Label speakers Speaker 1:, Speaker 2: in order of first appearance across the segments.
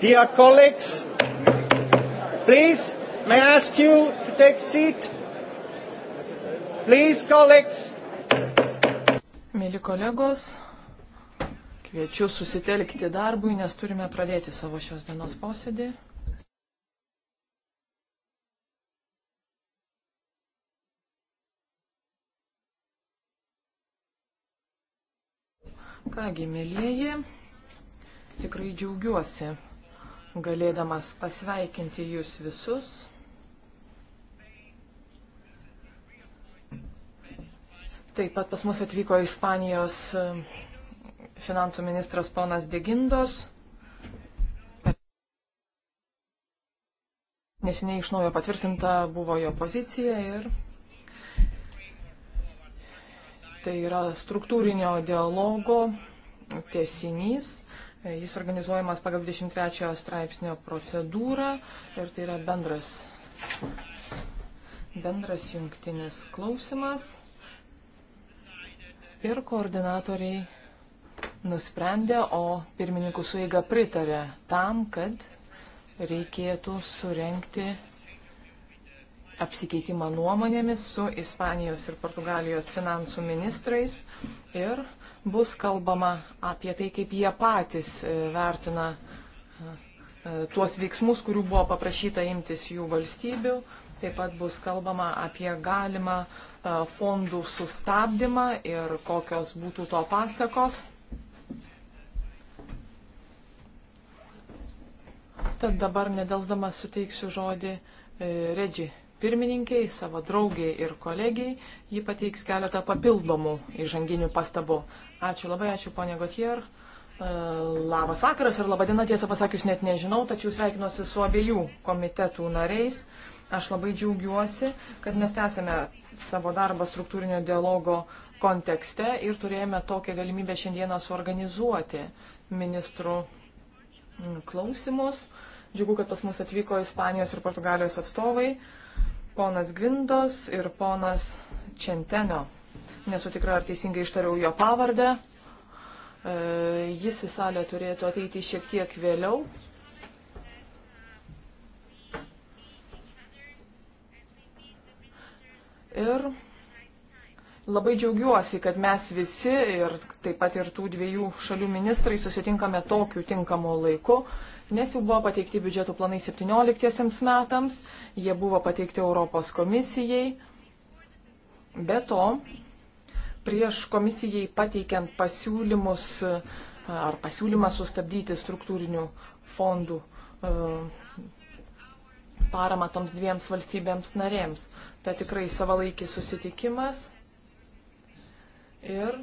Speaker 1: Dear colleagues, please, may I ask you to take seat?
Speaker 2: Please, colleagues. Mėly kolegos, kviečiu susitelkti darbui, nes turime pradėti savo šios dienos posėdį. Kągi, mėlyjeji, tikrai džiaugiuosi galėdamas pasveikinti jūs visus. Taip pat pas mus atvyko Ispanijos e, finansų ministras ponas Degindos. Nesiniai iš naujo patvirtinta buvo jo pozicija ir tai yra struktūrinio dialogo tiesinys Jis organizuojamas pagal 23 straipsnio procedūrą ir tai yra bendras, bendras jungtinis klausimas. Ir koordinatoriai nusprendė, o pirmininkų suiga pritarė tam, kad reikėtų surenkti apsikeitimą nuomonėmis su Ispanijos ir Portugalijos finansų ministrais ir bus kalbama apie tai, kaip jie patys e, vertina e, tuos veiksmus, kurių buvo paprašyta imtis jų valstybių. Taip pat bus kalbama apie galimą e, fondų sustabdymą ir kokios būtų to pasakos. Tad dabar nedelsdamas suteiksiu žodį Regi pirmininkiai, savo draugiai ir kolegijai. Ji pateiks keletą papildomų įžanginių pastabų. Ačiū labai, ačiū ponė Gotier. E, labas vakaras ir labadiena, tiesą pasakius, net nežinau, tačiau sveikinuosi su abiejų komitetų nariais. Aš labai džiaugiuosi, kad mes tęsėme savo darbą struktūrinio dialogo kontekste ir turėjome tokią galimybę šiandieną suorganizuoti ministrų klausimus. Džiugu, kad pas mus atvyko Ispanijos ir Portugalijos atstovai. Uh, ponas Gvindos ir ponas Čentenio. Nesu tikra, ar teisingai ištariau jo pavardę. E, jis į salę turėtų ateiti šiek tiek vėliau. Ir labai džiaugiuosi, kad mes visi ir taip pat ir tų dviejų šalių ministrai susitinkame tokiu tinkamu laiku nes jau buvo pateikti biudžeto planai 17 metams, jie buvo pateikti Europos komisijai. Be to, prieš komisijai pateikiant pasiūlymus e, ar pasiūlymą sustabdyti struktūrinių fondų e, paramą toms dviems valstybėms narėms. Tai tikrai savalaikis susitikimas. Ir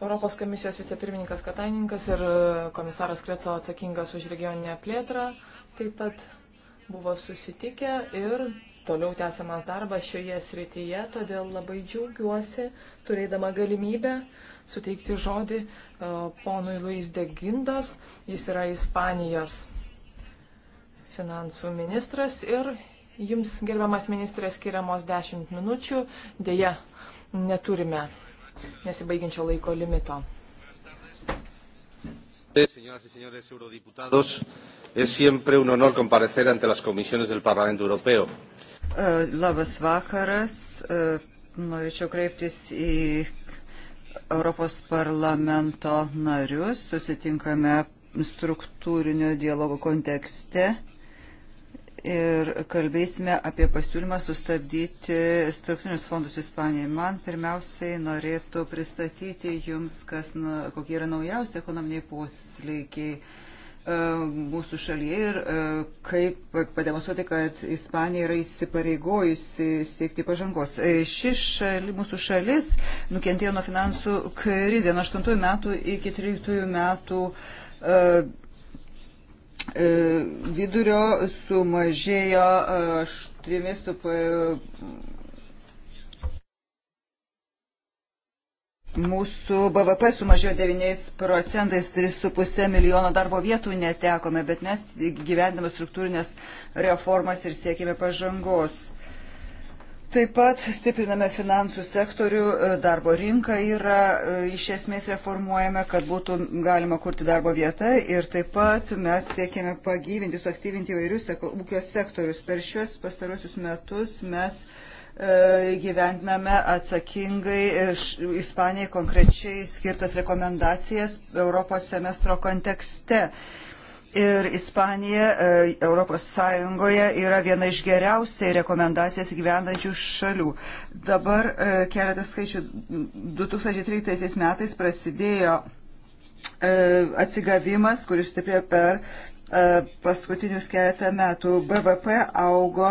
Speaker 2: Europos komisijos vicepirmininkas Kataininkas ir e, komisaras Kreco atsakingas už regioninę plėtrą taip pat buvo susitikę ir toliau tęsiamas darbas šioje srityje, todėl labai džiaugiuosi turėdama galimybę suteikti žodį e, ponui Luis de Gindos. Jis yra Ispanijos finansų ministras ir jums gerbiamas ministras skiriamos 10 minučių. Deja, neturime nesibaiginčio laiko limito.
Speaker 1: Señoras y señores eurodiputados, es siempre un honor comparecer
Speaker 2: ante las comisiones del Parlamento Europeo.
Speaker 3: E, labas vakaras. E, norėčiau kreiptis į Europos parlamento narius. Susitinkame struktūrinio dialogo kontekste ir kalbėsime apie pasiūlymą sustabdyti struktūrinius fondus Ispanijai. Man pirmiausiai norėtų pristatyti jums, kas, na, kokie yra naujausi ekonominiai posleikiai e, mūsų šalyje ir e, kaip pademonstruoti, kad Ispanija yra įsipareigojusi siekti pažangos. E, ši šali, mūsų šalis nukentėjo nuo finansų krizė nuo 8 metų iki 13 metų E, vidurio sumažėjo 3,5 e, Mūsų BVP sumažėjo 9 procentais, 3,5 milijono darbo vietų netekome, bet mes gyvendame struktūrinės reformas ir siekime pažangos. Taip pat stipriname finansų sektorių, e, darbo rinką yra e, iš esmės reformuojame, kad būtų galima kurti darbo vietą ir taip pat mes siekiame pagyvinti, suaktyvinti įvairius ūkio sektorius. Per šios pastarosius metus mes e, gyventiname atsakingai Ispanijai konkrečiai skirtas rekomendacijas Europos semestro kontekste ir Ispanija e, Europos Sąjungoje yra viena iš geriausiai rekomendacijas gyvenančių šalių. Dabar e, keletas skaičių. 2013 metais prasidėjo e, atsigavimas, kuris stiprėjo per paskutinius keletą metų BVP augo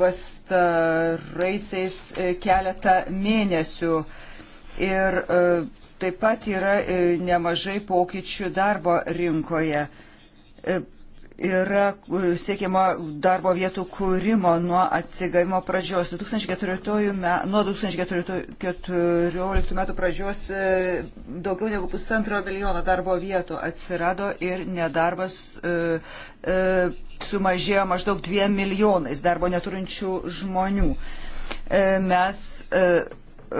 Speaker 3: pastaraisiais keletą mėnesių. Ir taip pat yra nemažai pokyčių darbo rinkoje. E, yra e, siekiama darbo vietų kūrimo nuo atsigavimo pradžios. 2014 me, nuo 2014 metų pradžios e, daugiau negu pusantro milijono darbo vietų atsirado ir nedarbas e, e, sumažėjo maždaug dviem milijonais darbo neturinčių žmonių. E, mes E,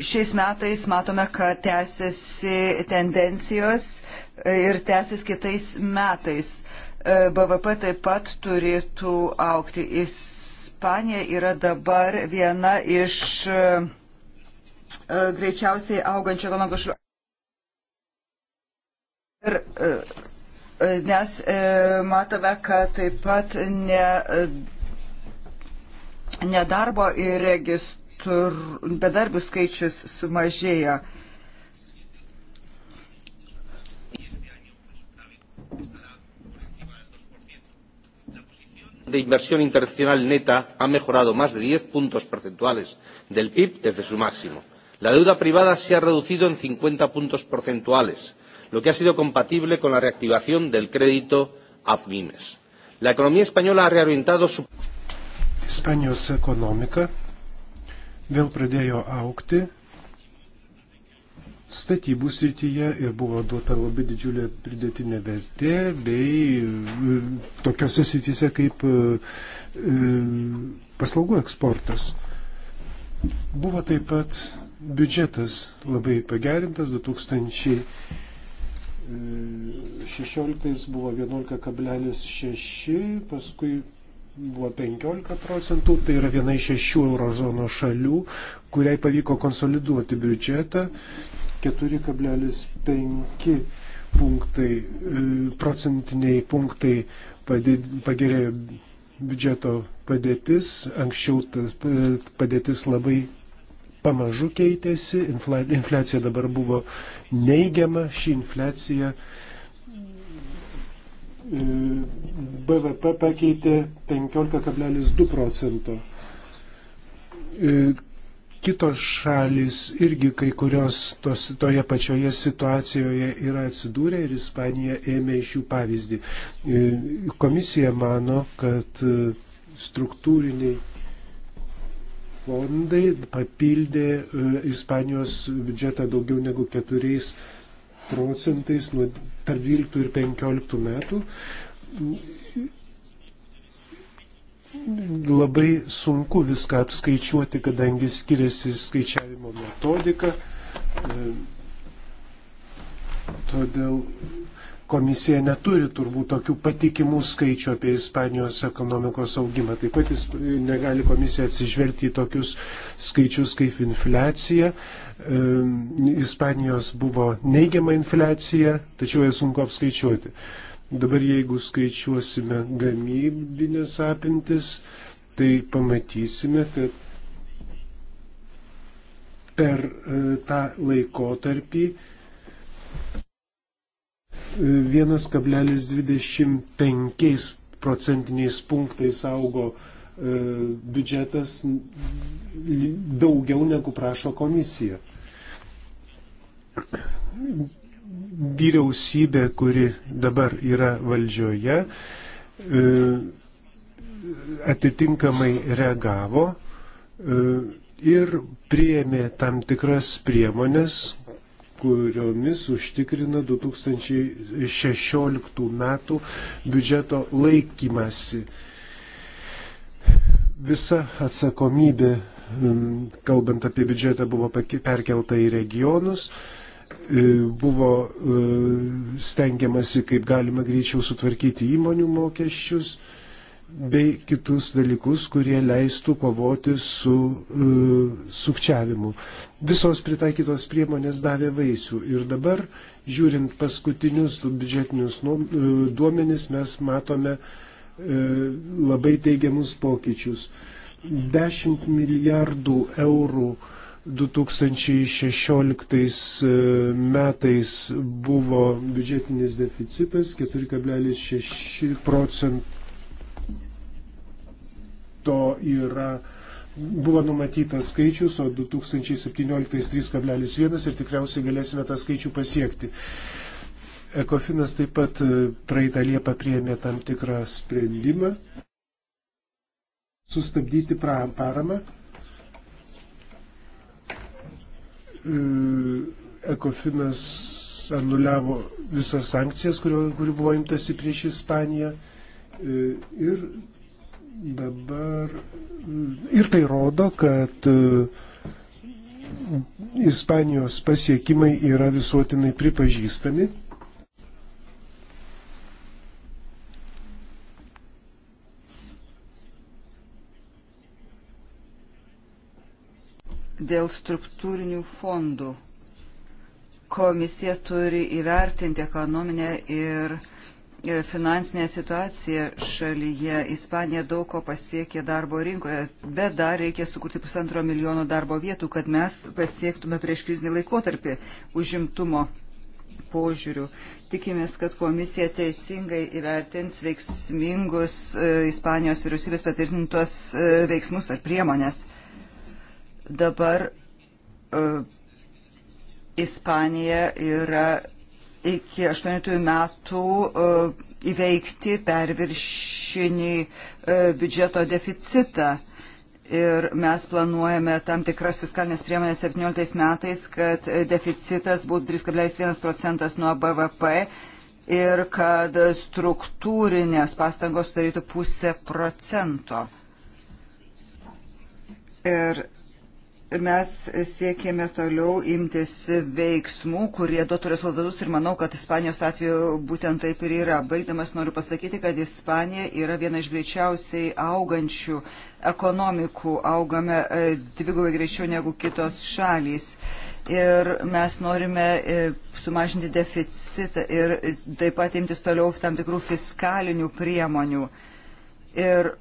Speaker 3: šiais metais matome, kad tęsiasi tendencijos ir tęsis kitais metais. E, BVP taip pat turėtų aukti. Ispanija yra dabar viena iš e, greičiausiai augančių ekonomikos šalių. Ir nes matome, kad taip pat ne, nedarbo įregistruoja tr... bedarbių skaičius sumažėjo.
Speaker 1: de inversión internacional neta ha mejorado más de 10 puntos porcentuales del PIB desde su máximo. La deuda privada se ha reducido en 50 puntos porcentuales, lo que ha sido compatible con la reactivación del crédito a pymes. La economía española ha reorientado su. España es económica vėl pradėjo aukti statybų srityje ir buvo duota labai didžiulė pridėtinė vertė bei e, tokiose srityse kaip e, e, paslaugų eksportas. Buvo taip pat biudžetas labai pagerintas, 2016 buvo 11,6, paskui buvo 15 procentų, tai yra viena iš šešių eurozono šalių, kuriai pavyko konsoliduoti biudžetą 4,5 punktai, e, procentiniai punktai padid, pagerėjo biudžeto padėtis, anksčiau tas e, padėtis labai pamažu keitėsi, infliacija dabar buvo neigiama, ši infliacija uh, BVP pakeitė 15,2 procento. E, kitos šalis irgi kai kurios tos, toje pačioje situacijoje yra atsidūrę ir Ispanija ėmė iš jų pavyzdį. E, komisija mano, kad e, struktūriniai fondai papildė Ispanijos biudžetą daugiau negu 4 procentais nuo tarp 12 ir 15 metų. Labai sunku viską apskaičiuoti, kadangi skiriasi skaičiavimo metodika. Todėl Komisija neturi turbūt tokių patikimų skaičių apie Ispanijos ekonomikos augimą. Taip pat jis negali komisija atsižvelgti į tokius skaičius kaip infliacija. Ispanijos buvo neigiama infliacija, tačiau ją sunku apskaičiuoti. Dabar jeigu skaičiuosime gamybinės apimtis, tai pamatysime, kad per e, tą laikotarpį 1,25 procentiniais punktais augo e, biudžetas daugiau negu prašo komisija. Vyriausybė, kuri dabar yra valdžioje, e, atitinkamai reagavo e, ir priėmė tam tikras priemonės, kuriomis užtikrina 2016 metų biudžeto laikymasi. Visa atsakomybė, um, kalbant apie biudžetą, buvo perkelta į regionus e, buvo e, stengiamasi kaip galima greičiau sutvarkyti įmonių mokesčius, bei kitus dalykus, kurie leistų kovoti su uh, sukčiavimu. Visos pritaikytos priemonės davė vaisių ir dabar, žiūrint paskutinius biudžetinius e, duomenis, mes matome uh, labai teigiamus pokyčius. 10 milijardų eurų 2016 metais buvo biudžetinis deficitas 4,6 procentų to yra, buvo numatytas skaičius, o 2017 3,1 ir tikriausiai galėsime tą skaičių pasiekti. Ekofinas taip pat e, praeitą Liepą prieėmė tam tikrą sprendimą sustabdyti paramą. E, Ekofinas anuliavo visas sankcijas, kurių, kurių buvo imtasi prieš Ispaniją e, ir Dabar ir tai rodo, kad e, Ispanijos pasiekimai yra visuotinai pripažįstami.
Speaker 3: Dėl struktūrinių fondų komisija turi įvertinti ekonominę ir E, finansinė situacija šalyje. Ispanija daug ko pasiekė darbo rinkoje, bet dar reikia sukurti pusantro milijono darbo vietų, kad mes pasiektume prieš krizinį laikotarpį užimtumo požiūrių. Tikimės, kad komisija teisingai įvertins veiksmingus e, Ispanijos vyriausybės patvirtintos e, veiksmus ar priemonės. Dabar Ispanija yra iki 8 metų e, įveikti perviršinį e, biudžeto deficitą. Ir mes planuojame tam tikras fiskalinės priemonės 17 metais, kad deficitas būtų 3,1 procentas nuo BVP ir kad struktūrinės pastangos sudarytų pusę procento. Ir mes siekėme toliau imtis veiksmų, kurie duotų rezultatus ir manau, kad Ispanijos atveju būtent taip ir yra. Baigdamas noriu pasakyti, kad Ispanija yra viena iš greičiausiai augančių ekonomikų, augame e, dvigubai greičiau negu kitos šalys. Ir mes norime e, sumažinti deficitą ir taip pat imtis toliau tam tikrų fiskalinių priemonių. Ir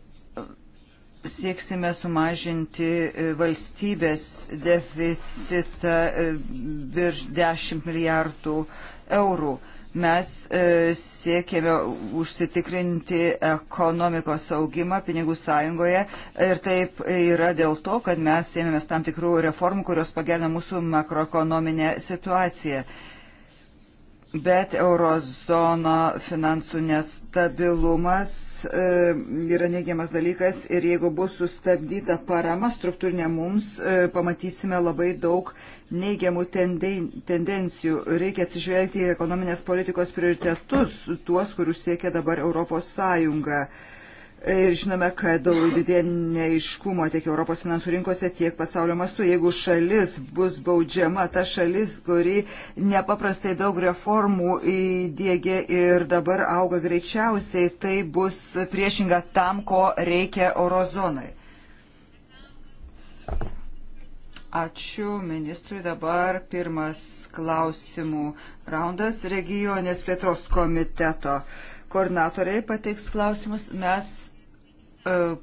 Speaker 3: sieksime sumažinti e, valstybės deficitą e, virš 10 milijardų eurų. Mes e, siekėme užsitikrinti ekonomikos augimą pinigų sąjungoje ir taip yra dėl to, kad mes ėmėmės tam tikrų reformų, kurios pagerina mūsų makroekonominę situaciją bet eurozono finansų nestabilumas E, yra neigiamas dalykas ir jeigu bus sustabdyta parama struktūrinė mums, e, pamatysime labai daug neigiamų tendencijų. Reikia atsižvelgti į ekonominės politikos prioritetus, tuos, kurių siekia dabar Europos Sąjunga. Uh, Ir e, žinome, kad didėja neiškumo tiek Europos finansų rinkose, tiek pasaulio mastu. Jeigu šalis bus baudžiama, ta šalis, kuri nepaprastai daug reformų įdėgė ir dabar auga greičiausiai, tai bus priešinga tam, ko reikia eurozonai. Ačiū ministrui. Dabar pirmas klausimų raundas regionės plėtros komiteto koordinatoriai pateiks klausimus, mes E,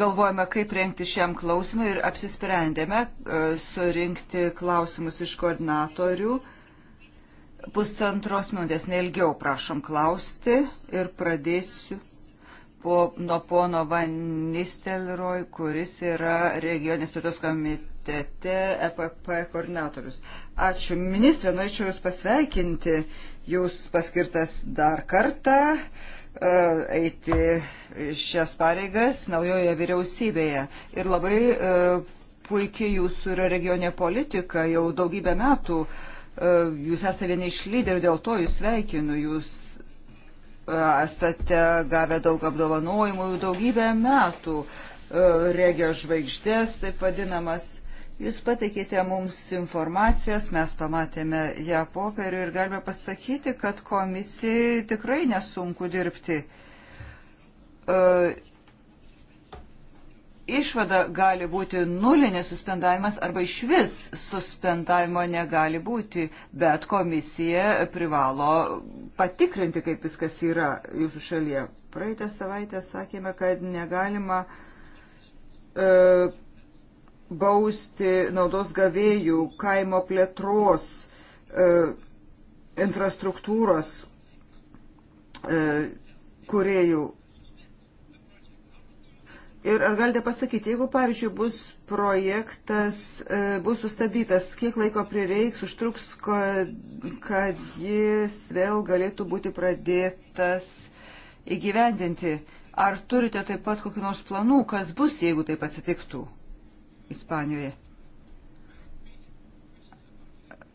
Speaker 3: galvojame, kaip rengti šiam klausimui ir apsisprendėme e, surinkti klausimus iš koordinatorių. Pusantros minutės, neilgiau prašom klausti ir pradėsiu po, nuo pono Van Nistelroj, kuris yra regionės plėtos komitete EPP koordinatorius. Ačiū, ministrė, norėčiau Jūs pasveikinti. Jūs paskirtas dar kartą. Uh, E, eiti šias pareigas naujoje vyriausybėje. Ir labai e, puikiai jūsų yra regionė politika jau daugybę metų. E, jūs esate vieni iš lyderių, dėl to jūs sveikinu. Jūs esate gavę daug apdovanojimų daugybę metų regio žvaigždės, taip vadinamas. Jūs pateikėte mums informacijos, mes pamatėme ją popierių ir galime pasakyti, kad komisijai tikrai nesunku dirbti. E, išvada gali būti nulinė suspendavimas arba iš vis suspendavimo negali būti, bet komisija privalo patikrinti, kaip viskas yra jūsų šalyje. Praeitą savaitę sakėme, kad negalima uh, bausti naudos gavėjų, kaimo plėtros, e, infrastruktūros e, kuriejų. Ir ar galite pasakyti, jeigu, pavyzdžiui, bus projektas, e, bus sustabdytas, kiek laiko prireiks, užtruks, kad, kad jis vėl galėtų būti pradėtas įgyvendinti? Ar turite taip pat kokiu nors planų, kas bus, jeigu taip atsitiktų? Ispanijoje.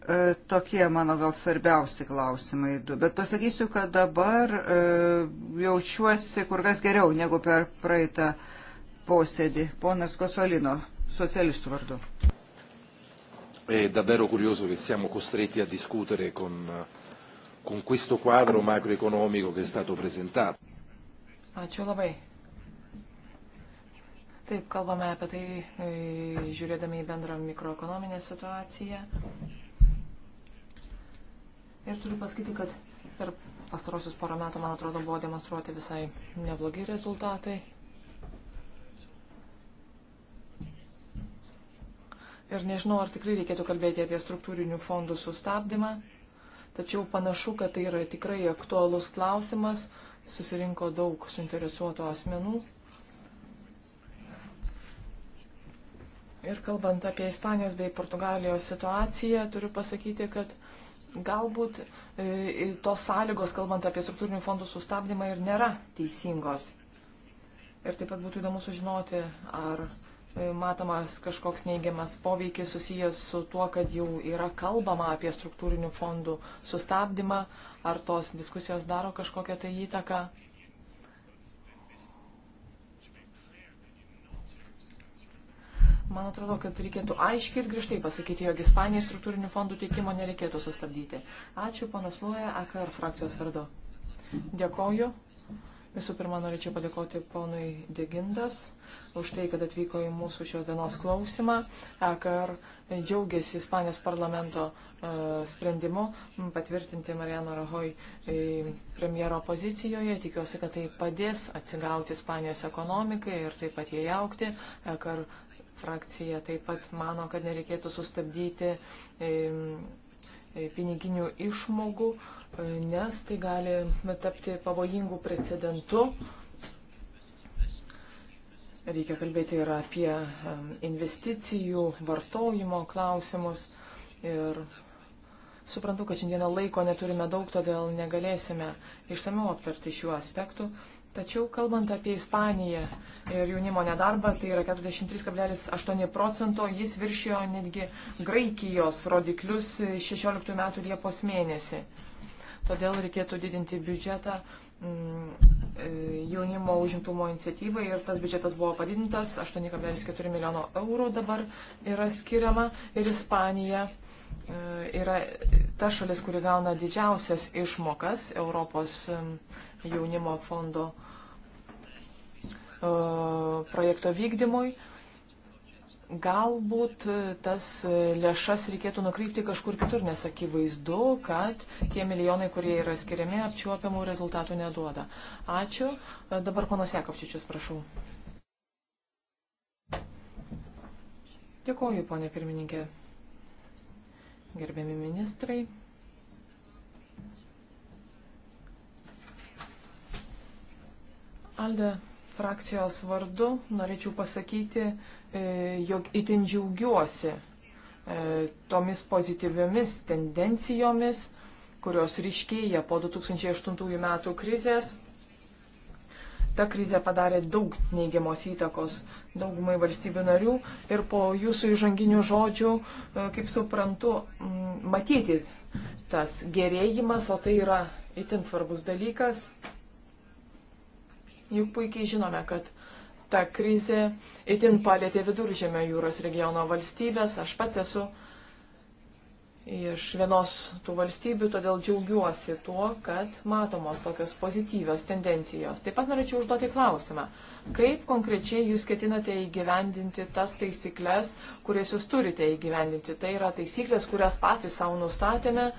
Speaker 3: E, tokie mano gal svarbiausi klausimai du, bet pasakysiu, kad dabar e, jaučiuosi kur kas geriau negu per praeitą posėdį. Ponas Kosolino, socialistų vardu.
Speaker 1: È davvero curioso che siamo costretti a discutere con, con questo quadro macroeconomico che è stato presentato.
Speaker 2: Ačiū labai. Taip, kalbame apie tai, e, žiūrėdami į bendrą mikroekonominę situaciją. Ir turiu pasakyti, kad per pastarosius porą metų, man atrodo, buvo demonstruoti visai neblogi rezultatai. Ir nežinau, ar tikrai reikėtų kalbėti apie struktūrinių fondų sustabdymą, tačiau panašu, kad tai yra tikrai aktuolus klausimas, susirinko daug suinteresuotų asmenų. Ir kalbant apie Ispanijos bei Portugalijos situaciją, turiu pasakyti, kad galbūt e, tos sąlygos, kalbant apie struktūrinių fondų sustabdymą, ir nėra teisingos. Ir taip pat būtų įdomu sužinoti, ar e, matomas kažkoks neigiamas poveikis susijęs su tuo, kad jau yra kalbama apie struktūrinių fondų sustabdymą, ar tos diskusijos daro kažkokią tai įtaką. Man atrodo, kad reikėtų aiškiai ir griežtai pasakyti, jog Ispanijai struktūrinių fondų teikimo nereikėtų sustabdyti. Ačiū, panas Luoja, AKR frakcijos vardu. Dėkoju. Visų pirma, norėčiau padėkoti ponui Degindas už tai, kad atvyko į mūsų šios dienos klausimą. EKR džiaugiasi Ispanijos parlamento e, sprendimu patvirtinti Mariano Rahoj e, premjero pozicijoje. Tikiuosi, kad tai padės atsigauti Ispanijos ekonomikai ir taip pat jai aukti. EKR frakcija taip pat mano, kad nereikėtų sustabdyti e, piniginių išmogų, e, nes tai gali tapti pavojingų precedentų. Reikia kalbėti ir apie investicijų, vartojimo klausimus. Ir suprantu, kad šiandieną laiko neturime daug, todėl negalėsime išsameu aptarti šių aspektų. Tačiau kalbant apie Ispaniją ir jaunimo nedarbą, tai yra 43,8 procento, jis viršijo netgi Graikijos rodiklius 16 metų Liepos mėnesį. Todėl reikėtų didinti biudžetą mm, e, jaunimo užimtumo iniciatyvai ir tas biudžetas buvo padidintas, 8,4 milijono eurų dabar yra skiriama ir Ispanija e, yra ta šalis, kuri gauna didžiausias išmokas Europos jaunimo fondo E, projekto vykdymui. Galbūt tas lėšas reikėtų nukreipti kažkur kitur, nes akivaizdu, kad tie milijonai, kurie yra skiriami, apčiuopiamų rezultatų neduoda. Ačiū. E, dabar ponas Jakovčičius, prašau. Dėkoju, ponė pirmininkė. Gerbiami ministrai. Alde frakcijos vardu norėčiau pasakyti, e, jog itin džiaugiuosi e, tomis pozityviomis tendencijomis, kurios ryškėja po 2008 metų krizės. Ta krizė padarė daug neigiamos įtakos daugumai valstybių narių ir po jūsų įžanginių žodžių, e, kaip suprantu, matyti tas gerėjimas, o tai yra itin svarbus dalykas. Juk puikiai žinome, kad ta krizė itin palėtė viduržėmio jūros regiono valstybės. Aš pats esu iš vienos tų valstybių, todėl džiaugiuosi tuo, kad matomos tokios pozityvios tendencijos. Taip pat norėčiau užduoti klausimą, kaip konkrečiai jūs ketinate įgyvendinti tas taisyklės, kurias jūs turite įgyvendinti. Tai yra taisyklės, kurias patys savo nustatėme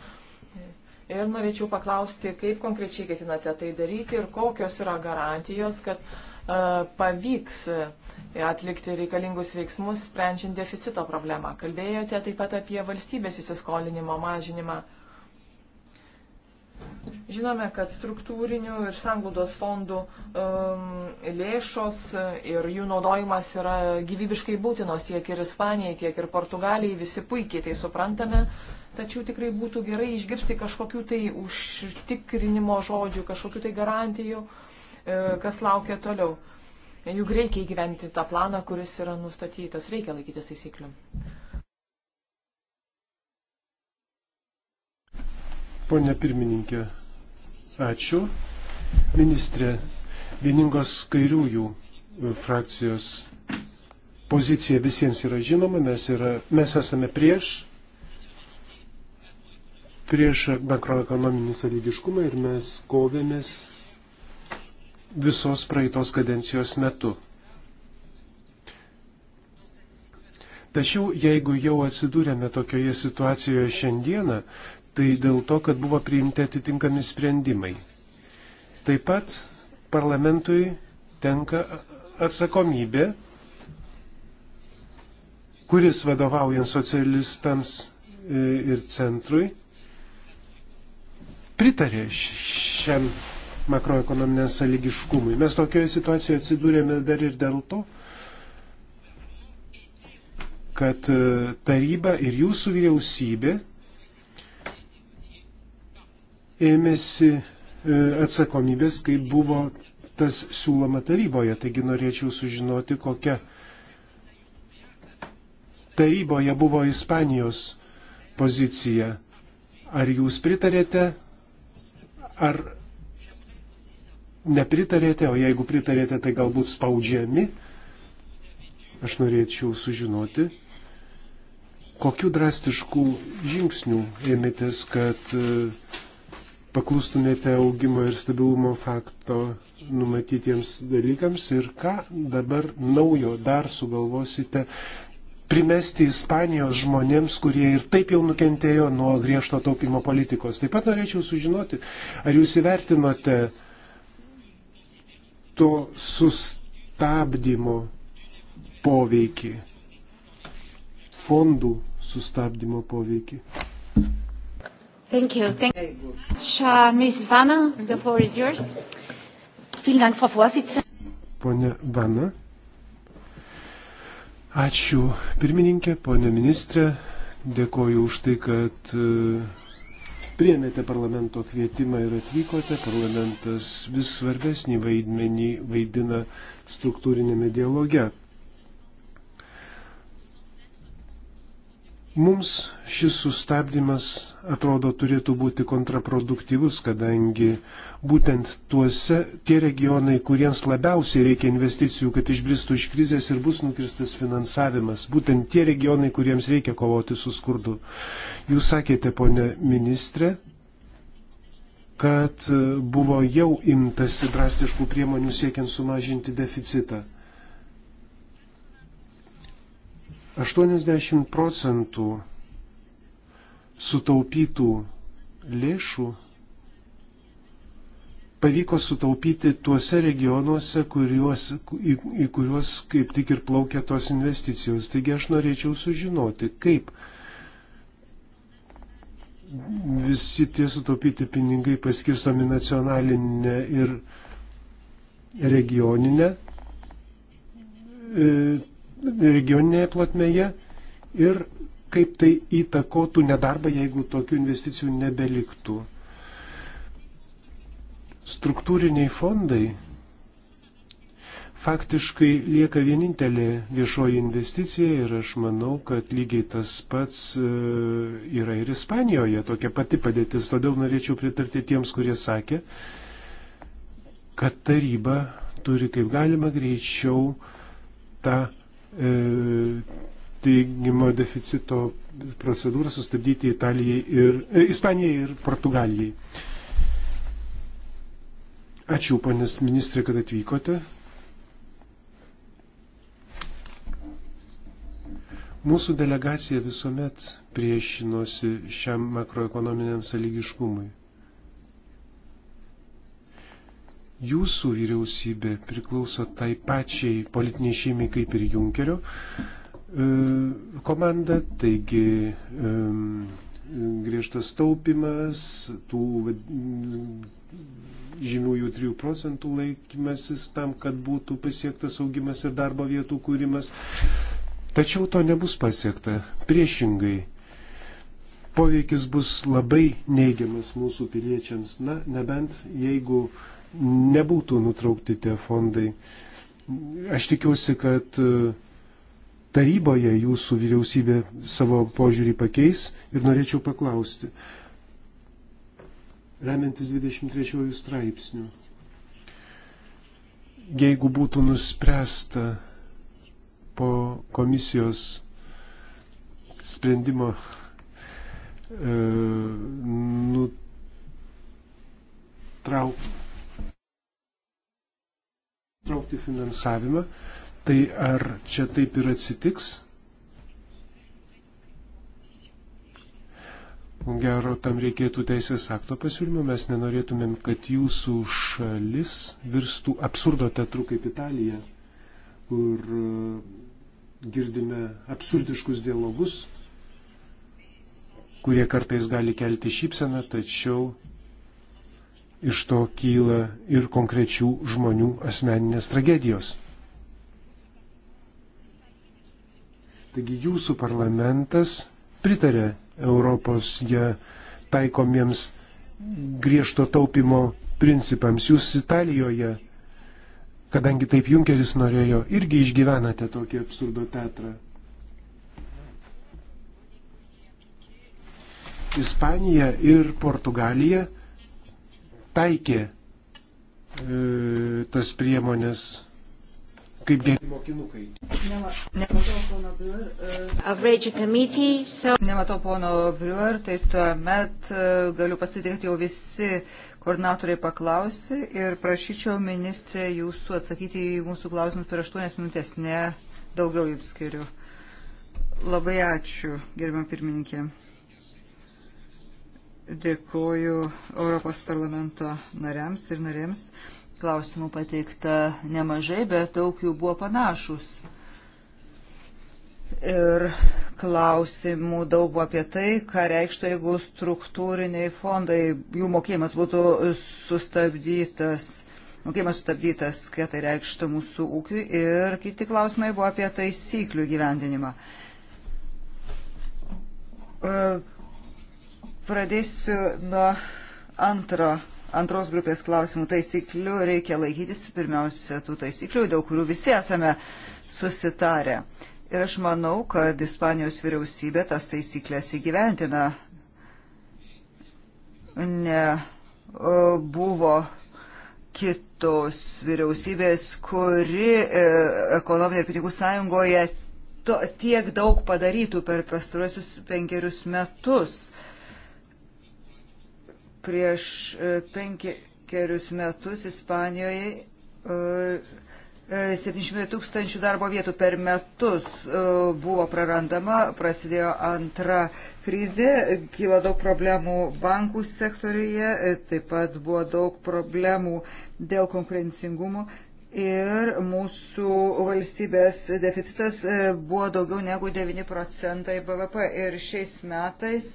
Speaker 2: Ir norėčiau paklausti, kaip konkrečiai ketinate tai daryti ir kokios yra garantijos, kad uh, pavyks e, atlikti reikalingus veiksmus, sprendžiant deficito problemą. Kalbėjote taip pat apie valstybės įsiskolinimo mažinimą. Žinome, kad struktūrinių ir sanglaudos fondų um, lėšos e, ir jų naudojimas yra gyvybiškai būtinos tiek ir Ispanijai, tiek ir Portugalijai, visi puikiai tai suprantame, tačiau tikrai būtų gerai išgirsti kažkokių tai užtikrinimo žodžių, kažkokių tai garantijų, e, kas laukia toliau. Juk reikia įgyventi tą planą, kuris yra nustatytas, reikia laikytis taisyklių.
Speaker 1: Pone pirmininkė, ačiū. Ministrė, vieningos kairiųjų frakcijos pozicija visiems yra žinoma, mes, yra, mes esame prieš prieš makroekonominį sąlygiškumą ir mes kovėmės visos praeitos kadencijos metu. Tačiau jeigu jau atsidūrėme tokioje situacijoje šiandieną, tai dėl to, kad buvo priimti atitinkami sprendimai. Taip pat parlamentui tenka atsakomybė, kuris vadovaujant socialistams e, ir centrui pritarė šiam makroekonominiam sąlygiškumui. Mes tokioje situacijoje atsidūrėme dar ir dėl to, kad e, taryba ir jūsų vyriausybė ėmėsi e, atsakomybės, kaip buvo tas siūloma taryboje. Taigi norėčiau sužinoti, kokia taryboje buvo Ispanijos pozicija. Ar jūs pritarėte Ar nepritarėte, o jeigu pritarėte, tai galbūt spaudžiami? Aš norėčiau sužinoti, kokiu drastiškų žingsnių ėmėtės, kad e, paklustumėte augimo ir stabilumo fakto numatytiems dalykams ir ką dabar naujo dar sugalvosite primesti Ispanijos žmonėms, kurie ir taip jau nukentėjo nuo griežto taupimo politikos. Taip pat norėčiau sužinoti, ar jūs įvertinote to sustabdymo poveikį, fondų sustabdymo poveikį. Thank you. Thank
Speaker 3: you. Ms. Vanna, the floor is yours. Vielen Dank, Frau Vorsitzende.
Speaker 1: Ponia Vanna. Ačiū pirmininkė, ponė ministrė, dėkoju už tai, kad e, priemėte parlamento kvietimą ir atvykote. Parlamentas vis svarbesnį vaidmenį vaidina struktūrinėme dialoge. Mums šis sustabdymas atrodo turėtų būti kontraproduktyvus, kadangi būtent tuose tie regionai, kuriems labiausiai reikia investicijų, kad išbristų iš krizės ir bus nukirstas finansavimas, būtent tie regionai, kuriems reikia kovoti su skurdu. Jūs sakėte, ponė ministrė, kad buvo jau imtasi drastiškų priemonių siekiant sumažinti deficitą. 80 procentų sutaupytų lėšų pavyko sutaupyti tuose regionuose, kuriuos, į, į kuriuos kaip tik ir plaukia tos investicijos. Taigi aš norėčiau sužinoti, kaip visi tie sutaupyti pinigai paskirstomi nacionalinę ir regioninę e, regioninėje plotmėje ir kaip tai įtakotų nedarbą, jeigu tokių investicijų nebeliktų. Struktūriniai fondai faktiškai lieka vienintelė viešoji investicija ir aš manau, kad lygiai tas pats e, yra ir Ispanijoje tokia pati padėtis. Todėl norėčiau pritarti tiems, kurie sakė, kad taryba turi kaip galima greičiau tą E, teigimo deficito procedūrą sustabdyti Italijai ir, e, Ispanijai ir Portugalijai. Ačiū, panės ministrė, kad atvykote. Mūsų delegacija visuomet priešinosi šiam makroekonominiam sąlygiškumui. Jūsų vyriausybė priklauso tai pačiai politiniai šeimai kaip ir Junkerio e, komanda, taigi griežtas taupimas, tų žymiųjų 3 procentų laikymasis tam, kad būtų pasiektas augimas ir darbo vietų kūrimas. Tačiau to nebus pasiekta. Priešingai, poveikis bus labai neigiamas mūsų piliečiams, na, nebent jeigu uh, nebūtų nutraukti tie fondai. Aš tikiuosi, kad e, taryboje jūsų vyriausybė savo požiūrį pakeis ir norėčiau paklausti, remiantis 23 straipsnių, jeigu būtų nuspręsta po komisijos sprendimo e, nutraukti traukti finansavimą, tai ar čia taip ir atsitiks? Gero, tam reikėtų teisės akto pasiūlymo, mes nenorėtumėm, kad jūsų šalis virstų absurdo teatru kaip Italija, kur e, girdime absurdiškus dialogus, kurie kartais gali kelti šypseną, tačiau iš to kyla ir konkrečių žmonių asmeninės tragedijos. Taigi jūsų parlamentas pritarė Europos jie taikomiems griežto taupimo principams. Jūs Italijoje, kadangi taip Junkeris norėjo, irgi išgyvenate tokį absurdo teatrą. Ispanija ir Portugalija taikė e, tas priemonės kaip geri mokinukai.
Speaker 3: Nematau pono Briuer, tai tuomet e, galiu pasitikėti jau visi koordinatoriai paklausi ir prašyčiau ministrė jūsų atsakyti į mūsų klausimus per 8 minutės, ne daugiau jums skiriu. Labai ačiū, gerbiam pirmininkė. Dėkoju Europos parlamento nariams ir narėms. Klausimų pateikta nemažai, bet daug jų buvo panašus. Ir klausimų daug buvo apie tai, ką reikštų, jeigu struktūriniai fondai, jų mokėjimas būtų sustabdytas, mokėjimas sustabdytas, ką tai reikštų mūsų ūkiui. Ir kiti klausimai buvo apie taisyklių gyvendinimą. E, Pradėsiu nuo antro, antros grupės klausimų taisyklių. Reikia laikytis pirmiausia tų taisyklių, dėl kurių visi esame susitarę. Ir aš manau, kad Ispanijos vyriausybė tas taisyklės įgyventina. Ne buvo kitos vyriausybės, kuri e, ekonominė ir pinigų sąjungoje to, tiek daug padarytų per pastaruosius penkerius metus. Prieš e, penkerius metus Ispanijoje 700 e, e, tūkstančių darbo vietų per metus buvo prarandama, prasidėjo antra krizė, kyla daug problemų bankų sektoriuje, taip pat buvo daug problemų dėl konkurencingumo ir mūsų valstybės deficitas buvo daugiau negu 9 procentai BVP ir šiais metais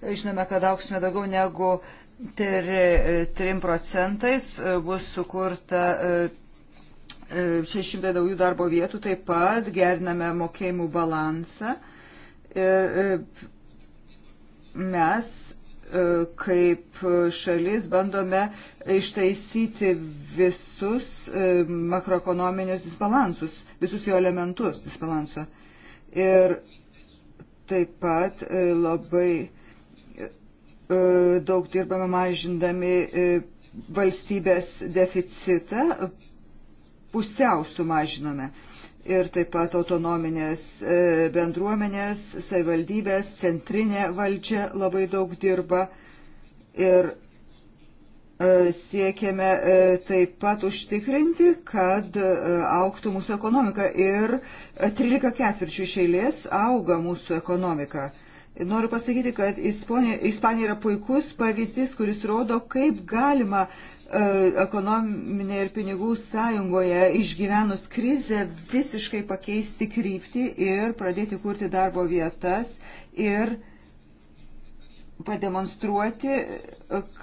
Speaker 3: žinome, kad auksime daugiau negu 9 3 procentais e, bus sukurta 600 e, e, naujų darbo vietų, taip pat geriname mokėjimų balansą ir mes kaip šalis bandome ištaisyti visus makroekonominius disbalansus, visus jo elementus disbalanso. Ir taip pat labai E, daug dirbame mažindami e, valstybės deficitą, pusiau sumažinome. Ir taip pat autonominės e, bendruomenės, savivaldybės, centrinė valdžia labai daug dirba. Ir siekiame taip pat užtikrinti, kad auktų mūsų ekonomika. Ir 13 ketvirčių iš eilės auga mūsų ekonomika. Noriu pasakyti, kad Ispanija, Ispanija yra puikus pavyzdys, kuris rodo, kaip galima e, ekonominė ir pinigų sąjungoje išgyvenus krizę visiškai pakeisti kryptį ir pradėti kurti darbo vietas ir pademonstruoti,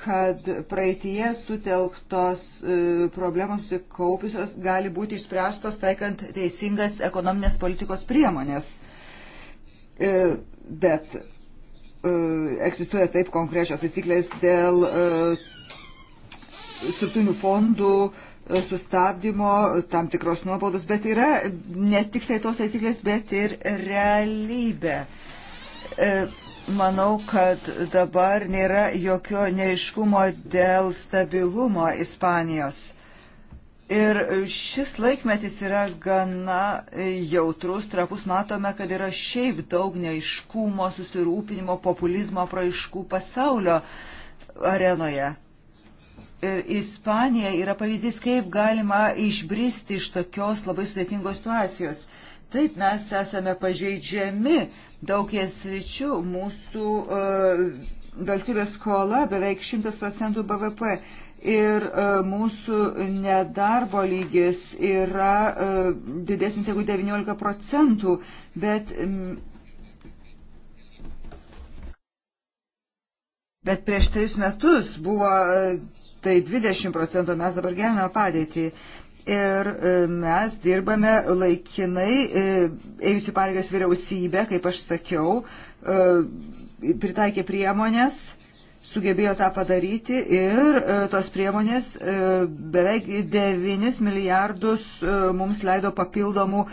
Speaker 3: kad praeitie sutelktos e, problemos kaupusios gali būti išspręstos taikant teisingas ekonominės politikos priemonės e, bet e, egzistuoja taip konkrečios taisyklės dėl e, struktūrinių fondų e, sustabdymo, tam tikros nuobaudos, bet yra ne tik tai tos taisyklės, bet ir realybė. E, manau, kad dabar nėra jokio neiškumo dėl stabilumo Ispanijos Ir šis laikmetis yra gana jautrus, trapus, matome, kad yra šiaip daug neiškumo, susirūpinimo, populizmo praaiškų pasaulio arenoje. Ir Ispanija yra pavyzdys, kaip galima išbristi iš tokios labai sudėtingos situacijos. Taip mes esame pažeidžiami daugies ryčių, mūsų uh, valstybės skola beveik 100 procentų BVP ir e, mūsų nedarbo lygis yra e, didesnis negu 19 procentų, bet, bet prieš trejus metus buvo e, tai 20 procentų, mes dabar geriname padėtį. Ir mes dirbame laikinai, ėjusi pareigas vyriausybė, kaip aš sakiau, pritaikė priemonės sugebėjo tą padaryti ir e, tos priemonės e, beveik 9 milijardus e, mums leido papildomų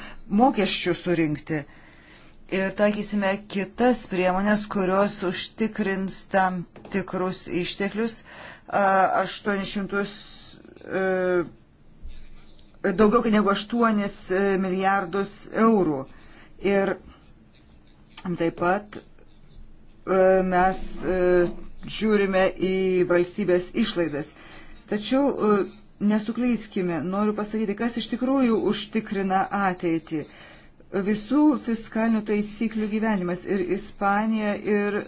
Speaker 3: mokesčių surinkti. Ir taikysime kitas priemonės, kurios užtikrins tam tikrus išteklius 800 daugiau negu 8 milijardus eurų. Ir taip pat mes žiūrime į valstybės išlaidas. Tačiau e, nesukleiskime, noriu pasakyti, kas iš tikrųjų užtikrina ateitį. Visų fiskalinių taisyklių gyvenimas ir Ispanija ir e,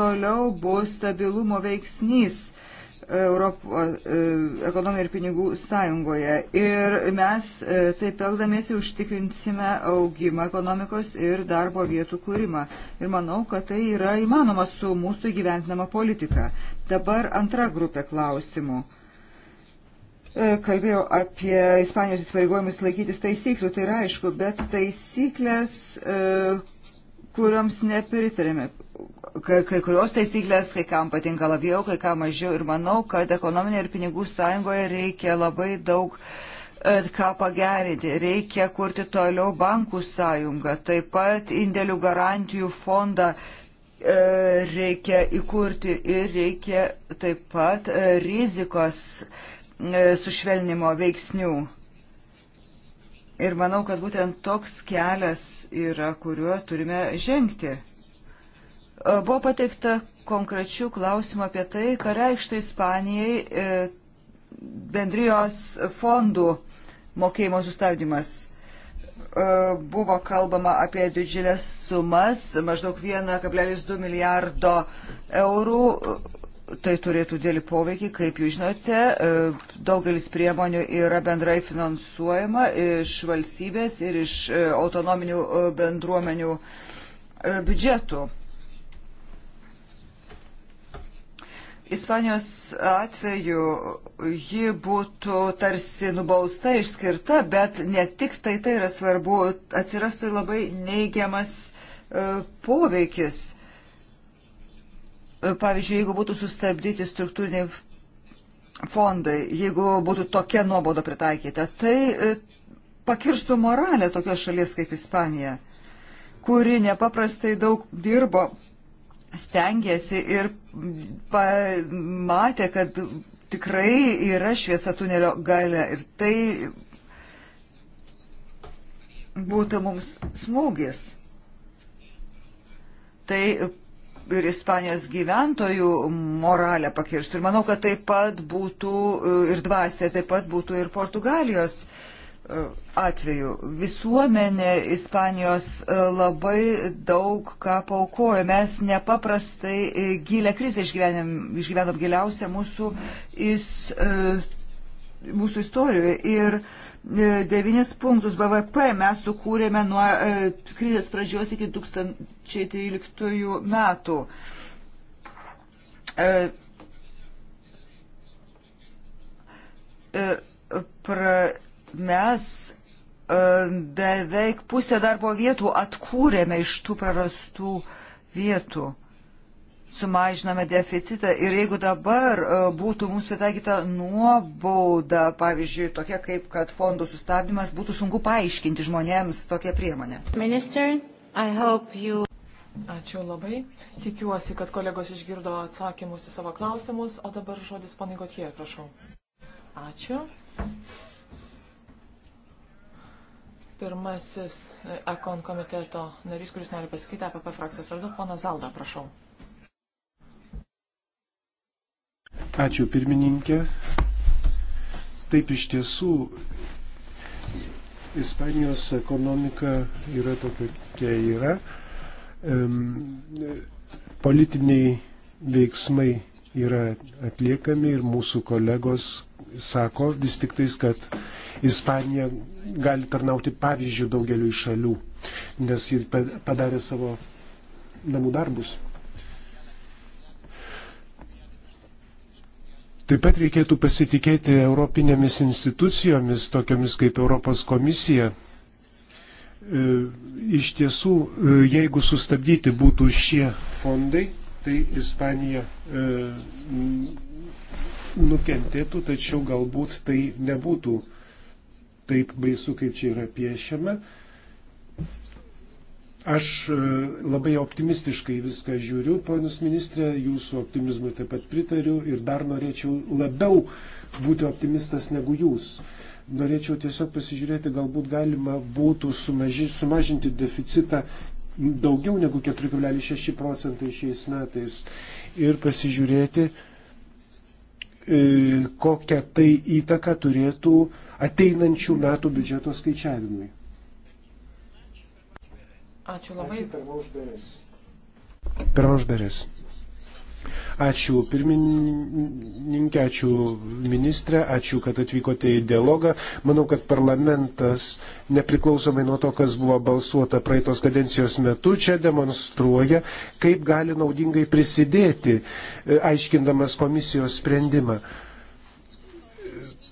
Speaker 3: toliau bus stabilumo veiksnys. E, Europo, e, ekonominė ir pinigų sąjungoje. Ir mes e, taip elgdamėsi užtikrinsime augimą ekonomikos ir darbo vietų kūrimą. Ir manau, kad tai yra įmanoma su mūsų įgyventinama politika. Dabar antra grupė klausimų. E, kalbėjau apie Ispanijos įsipareigojimus laikytis taisyklių, tai yra aišku, bet taisyklės, kuriams nepritarėme kai, kai kurios taisyklės, kai kam patinka labiau, kai kam mažiau. Ir manau, kad ekonominė ir pinigų sąjungoje reikia labai daug e, ką pagerinti. Reikia kurti toliau bankų sąjungą, taip pat indėlių garantijų fondą e, reikia įkurti ir reikia taip pat e, rizikos sušvelnimo veiksnių. Ir manau, kad būtent toks kelias yra, kuriuo turime žengti. E, buvo pateikta konkrečių klausimų apie tai, ką reikštų Ispanijai e, bendrijos fondų mokėjimo sustabdymas e, buvo kalbama apie didžiulės sumas, maždaug 1,2 milijardo eurų. Tai turėtų dėlį poveikį, kaip jūs žinote, daugelis priemonių yra bendrai finansuojama iš valstybės ir iš autonominių bendruomenių biudžetų. Ispanijos atveju ji būtų tarsi nubausta, išskirta, bet ne tik tai tai yra svarbu, atsirastų labai neigiamas e, poveikis. E, pavyzdžiui, jeigu būtų sustabdyti struktūriniai fondai, jeigu būtų tokia nuoboda pritaikyta, tai e, pakirstų moralę tokios šalies kaip Ispanija, kuri nepaprastai daug dirbo stengiasi ir pamatė, kad tikrai yra šviesa tunelio gale ir tai būtų mums smūgis. Tai ir Ispanijos gyventojų moralę pakirstų. Ir manau, kad taip pat būtų ir dvasia, taip pat būtų ir Portugalijos uh, atveju. Visuomenė Ispanijos e, labai daug ką paukojo. Mes nepaprastai e, gilę krizę išgyvenom, išgyvenom giliausią mūsų, is, e, mūsų istorijoje. Ir devynis punktus BVP mes sukūrėme nuo krizės pradžios iki 2013 metų. Ir pra, mes e, beveik pusę darbo vietų atkūrėme iš tų prarastų vietų. Sumažiname deficitą ir jeigu dabar e, būtų mums pritaikyta nuobauda, pavyzdžiui, tokia kaip kad fondų sustabdymas, būtų sunku paaiškinti žmonėms tokią priemonę. Minister, you...
Speaker 2: Ačiū labai. Tikiuosi, kad kolegos išgirdo atsakymus į savo klausimus, o dabar žodis panigotie, prašau. Ačiū. Pirmasis e, Ekon komiteto narys, kuris nori pasakyti apie frakcijos vardu, ponas Zalda, prašau.
Speaker 1: Ačiū pirmininkė. Taip iš tiesų, Ispanijos ekonomika yra tokia, kokia yra. Politiniai veiksmai yra atliekami ir mūsų kolegos sako vis tik tais, kad Ispanija gali tarnauti pavyzdžių daugeliu šalių, nes ji padarė savo namų darbus. Taip pat reikėtų pasitikėti Europinėmis institucijomis, tokiomis kaip Europos komisija. E, iš tiesų, e, jeigu sustabdyti būtų šie fondai, tai Ispanija e, nukentėtų, tačiau galbūt tai nebūtų taip baisu, kaip čia yra piešiama. Aš e, labai optimistiškai viską žiūriu, ponus ministrė, jūsų optimizmui taip pat pritariu ir dar norėčiau labiau būti optimistas negu jūs. Norėčiau tiesiog pasižiūrėti, galbūt galima būtų sumaži, sumažinti deficitą daugiau negu 4,6 procentai šiais metais ir pasižiūrėti, E, kokią tai įtaką turėtų ateinančių metų biudžeto skaičiavimui.
Speaker 2: Ačiū labai. Ačiū per
Speaker 1: Maužberės. Ačiū pirmininkė, ačiū ministrė, ačiū, kad atvykote į dialogą. Manau, kad parlamentas, nepriklausomai nuo to, kas buvo balsuota praeitos kadencijos metu, čia demonstruoja, kaip gali naudingai prisidėti, e, aiškindamas komisijos sprendimą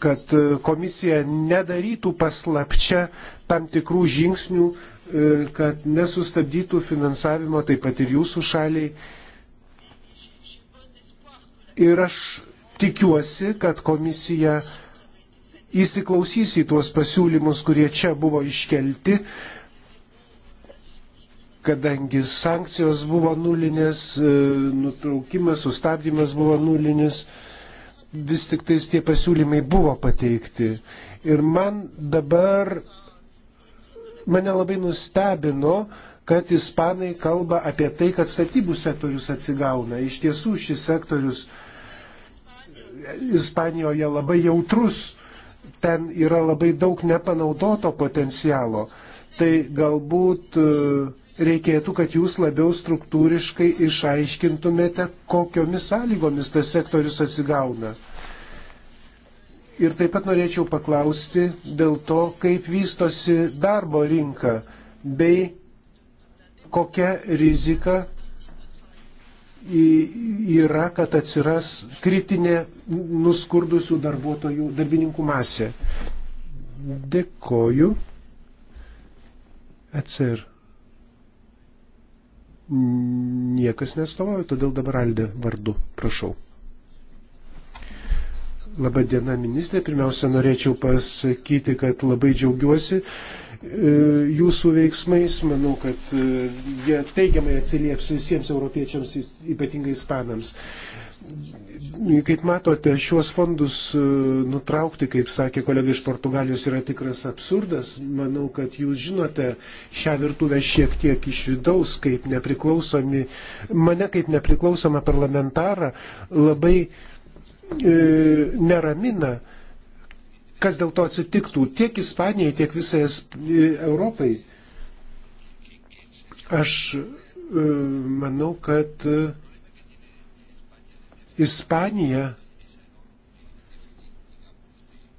Speaker 1: kad e, komisija nedarytų paslapčia tam tikrų žingsnių, e, kad nesustabdytų finansavimo taip pat ir jūsų šaliai Ir aš tikiuosi, kad komisija įsiklausys į tuos pasiūlymus, kurie čia buvo iškelti, kadangi sankcijos buvo nulinės, e, nutraukimas, sustabdymas buvo nulinis, vis tik tais tie pasiūlymai buvo pateikti. Ir man dabar, mane labai nustebino, kad ispanai kalba apie tai, kad statybų sektorius atsigauna. Iš tiesų šis sektorius Ispanijoje labai jautrus, ten yra labai daug nepanaudoto potencialo. Tai galbūt e, reikėtų, kad jūs labiau struktūriškai išaiškintumėte, kokiomis sąlygomis tas sektorius atsigauna. Ir taip pat norėčiau paklausti dėl to, kaip vystosi darbo rinka bei kokia rizika yra, kad atsiras kritinė nuskurdusių darbuotojų, darbininkų masė. Dėkoju. Atsir. Niekas nestovauja, todėl dabar Aldė vardu. Prašau. Labadiena, ministrė. Pirmiausia, norėčiau pasakyti, kad labai džiaugiuosi E, jūsų veiksmais. Manau, kad e, jie teigiamai atsilieps visiems europiečiams, ypatingai ispanams. Kaip matote, šiuos fondus e, nutraukti, kaip sakė kolega iš Portugalijos, yra tikras absurdas. Manau, kad jūs žinote šią virtuvę šiek tiek iš vidaus, kaip nepriklausomi, mane kaip nepriklausomą parlamentarą labai e, neramina e, kas dėl to atsitiktų tiek Ispanijai, tiek visai Europai. Aš e, manau, kad e, Ispanija,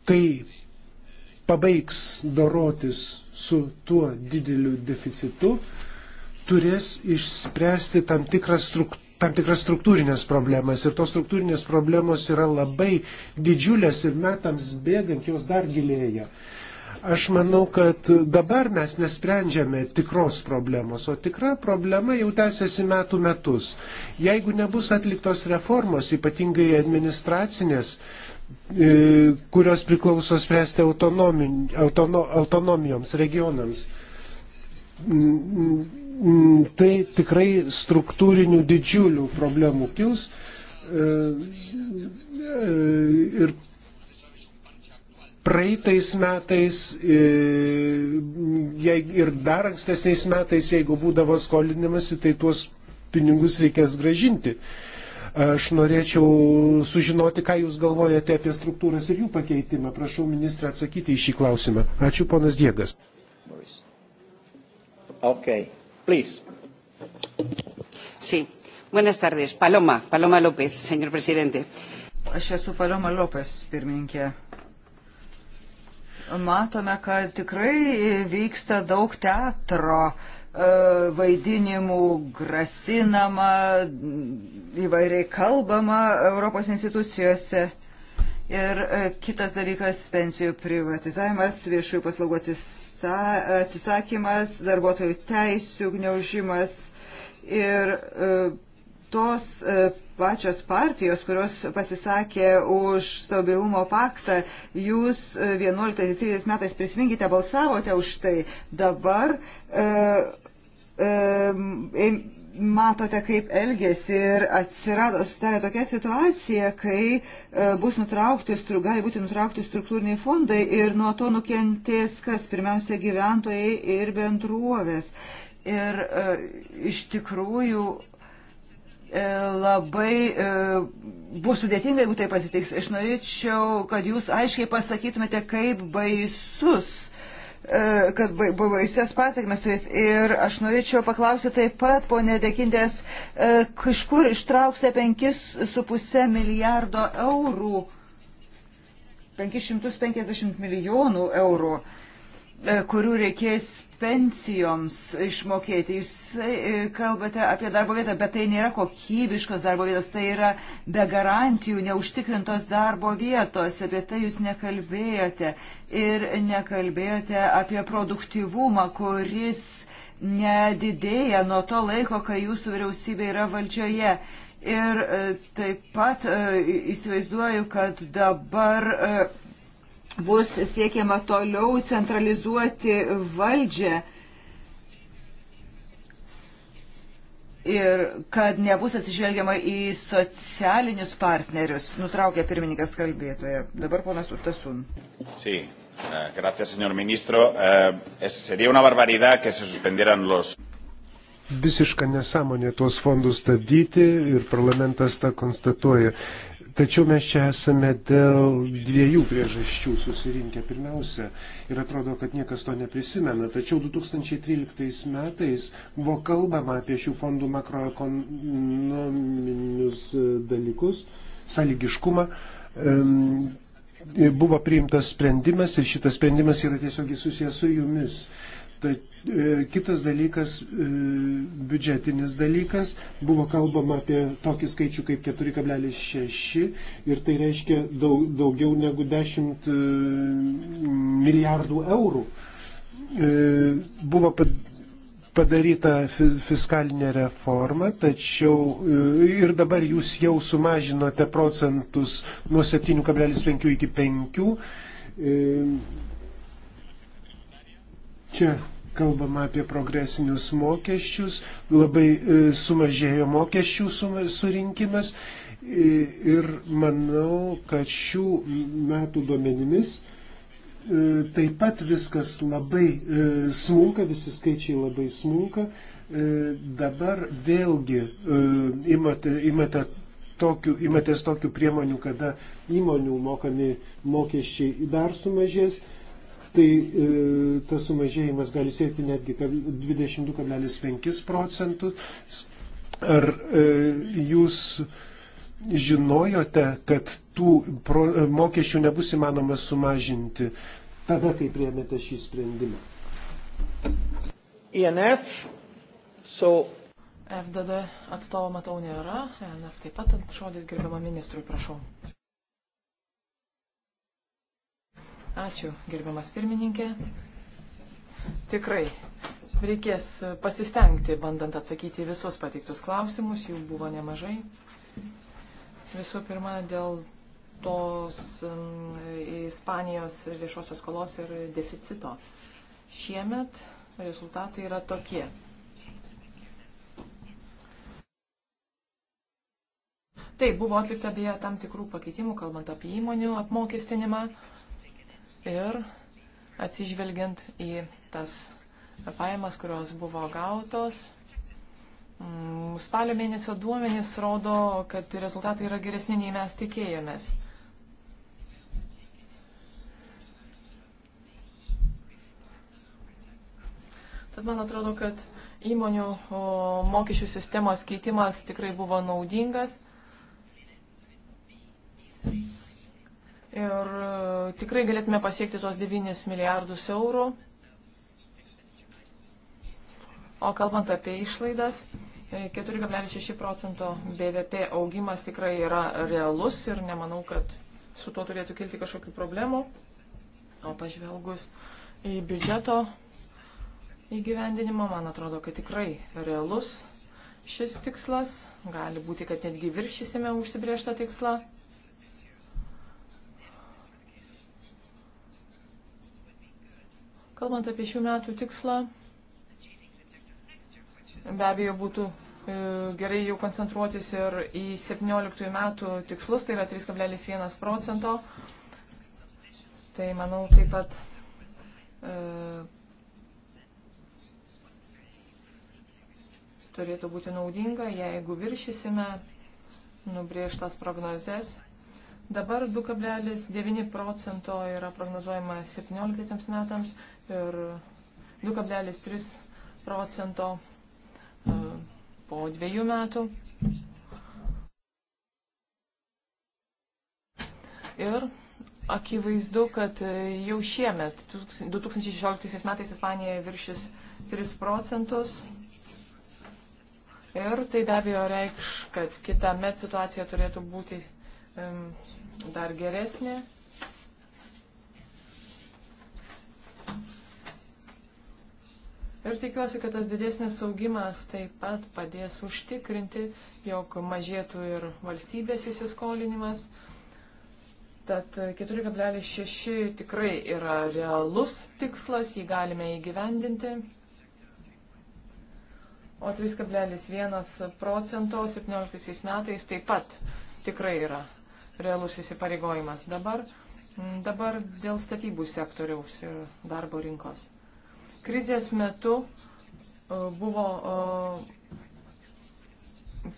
Speaker 1: kai pabaigs dorotis su tuo dideliu deficitu, turės išspręsti tam tikrą struktūrą tam tikras struktūrinės problemas ir tos struktūrinės problemos yra labai didžiulės ir metams bėgant jos dar gilėja. Aš manau, kad dabar mes nesprendžiame tikros problemos, o tikra problema jau tęsiasi metų metus. Jeigu nebus atliktos reformos, ypatingai administracinės, e, kurios priklauso spręsti autonomi, autono, autonomijoms, regionams, Mm, tai tikrai struktūrinių didžiulių problemų kils. E, e, ir praeitais metais, e, ir dar ankstesniais metais, jeigu būdavo skolinimasi, tai tuos pinigus reikės gražinti. Aš norėčiau sužinoti, ką Jūs galvojate apie struktūras ir jų pakeitimą. Prašau ministrą atsakyti į šį klausimą. Ačiū, ponas Diegas. Okay. Please.
Speaker 3: Sí. Buenas tardes. Paloma, Paloma López, señor presidente. Aš esu Paloma Lopes, pirmininkė. Matome, kad tikrai vyksta daug teatro e, vaidinimų, grasinama, įvairiai kalbama Europos institucijose. Ir e, kitas dalykas - pensijų privatizavimas, viešųjų paslaugų atsisakymas, darbuotojų teisų gniaužimas. Ir e, tos e, pačios partijos, kurios pasisakė už saugiaumo paktą, jūs 11-13 metais prisiminkite, balsavote už tai. Dabar e, e, matote, kaip elgesi ir atsirado, sustarė tokia situacija, kai e, bus nutraukti, gali būti nutraukti struktūriniai fondai ir nuo to nukentės kas, pirmiausia, gyventojai ir bendruovės. Ir e, iš tikrųjų e, labai bus sudėtinga, jeigu tai pasitiks. Aš norėčiau, kad jūs aiškiai pasakytumėte, kaip baisus E, kad baisias pasiekmes turės. Ir aš norėčiau paklausyti taip pat, ponė Dekindės, iš e, kur ištrauksite 5,5 milijardo eurų, 550 milijonų eurų. E, kurių reikės pensijoms išmokėti. Jūs e, kalbate apie darbo vietą, bet tai nėra kokybiškos darbo vietos, tai yra be garantijų neužtikrintos darbo vietos, apie tai jūs nekalbėjote. Ir nekalbėjote apie produktivumą, kuris nedidėja nuo to laiko, kai jūsų vyriausybė yra valdžioje. Ir e, taip pat įsivaizduoju, kad dabar bus siekiama toliau centralizuoti valdžią ir kad nebus atsižvelgiama į socialinius partnerius, nutraukė pirmininkas kalbėtoje. Dabar ponas Utasun.
Speaker 1: Sí. Uh, gracias, señor ministro. Uh, es, sería una barbaridad que se suspendieran los. Visiška nesąmonė tuos fondus stabdyti ir parlamentas tą konstatuoja. Uh, Tačiau mes čia esame dėl dviejų priežasčių susirinkę. Pirmiausia, ir atrodo, kad niekas to neprisimena, tačiau 2013 metais buvo kalbama apie šių fondų makroekonominius e, dalykus, sąlygiškumą. Buvo priimtas sprendimas ir šitas sprendimas yra tiesiogiai susijęs su jumis. Tad E, kitas dalykas, e, biudžetinis dalykas, buvo kalbama apie tokį skaičių kaip 4,6 ir tai reiškia daug, daugiau negu 10 e, milijardų eurų. Buvo padaryta fiskalinė reforma, tačiau ir dabar jūs jau sumažinote procentus nuo 7,5 iki 5. Čia kalbama apie progresinius mokesčius, labai e, sumažėjo mokesčių surinkimas e, ir manau, kad šių metų duomenimis e, taip pat viskas labai smunka, visi skaičiai labai smunka. Dabar vėlgi imate, imate tokių, imatės tokių priemonių, kada įmonių mokami mokesčiai dar sumažės tai e, tas sumažėjimas gali siekti netgi 22,5 procentus. Ar e, jūs žinojote, kad tų pro, e, mokesčių nebus įmanoma sumažinti tada, kai priemėte šį sprendimą?
Speaker 2: INF, so. FDD atstovo matau nėra, NF taip pat žodis gerbiama ministrui, prašau. Ačiū, gerbiamas pirmininkė. Tikrai reikės pasistengti, bandant atsakyti visus pateiktus klausimus, jų buvo nemažai. Visų pirma, dėl tos um, Ispanijos viešosios skolos ir deficito. Šiemet rezultatai yra tokie. Taip, buvo atlikta beje tam tikrų pakeitimų, kalbant apie įmonių apmokestinimą. Uh, ir atsižvelgiant į tas pajamas, kurios buvo gautos. Mm, spalio mėnesio duomenys rodo, kad rezultatai yra geresni nei mes tikėjomės. Tad man atrodo, kad įmonių mokesčių sistemos keitimas tikrai buvo naudingas. Ir tikrai galėtume pasiekti tuos 9 milijardus eurų. O kalbant apie išlaidas, 4,6 e, procento BVP augimas tikrai yra realus ir nemanau, kad su tuo turėtų kilti kažkokių problemų. O pažvelgus į biudžeto įgyvendinimą, man atrodo, kad tikrai realus šis tikslas. Gali būti, kad netgi viršysime užsibriežtą tikslą. Kalbant apie šių metų tikslą, be abejo būtų e, gerai jau koncentruotis ir į 17 metų tikslus, tai yra 3,1 procento. Tai manau taip pat e, turėtų būti naudinga, jeigu viršysime nubriežtas prognozes. Dabar 2,9 procento yra prognozuojama 17 metams, ir 2,3 procento e, po dviejų metų. Ir akivaizdu, kad jau šiemet, 2016 metais Ispanija viršis 3 procentus. Ir tai be abejo reikš, kad kitą met situacija turėtų būti um, dar geresnė. Ir tikiuosi, kad tas didesnis augimas taip pat padės užtikrinti, jog mažėtų ir valstybės įsiskolinimas. Tad 4,6 tikrai yra realus tikslas, jį galime įgyvendinti. O 3,1 procento 17 metais taip pat tikrai yra realus įsipareigojimas. Dabar, dabar dėl statybų sektoriaus ir darbo rinkos. Krizės metu e, buvo e,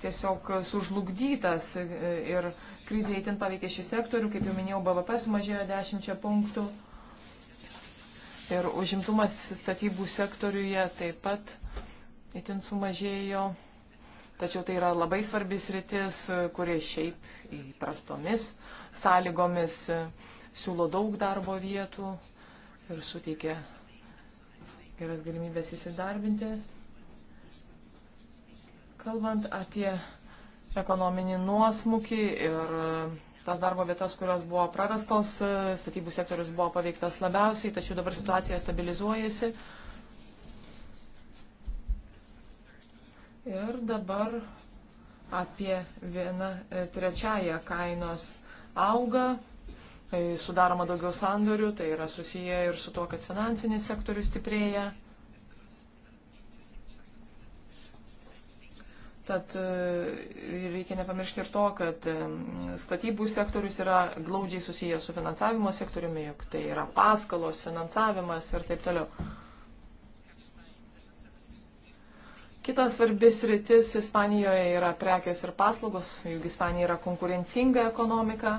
Speaker 2: tiesiog sužlugdytas e, ir krizė įtin paveikė šį sektorių, kaip jau minėjau, BVP sumažėjo 10 punktų ir užimtumas statybų sektoriuje taip pat įtin sumažėjo. Tačiau tai yra labai svarbis rytis, kurie šiaip įprastomis sąlygomis siūlo daug darbo vietų ir suteikia geras galimybės įsidarbinti. Kalbant apie ekonominį nuosmukį ir e, tas darbo vietas, kurios buvo prarastos, e, statybų sektorius buvo paveiktas labiausiai, tačiau dabar situacija stabilizuojasi. Ir dabar apie vieną e, trečiąją kainos auga sudaroma daugiau sandorių, tai yra susiję ir su to, kad finansinis sektorius stiprėja. Tad e, reikia nepamiršti ir to, kad e, statybų sektorius yra glaudžiai susijęs su finansavimo sektoriumi, juk tai yra paskalos, finansavimas ir taip toliau. Kitas svarbis rytis Ispanijoje yra prekės ir paslaugos, juk Ispanija yra konkurencinga ekonomika.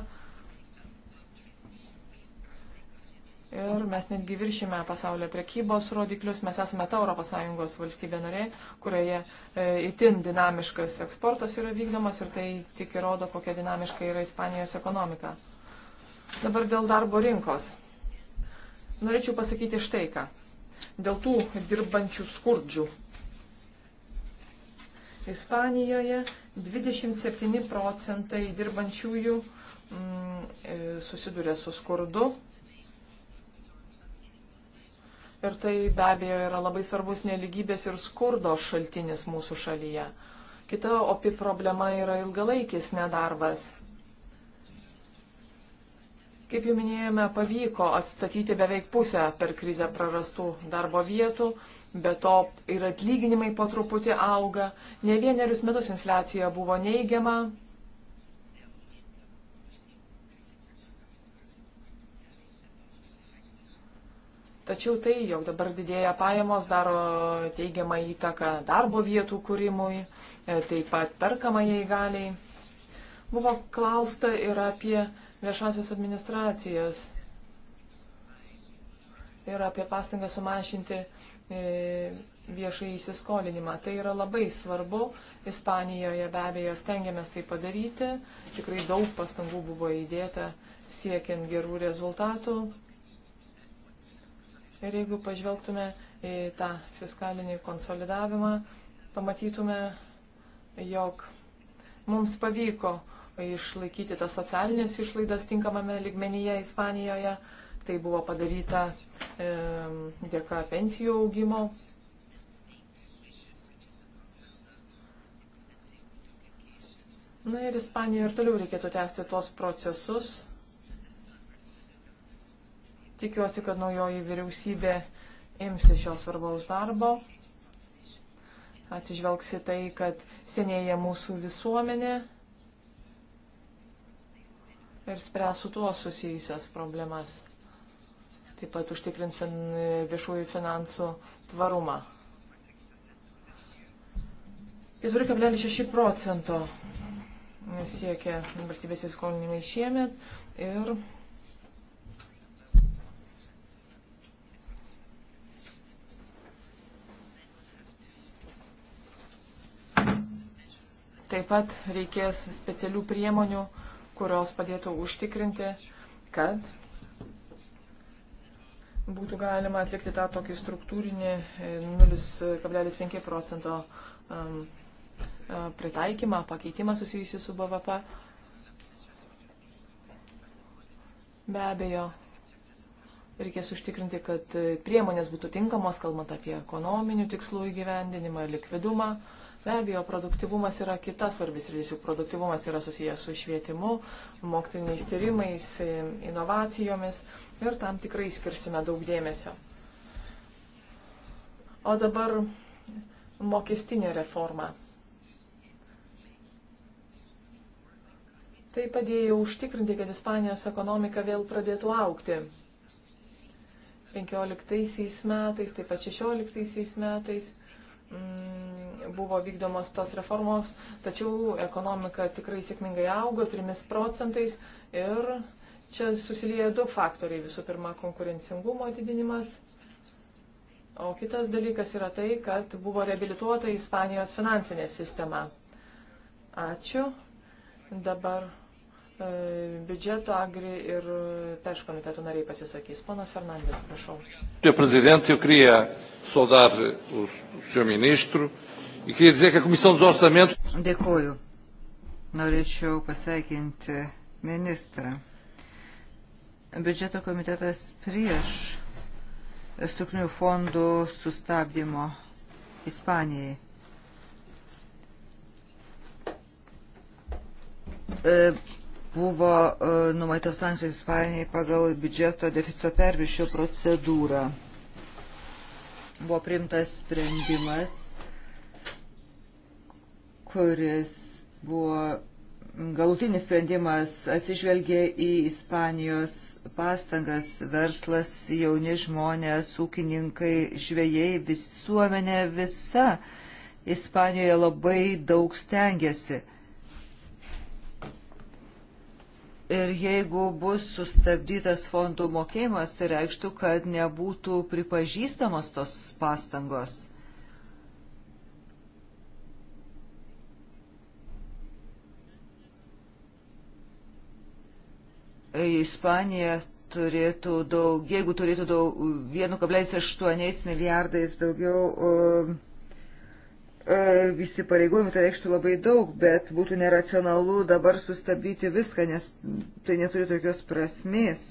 Speaker 2: Ir mes netgi viršime pasaulio prekybos rodiklius. Mes esame ta ES valstybė norė, kurioje e, itin dinamiškas eksportas yra vykdomas ir tai tik įrodo, kokia dinamiška yra Ispanijos ekonomika. Dabar dėl darbo rinkos. Norėčiau pasakyti štai ką. Dėl tų dirbančių skurdžių. Ispanijoje 27 procentai dirbančiųjų mm, e, susiduria su skurdu, Ir tai be abejo yra labai svarbus neligybės ir skurdo šaltinis mūsų šalyje. Kita opi problema yra ilgalaikis nedarbas. Kaip jau minėjome, pavyko atstatyti beveik pusę per krizę prarastų darbo vietų, be to ir atlyginimai po truputį auga. Ne vienerius metus infliacija buvo neigiama, Tačiau tai, jog dabar didėja pajamos, daro teigiamą įtaką darbo vietų kūrimui, e, taip pat perkamajai galiai. Buvo klausta ir apie viešasias administracijas ir apie pastangą sumažinti e, viešai įsiskolinimą. Tai yra labai svarbu. Ispanijoje be abejo stengiamės tai padaryti. Tikrai daug pastangų buvo įdėta siekiant gerų rezultatų. Ir jeigu pažvelgtume į tą fiskalinį konsolidavimą, pamatytume, jog mums pavyko išlaikyti tas socialinės išlaidas tinkamame ligmenyje Ispanijoje. Tai buvo padaryta e, dėka pensijų augimo. Na ir Ispanijoje ir toliau reikėtų tęsti tuos procesus, Tikiuosi, kad naujoji vyriausybė imsi šios svarbaus darbo, atsižvelgsi tai, kad senėja mūsų visuomenė ir spręs su tuo susijusias problemas. Taip pat užtikrins fin, viešųjų finansų tvarumą. 4,6 procento siekia valstybės įskolinimai šiemet ir Taip pat reikės specialių priemonių, kurios padėtų užtikrinti, kad būtų galima atlikti tą tokį struktūrinį 0,5 e, e, procento pritaikymą, pakeitimą susijusi su BVP. Be abejo, reikės užtikrinti, kad e, priemonės būtų tinkamos, kalbant apie ekonominių tikslų įgyvendinimą, likvidumą. Be abejo, produktivumas yra kitas svarbis rytis, juk produktivumas yra susijęs su švietimu, moksliniais tyrimais, inovacijomis ir tam tikrai skirsime daug dėmesio. O dabar mokestinė reforma. Tai padėjo užtikrinti, kad Ispanijos ekonomika vėl pradėtų aukti. 15 metais, taip pat 16 metais Mm, buvo vykdomos tos reformos, tačiau ekonomika tikrai sėkmingai augo 3 procentais ir čia susilieja du faktoriai. Visų pirma, konkurencingumo didinimas, o kitas dalykas yra tai, kad buvo reabilituota Ispanijos finansinė sistema. Ačiū. Dabar E, biudžeto, agri ir peš komiteto nariai pasisakys. Ponas Fernandės, prašau.
Speaker 3: Senhor Presidente, eu queria saudar o Sr. Ministro e queria dizer que a Comissão dos Orçamentos. Dėkuoju. Norėčiau pasveikinti ministrą. Biudžeto komitetas prieš struktūrinių fondų sustabdymo Ispanijai. E, buvo e, numatytos sankcijos Ispanijai pagal biudžeto deficito perviršio procedūrą. Buvo primtas sprendimas, kuris buvo galutinis sprendimas atsižvelgė į Ispanijos pastangas verslas, jauni žmonės, ūkininkai, žvėjai, visuomenė visa Ispanijoje labai daug stengiasi. Ir jeigu bus sustabdytas fondų mokėjimas, tai reikštų, kad nebūtų pripažįstamos tos pastangos. Ispanija turėtų daug, jeigu turėtų daug 1,8 milijardais daugiau um, E, įsipareigojimų, tai reikštų labai daug, bet būtų neracionalu dabar sustabdyti viską, nes tai neturi tokios prasmės.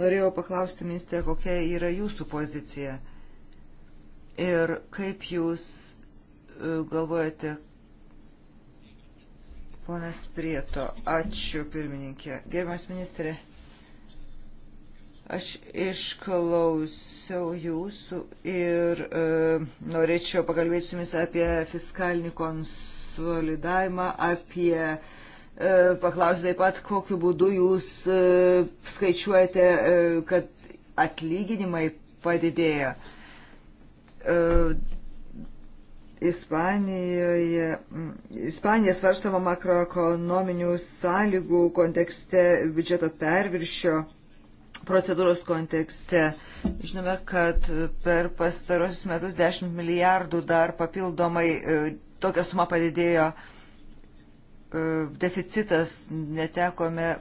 Speaker 3: Norėjau paklausti, ministrė, kokia yra jūsų pozicija ir kaip jūs e, galvojate, ponas Prieto, ačiū pirmininkė. Gerbiamas ministrė. Aš išklausiau jūsų ir e, norėčiau pakalbėti su jumis apie fiskalinį konsolidavimą, apie e, paklausti taip pat, kokiu būdu jūs e, skaičiuojate, e, kad atlyginimai padidėja. E, Ispanijoje, Ispanija svarstama makroekonominių sąlygų kontekste biudžeto perviršio procedūros kontekste. Žinome, kad per pastarosius metus 10 milijardų dar papildomai e, tokia suma padidėjo e, deficitas, netekome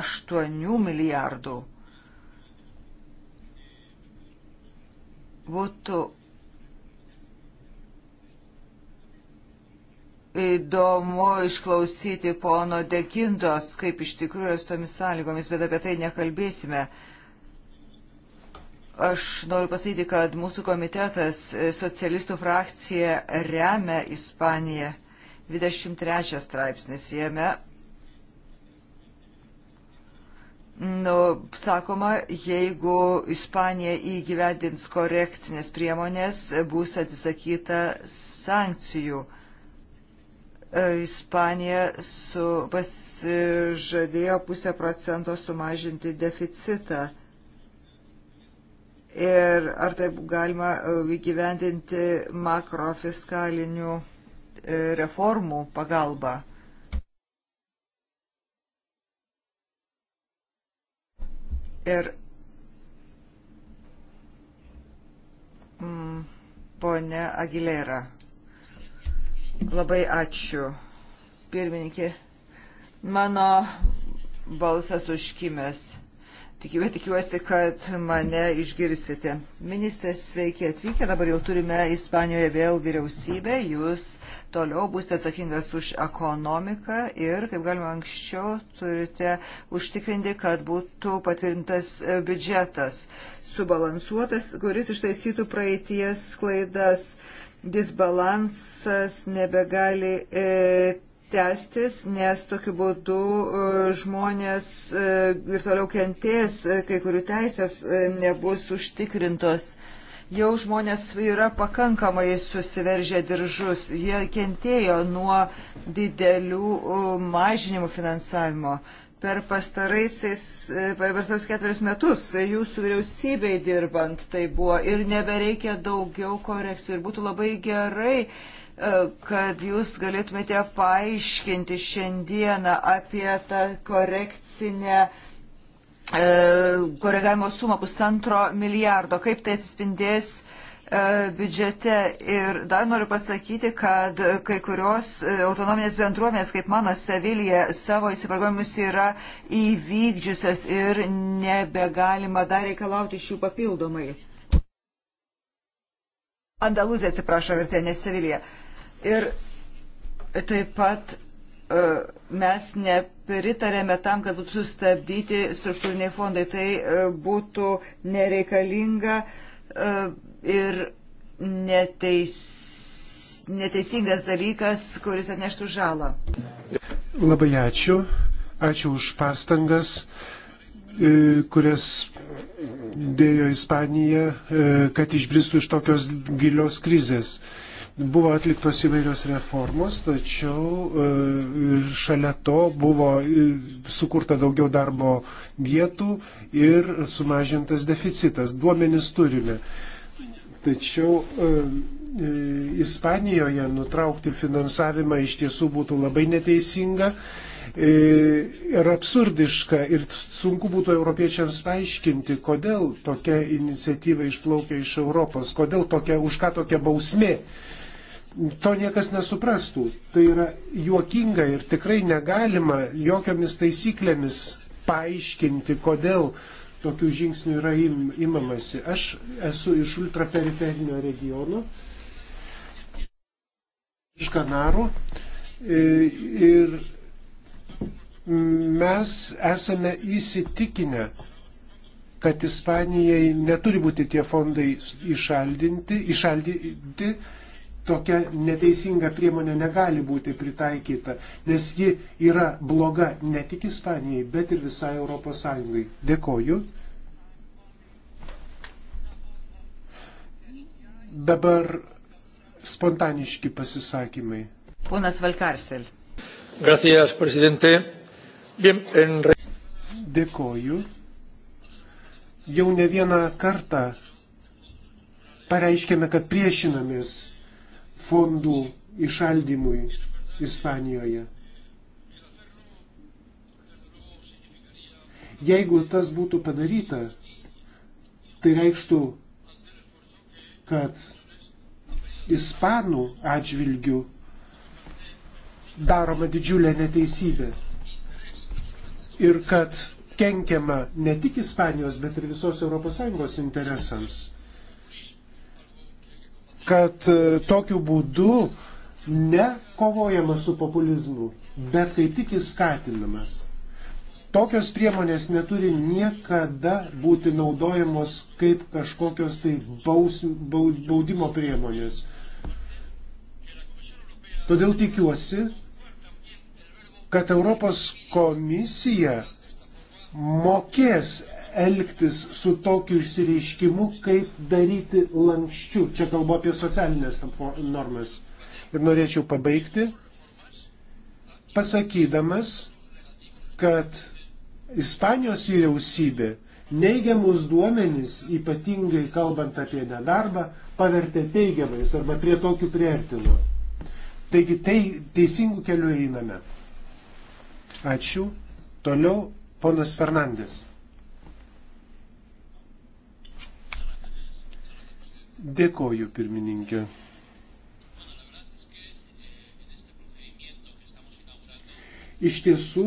Speaker 3: 8 milijardų. Būtų įdomu išklausyti pono Dekindos, kaip iš tikrųjų su tomis sąlygomis, bet apie tai nekalbėsime. Aš noriu pasakyti, kad mūsų komitetas, e, socialistų frakcija remia Ispaniją. 23 straipsnis jame. Nu, sakoma, jeigu Ispanija įgyvendins korekcinės priemonės, bus atsisakyta sankcijų. E, Ispanija su, pasižadėjo pusę procento sumažinti deficitą. Ir ar taip galima e, įgyvendinti makrofiskalinių e, reformų pagalbą? Ir mm, ponia Aguilera. Labai ačiū, pirmininkė. Mano balsas užkimęs. Tikiuosi, tikiuosi, kad mane išgirsite. Ministras, sveiki atvykę. Dabar jau turime Ispanijoje vėl vyriausybę. Jūs toliau būsite atsakingas už ekonomiką ir, kaip galima anksčiau, turite užtikrinti, kad būtų patvirtintas e, biudžetas subalansuotas, kuris ištaisytų praeities klaidas disbalansas nebegali e, tęstis, nes tokiu būdu e, žmonės e, ir toliau kentės, kai kurių teisės nebus užtikrintos. Jau žmonės yra pakankamai susiveržę diržus, jie kentėjo nuo didelių mažinimų finansavimo per pastaraisiais, e, per pastaraisiais ketverius metus e, jūsų vyriausybei dirbant tai buvo ir nebereikia daugiau korekcijų. Ir būtų labai gerai, e, kad jūs galėtumėte paaiškinti šiandieną apie tą korekcinę koregavimo sumą pusantro milijardo. Kaip tai atspindės E, biudžete. Ir dar noriu pasakyti, kad kai kurios e, autonominės bendruomenės, kaip mano Sevilija, savo įsivargojimus yra įvykdžiusios ir nebegalima dar reikalauti šių papildomai. Andalūzija atsiprašo vertė, ne Sevilija. Ir taip pat e, mes nepritarėme tam, kad būtų sustabdyti struktūriniai fondai. Tai būtų nereikalinga ir neteis, neteisingas dalykas, kuris atneštų
Speaker 1: žalą. Labai ačiū. Ačiū už pastangas, e, kurias dėjo Ispanija, e, kad išbristų iš tokios gilios krizės. Buvo atliktos įvairios reformos, tačiau e, šalia to buvo sukurta daugiau darbo vietų ir sumažintas deficitas. Duomenis turime. Tačiau Ispanijoje nutraukti finansavimą iš tiesų būtų labai neteisinga ir absurdiška ir sunku būtų europiečiams paaiškinti, kodėl tokia iniciatyva išplaukia iš Europos, kodėl tokia, už ką tokia bausmė. To niekas nesuprastų. Tai yra juokinga ir tikrai negalima jokiomis taisyklėmis paaiškinti, kodėl uh, tokių žingsnių yra im, imamasi. Aš esu iš ultraperiferinio regiono, iš Kanarų
Speaker 3: e, ir
Speaker 1: mes esame įsitikinę, kad Ispanijai neturi būti tie fondai išaldinti, išaldinti tokia neteisinga priemonė negali būti pritaikyta, nes ji yra bloga ne tik Ispanijai, bet ir visai Europos Sąjungai. Dėkoju. Dabar spontaniški pasisakymai.
Speaker 3: Ponas Valkarsel.
Speaker 1: Gracias, prezidente. Bien, en... Dėkoju. Jau ne vieną kartą pareiškėme, kad priešinamės fondų išaldymui Ispanijoje. Jeigu tas būtų padaryta, tai reikštų, kad ispanų atžvilgių daroma didžiulė neteisybė. Ir kad kenkiama ne tik Ispanijos, bet ir visos ES interesams kad e, tokiu būdu ne kovojama su populizmu, bet kaip tik jis skatinamas. Tokios priemonės neturi niekada būti naudojamos kaip kažkokios tai baus, baudimo priemonės. Todėl tikiuosi, kad Europos komisija mokės elgtis su tokiu išsireiškimu, kaip daryti lankščių. Čia kalbu apie socialinės normas. Ir norėčiau pabaigti pasakydamas, kad Ispanijos vyriausybė neigiamus duomenys, ypatingai kalbant apie nedarbą, pavertė teigiamais arba prie tokių priartino. Taigi tai teisingų kelių einame. Ačiū. Toliau ponas Fernandės. Dėkoju, pirmininkė. Iš tiesų,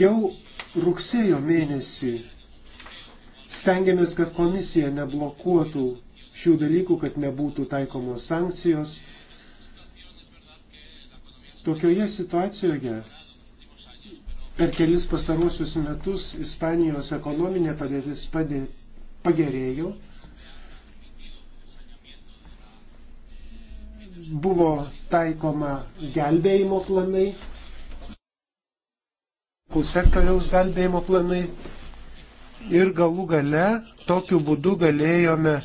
Speaker 1: jau rugsėjo mėnesį stengiamės, kad komisija neblokuotų šių dalykų, kad nebūtų taikomos sankcijos. Tokioje situacijoje per kelis pastaruosius metus Ispanijos ekonominė padėtis padėt, pagerėjo. Buvo taikoma gelbėjimo planai, sektoriaus gelbėjimo planai ir galų gale tokiu būdu galėjome e,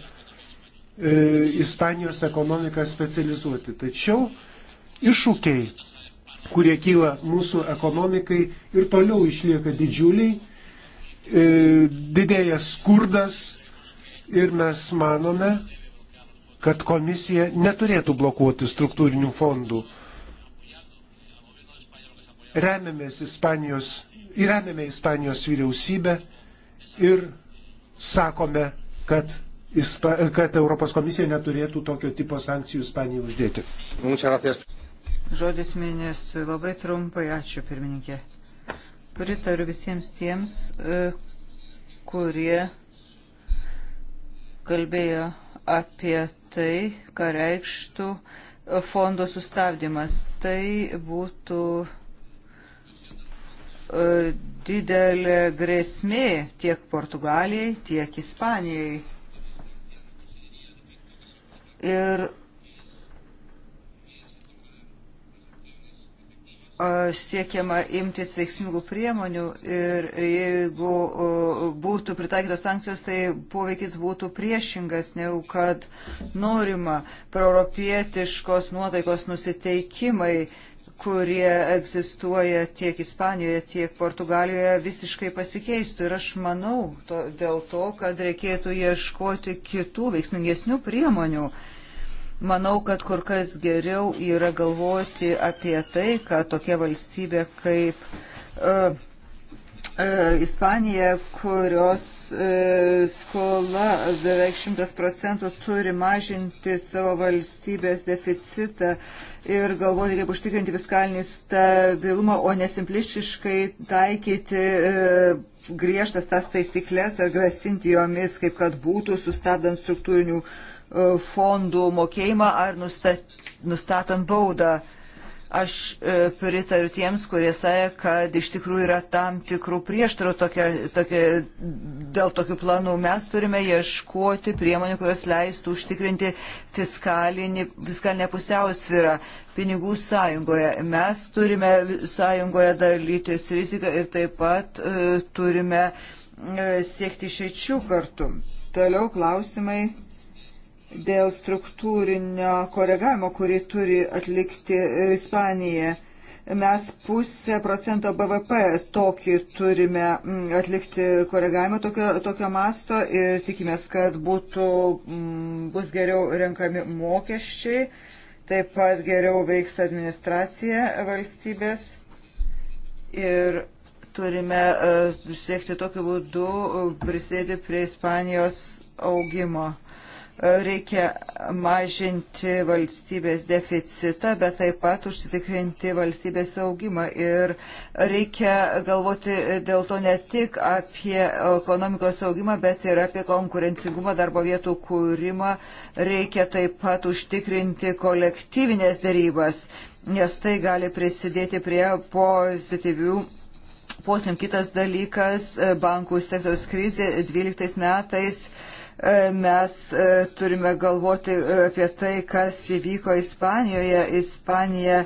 Speaker 1: Ispanijos ekonomiką specializuoti. Tačiau iššūkiai, kurie kyla mūsų ekonomikai ir toliau išlieka didžiuliai E, didėja skurdas ir mes manome, kad komisija neturėtų blokuoti struktūrinių fondų. Remiamės Ispanijos, remiame Ispanijos vyriausybę ir sakome, kad, Ispa, kad Europos komisija neturėtų tokio tipo sankcijų Ispanijai uždėti.
Speaker 3: Žodis ministrui labai trumpai, ačiū pirmininkė. Pritariu visiems tiems, e, kurie kalbėjo apie tai, ką reikštų fondo sustabdymas. Tai būtų e, didelė grėsmė tiek Portugalijai, tiek Ispanijai. Ir siekiama imtis veiksmingų priemonių ir jeigu būtų pritaikytos sankcijos, tai poveikis būtų priešingas, negu kad norima proeuropietiškos nuotaikos nusiteikimai kurie egzistuoja tiek Ispanijoje, tiek Portugalijoje, visiškai pasikeistų. Ir aš manau to, dėl to, kad reikėtų ieškoti kitų veiksmingesnių priemonių. Uh, Manau, kad kur kas geriau yra galvoti apie tai, kad tokia valstybė kaip uh, uh, Ispanija, kurios uh, skola beveik 100 procentų turi mažinti savo valstybės deficitą ir galvoti, kaip užtikrinti fiskalinį stabilumą, o nesimpliškai taikyti griežtas tas taisyklės ar grasinti jomis, kaip kad būtų sustabdant struktūrinių uh, E, fondų mokėjimą ar nustatant baudą. Aš e, pritariu tiems, kurie sąja, kad iš tikrųjų yra tam tikrų prieštarų tokia, tokia, dėl tokių planų. Mes turime ieškoti priemonių, kurios leistų užtikrinti fiskalinę pusiausvyrą pinigų sąjungoje. Mes turime sąjungoje dalytis riziką ir taip pat uh, turime uh, siekti šečių kartų. Toliau klausimai dėl struktūrinio koregavimo, kurį turi atlikti Ispanija. Mes pusę procento BVP tokį turime mm, atlikti koregavimą tokio, tokio masto ir tikimės, kad būtų, mm, bus geriau renkami mokesčiai, taip pat geriau veiks administracija valstybės ir turime e, siekti tokiu būdu prisidėti prie Ispanijos augimo reikia mažinti valstybės deficitą, bet taip pat užsitikrinti valstybės augimą. Ir reikia galvoti dėl to ne tik apie ekonomikos augimą, bet ir apie konkurencingumą, darbo vietų kūrimą. Reikia taip pat užtikrinti kolektyvinės darybas, nes tai gali prisidėti prie pozityvių poslinkių. Kitas dalykas - bankų sektoriaus krizė 12 metais E, mes e, turime galvoti e, apie tai, kas įvyko Ispanijoje. Ispanija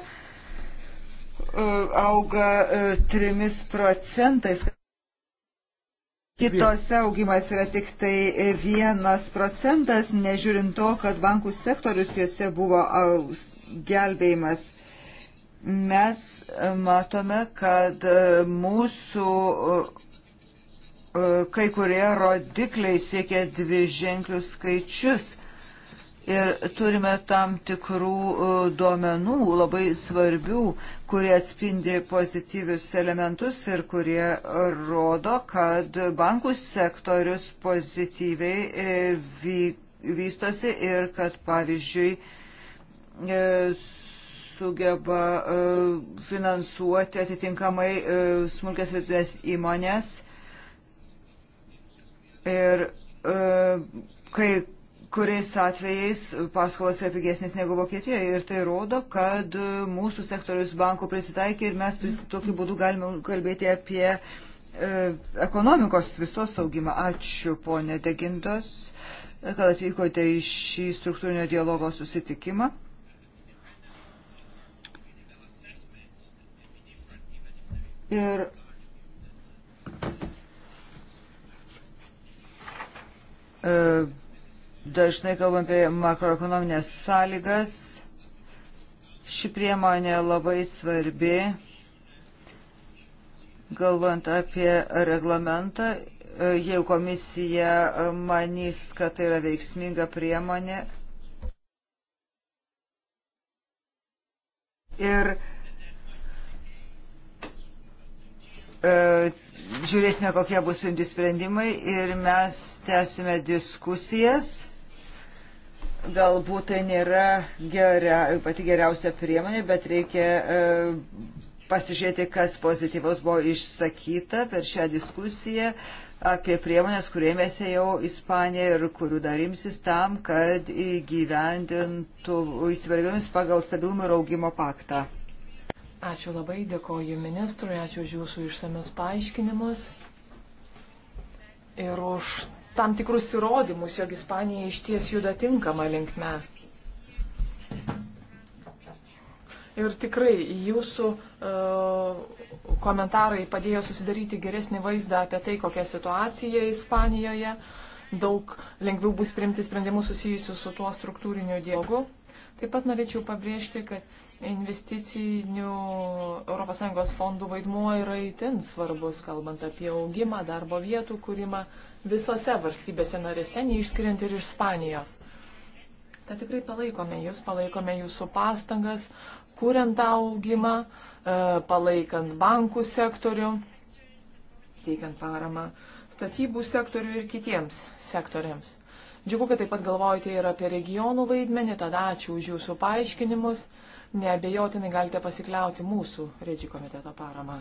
Speaker 3: auga 3 procentais. Kitose augimas yra tik tai vienas procentas, nežiūrint to, kad bankų sektorius juose buvo gelbėjimas. Mes matome, kad mūsų E, kai kurie rodikliai siekia dvi ženklius skaičius. Ir turime tam tikrų e, duomenų, labai svarbių, kurie atspindi pozityvius elementus ir kurie rodo, kad bankų sektorius pozityviai e, vystosi ir kad, pavyzdžiui, sugeba finansuoti atitinkamai smulkės vidutinės įmonės Ir e, kai kuriais atvejais paskolas yra pigesnės negu Vokietijoje ir tai rodo, kad e, mūsų sektorius bankų prisitaikė ir mes pris, tokiu būdu galime kalbėti apie e, ekonomikos visos augimą. Ačiū, ponė Degintos, kad atvykote į šį struktūrinio dialogo susitikimą. Ir E, dažnai kalbam apie makroekonominės sąlygas. Ši priemonė labai svarbi. Galvant apie reglamentą, e, jeigu komisija manys, kad tai yra veiksminga priemonė. Ir e, žiūrėsime, kokie bus priimti sprendimai ir mes tęsime diskusijas. Galbūt tai nėra geria, pati geriausia priemonė, bet reikia e, pasižiūrėti, kas pozityvos buvo išsakyta per šią diskusiją apie priemonės, kuriemėsi jau Ispanija ir kurių dar imsis tam, kad įgyvendintų įsivargimus pagal stabilumo ir augimo paktą.
Speaker 2: Ačiū labai, dėkoju ministrui, ačiū už jūsų išsamius paaiškinimus ir už tam tikrus įrodymus, jog Ispanija iš ties juda tinkama linkme. Ir tikrai jūsų uh, komentarai padėjo susidaryti geresnį vaizdą apie tai, kokia situacija Ispanijoje. Daug lengviau bus priimti sprendimus susijusius su tuo struktūriniu dialogu. Taip pat norėčiau pabrėžti, kad investicinių ES fondų vaidmuo yra itin svarbus, kalbant apie augimą, darbo vietų kūrimą visose valstybėse narėse, neišskiriant ir Ispanijos. Tad tikrai palaikome jūs, palaikome jūsų pastangas, kuriant tą augimą, e, palaikant bankų sektorių, teikiant paramą statybų sektorių ir kitiems sektoriams. Džiugu, kad taip pat galvojate ir apie regionų vaidmenį, tada ačiū už jūsų paaiškinimus neabejotinai galite pasikliauti mūsų Redžių komiteto parama.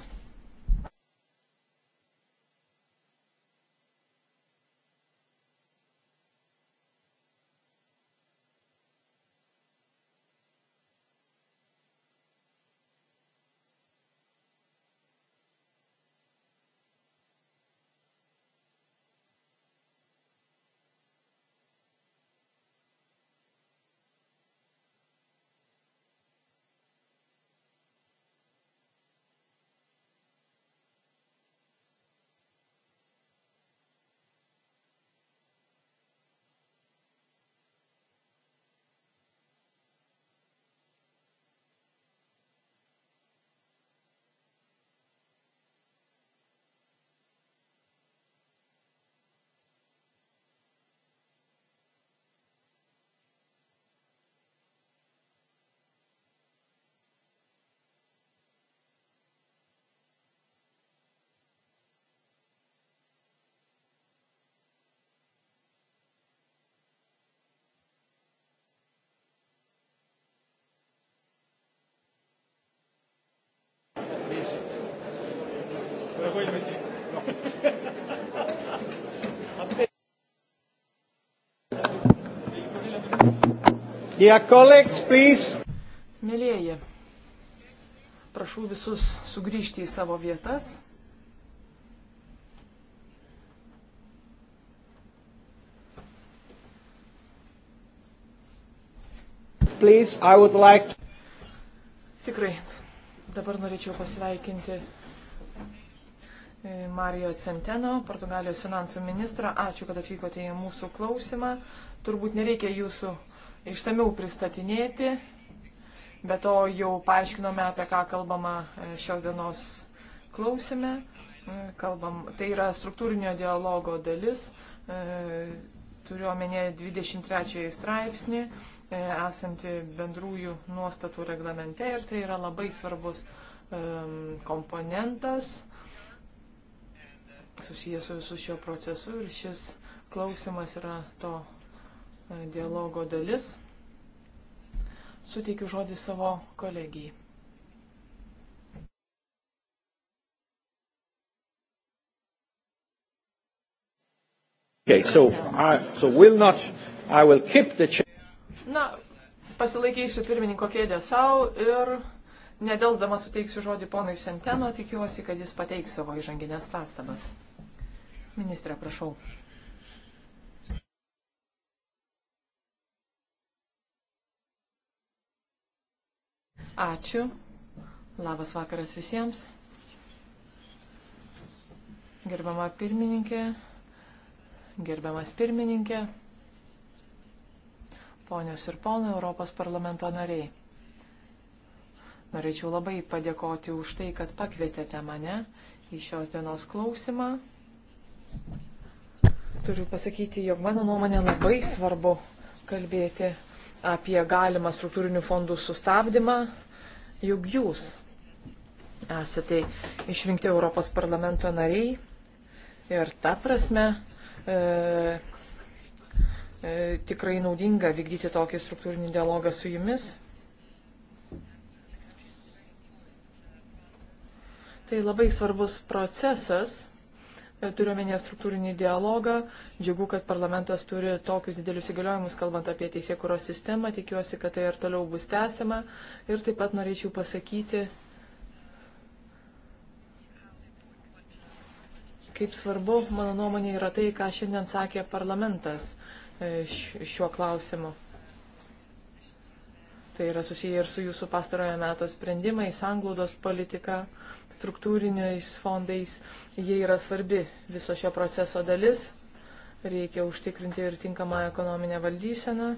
Speaker 1: poi il messaggio. Dear colleagues, please.
Speaker 2: Mėlėjai, prašau visus sugrįžti į savo vietas.
Speaker 3: Please, I would like.
Speaker 2: Tikrai, dabar norėčiau pasveikinti E, Mario Centeno, Portugalijos finansų ministrą. Ačiū, kad atvykote į mūsų klausimą. Turbūt nereikia jūsų išsameu pristatinėti, bet to jau paaiškinome, apie ką kalbama e, šios dienos klausime. E, kalbam, tai yra struktūrinio dialogo dalis turiu omenyje 23 straipsnį, esanti bendrųjų nuostatų reglamente ir tai yra labai svarbus komponentas susijęs su visu šiuo procesu ir šis klausimas yra to e, dialogo dalis. Suteikiu žodį savo kolegijai.
Speaker 1: Okay, so I, so will not, I will keep the chair.
Speaker 2: Na, pasilaikysiu pirmininko kėdę savo ir nedelsdama suteiksiu žodį ponui Senteno, tikiuosi, kad jis pateiks savo įžanginės pastabas. Ministrė, prašau. Ačiū. Labas vakaras visiems. Gerbama pirmininkė, gerbiamas pirmininkė, ponios ir ponai Europos parlamento nariai. Norėčiau labai padėkoti už tai, kad pakvietėte mane į šios dienos klausimą. Turiu pasakyti, jog mano nuomonė labai svarbu kalbėti apie galimą struktūrinių fondų sustabdymą, juk jūs esate išrinkti Europos parlamento nariai ir ta prasme e, e, tikrai naudinga vykdyti tokį struktūrinį dialogą su jumis. Tai labai svarbus procesas E, turiuomenė struktūrinį dialogą. Džiugu, kad parlamentas turi tokius didelius įgaliojimus, kalbant apie teisėkuros sistemą. Tikiuosi, kad tai ir toliau bus tęsiama. Ir taip pat norėčiau pasakyti, kaip svarbu, mano nuomonė, yra tai, ką šiandien sakė parlamentas e, šiuo klausimu. Tai yra susiję ir su jūsų pastarojo meto sprendimais, sanglaudos politika struktūriniais fondais, jie yra svarbi viso šio proceso dalis. Reikia užtikrinti ir tinkamą ekonominę valdyseną.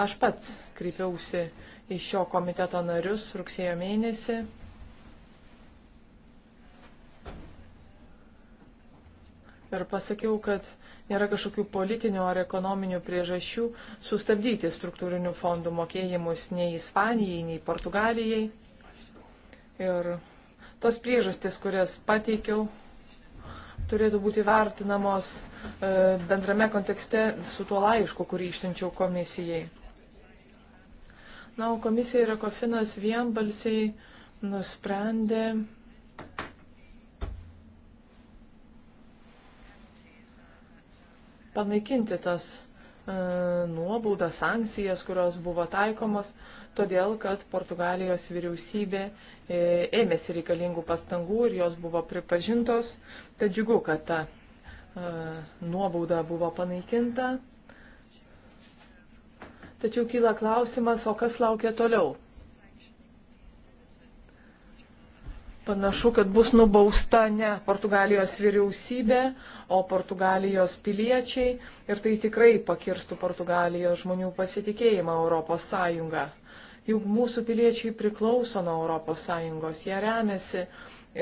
Speaker 2: Aš pats kreipiausi į šio komiteto narius rugsėjo mėnesį. Ir pasakiau, kad nėra kažkokių politinių ar ekonominių priežasčių sustabdyti struktūrinių fondų mokėjimus nei Ispanijai, nei Portugalijai. Ir tos priežastis, kurias pateikiau, turėtų būti vertinamos e, bendrame kontekste su tuo laišku, kurį išsiunčiau komisijai. Na, o komisija ir Kofinas vienbalsiai nusprendė panaikinti tas e, nuobaudas, sankcijas, kurios buvo taikomas todėl kad Portugalijos vyriausybė e, ėmėsi reikalingų pastangų ir jos buvo pripažintos. Tad džiugu, kad ta e, nuobauda buvo panaikinta. Tačiau kyla klausimas, o kas laukia toliau? Panašu, kad bus nubausta ne Portugalijos vyriausybė, o Portugalijos piliečiai ir tai tikrai pakirstų Portugalijos žmonių pasitikėjimą Europos Sąjungą. Juk mūsų piliečiai priklauso nuo ES, jie remiasi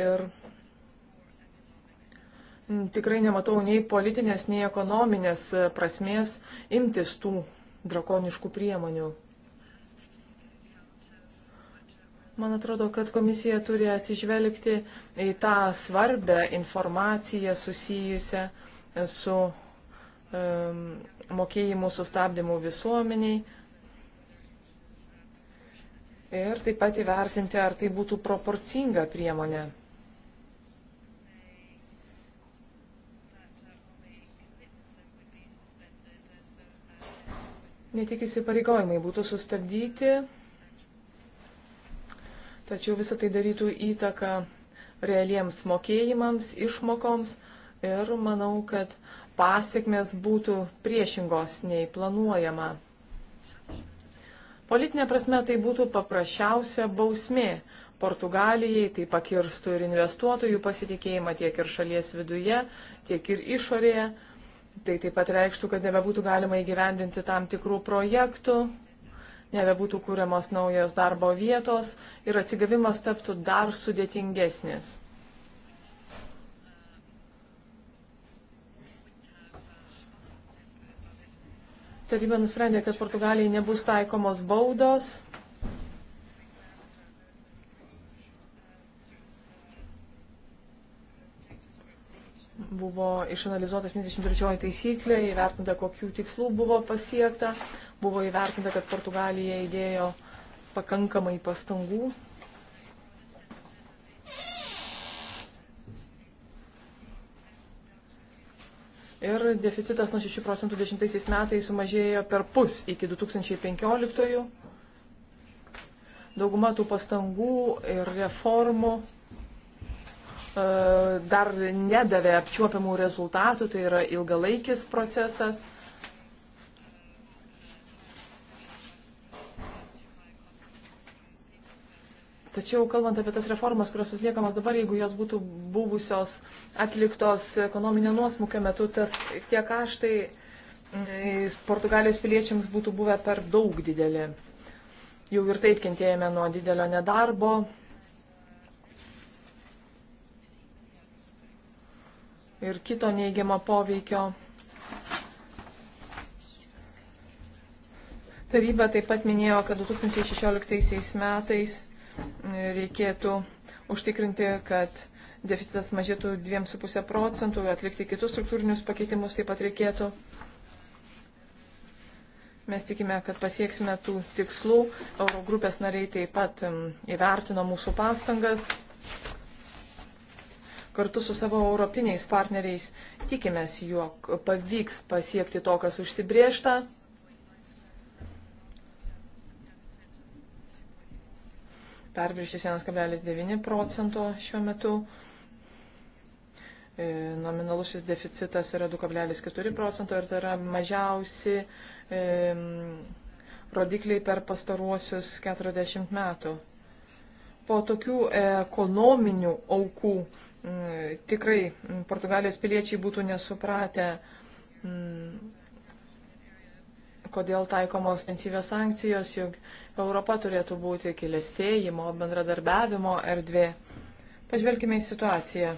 Speaker 2: ir tikrai nematau nei politinės, nei ekonominės prasmės imtis tų drakoniškų priemonių. Man atrodo, kad komisija turi atsižvelgti į tą svarbę informaciją susijusią su um, mokėjimų sustabdymu visuomeniai ir taip pat įvertinti, ar tai būtų proporcinga priemonė. Ne tik įsipareigojimai būtų sustabdyti, tačiau visą tai darytų įtaką realiems mokėjimams, išmokoms ir manau, kad pasiekmes būtų priešingos nei planuojama. Politinė prasme tai būtų paprasčiausia bausmė Portugalijai, tai pakirstų ir investuotojų pasitikėjimą tiek ir šalies viduje, tiek ir išorėje. Tai taip pat reikštų, kad nebebūtų galima įgyvendinti tam tikrų projektų, nebebūtų kūriamos naujos darbo vietos ir atsigavimas taptų dar sudėtingesnis. taryba nusprendė, kad Portugalijai nebus taikomos baudos. Buvo išanalizuotas 53 taisyklė, įvertinta, kokių tikslų buvo pasiekta, buvo įvertinta, kad Portugalija įdėjo pakankamai pastangų ir deficitas nuo 6 procentų 10 metais sumažėjo per pus iki 2015. Dauguma tų pastangų ir reformų e, dar nedavė apčiuopiamų rezultatų, tai yra ilgalaikis procesas. Tačiau kalbant apie tas reformas, kurios atliekamas dabar, jeigu jos būtų buvusios atliktos ekonominio nuosmukio metu, tas tie kaštai e, Portugalijos piliečiams būtų buvę per daug dideli. Jau ir taip kentėjome nuo didelio nedarbo. Ir kito neigiamo poveikio. Taryba taip pat minėjo, kad 2016 metais reikėtų užtikrinti, kad deficitas mažėtų 2,5 procentų, atlikti kitus struktūrinius pakeitimus taip pat reikėtų. Mes tikime, kad pasieksime tų tikslų. Eurogrupės nariai taip pat įvertino mūsų pastangas. Kartu su savo europiniais partneriais tikimės, jog pavyks pasiekti to, kas užsibriešta. perviršis 1,9 procento šiuo metu. E, nominalusis deficitas yra 2,4 procento ir tai yra mažiausi e, rodikliai per pastaruosius 40 metų. Po tokių ekonominių aukų tikrai Portugalijos piliečiai būtų nesupratę, kodėl taikomos intensyvės sankcijos, jog Europa turėtų būti kilestėjimo, bendradarbiavimo erdvė. Pažvelkime į situaciją.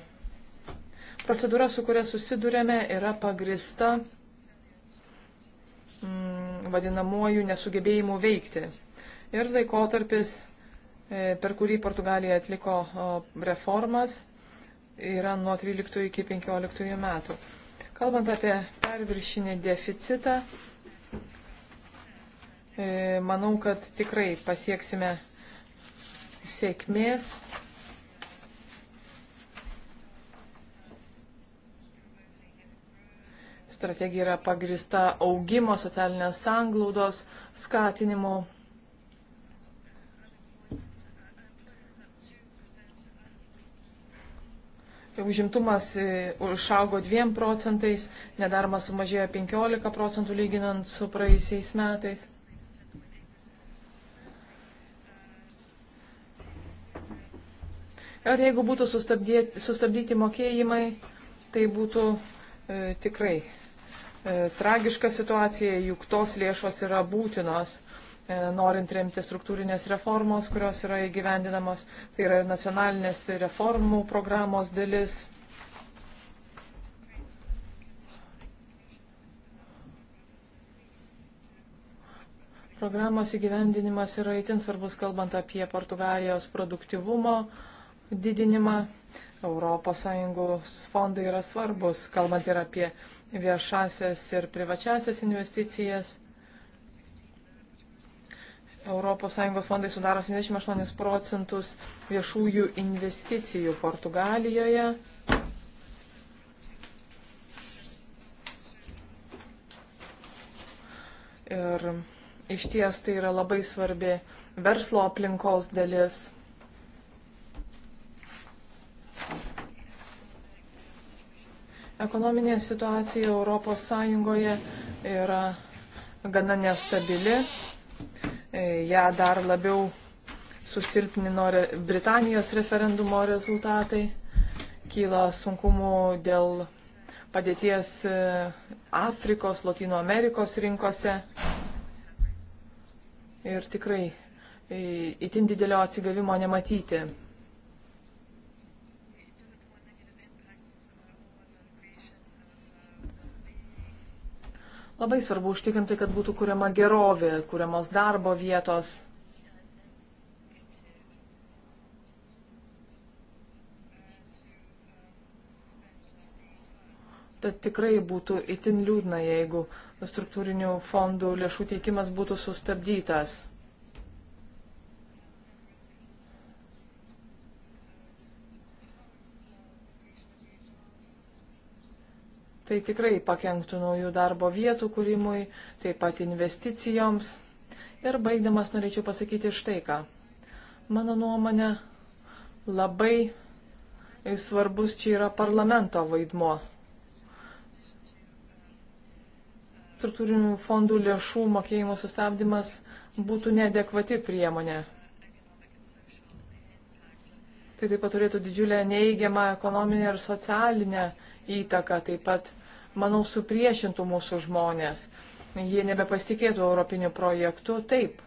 Speaker 2: Procedūra, su kuria susidurėme, yra pagrista mm, vadinamuoju nesugebėjimu veikti. Ir laikotarpis, e, per kurį Portugalija atliko reformas, yra nuo 13 iki 15 metų. Kalbant apie perviršinį deficitą, E, manau, kad tikrai pasieksime sėkmės. Strategija yra pagrista augimo, socialinės sanglaudos, skatinimu. Užimtumas e, užaugo 2 procentais, nedarmas sumažėjo 15 procentų lyginant su praeisiais metais. Ir jeigu būtų sustabdyti mokėjimai, tai būtų e, tikrai e, tragiška situacija, juk tos lėšos yra būtinos, e, norint remti struktūrinės reformos, kurios yra įgyvendinamos. Tai yra ir nacionalinės reformų programos dalis. Programos įgyvendinimas yra itin svarbus, kalbant apie Portugalijos produktivumo didinimą. ES fondai yra svarbus, kalbant ir apie viešasias ir privačiasias investicijas. ES fondai sudaro 78 procentus viešųjų investicijų Portugalijoje. Ir iš ties tai yra labai svarbi verslo aplinkos dalis. Ekonominė situacija ES yra gana nestabili. E, ja dar labiau susilpnino Britanijos referendumo rezultatai. Kyla sunkumų dėl padėties e, Afrikos, Latino Amerikos rinkose. Ir tikrai e, itin didelio atsigavimo nematyti. Labai svarbu užtikrinti, kad būtų kuriama gerovė, kuriamos darbo vietos. Tad tikrai būtų itin liūdna, jeigu struktūrinių fondų lėšų teikimas būtų sustabdytas. Tai tikrai pakenktų naujų darbo vietų kūrimui, taip pat investicijoms. Ir baigdamas norėčiau pasakyti štai ką. Mano nuomonė, labai svarbus čia yra parlamento vaidmo. Struktūrinių fondų lėšų mokėjimo sustabdymas būtų neadekvati priemonė. Tai taip pat turėtų didžiulę neįgiamą ekonominę ir socialinę uh, įtaka taip pat, manau, supriešintų mūsų žmonės. Jie nebepasitikėtų europiniu projektu. Taip,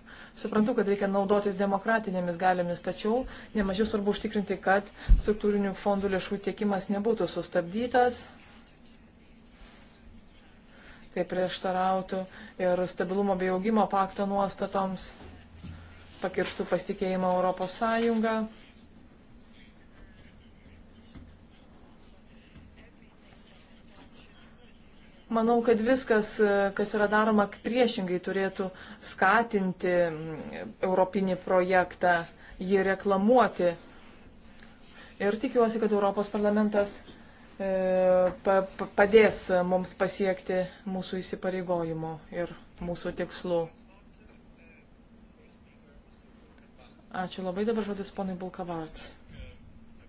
Speaker 2: suprantu, kad reikia naudotis demokratinėmis galėmis, tačiau nemažiau svarbu užtikrinti, kad struktūrinių fondų lėšų tiekimas nebūtų sustabdytas. Tai prieštarautų ir stabilumo bei augimo pakto nuostatoms, pakirtų pasitikėjimą Europos Sąjungą. Manau, kad viskas, kas yra daroma priešingai, turėtų skatinti europinį projektą, jį reklamuoti. Ir tikiuosi, kad Europos parlamentas e, padės mums pasiekti mūsų įsipareigojimų ir mūsų tikslų. Ačiū labai dabar žodis ponai Bulkavarts.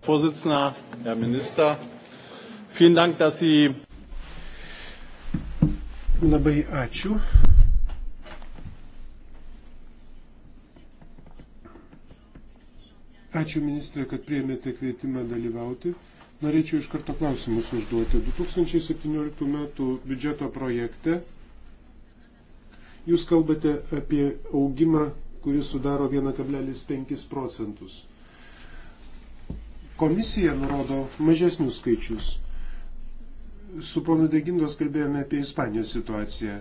Speaker 1: Vorsitzender, Herr Minister, vielen Dank, dass Sie Labai ačiū. Ačiū ministrė, kad priėmėte kvietimą dalyvauti. Norėčiau iš karto klausimus užduoti. 2017 metų biudžeto projekte jūs kalbate apie augimą, kuris sudaro 1,5 procentus. Komisija nurodo mažesnius skaičius. Su ponu Degindos kalbėjome apie Ispanijos situaciją.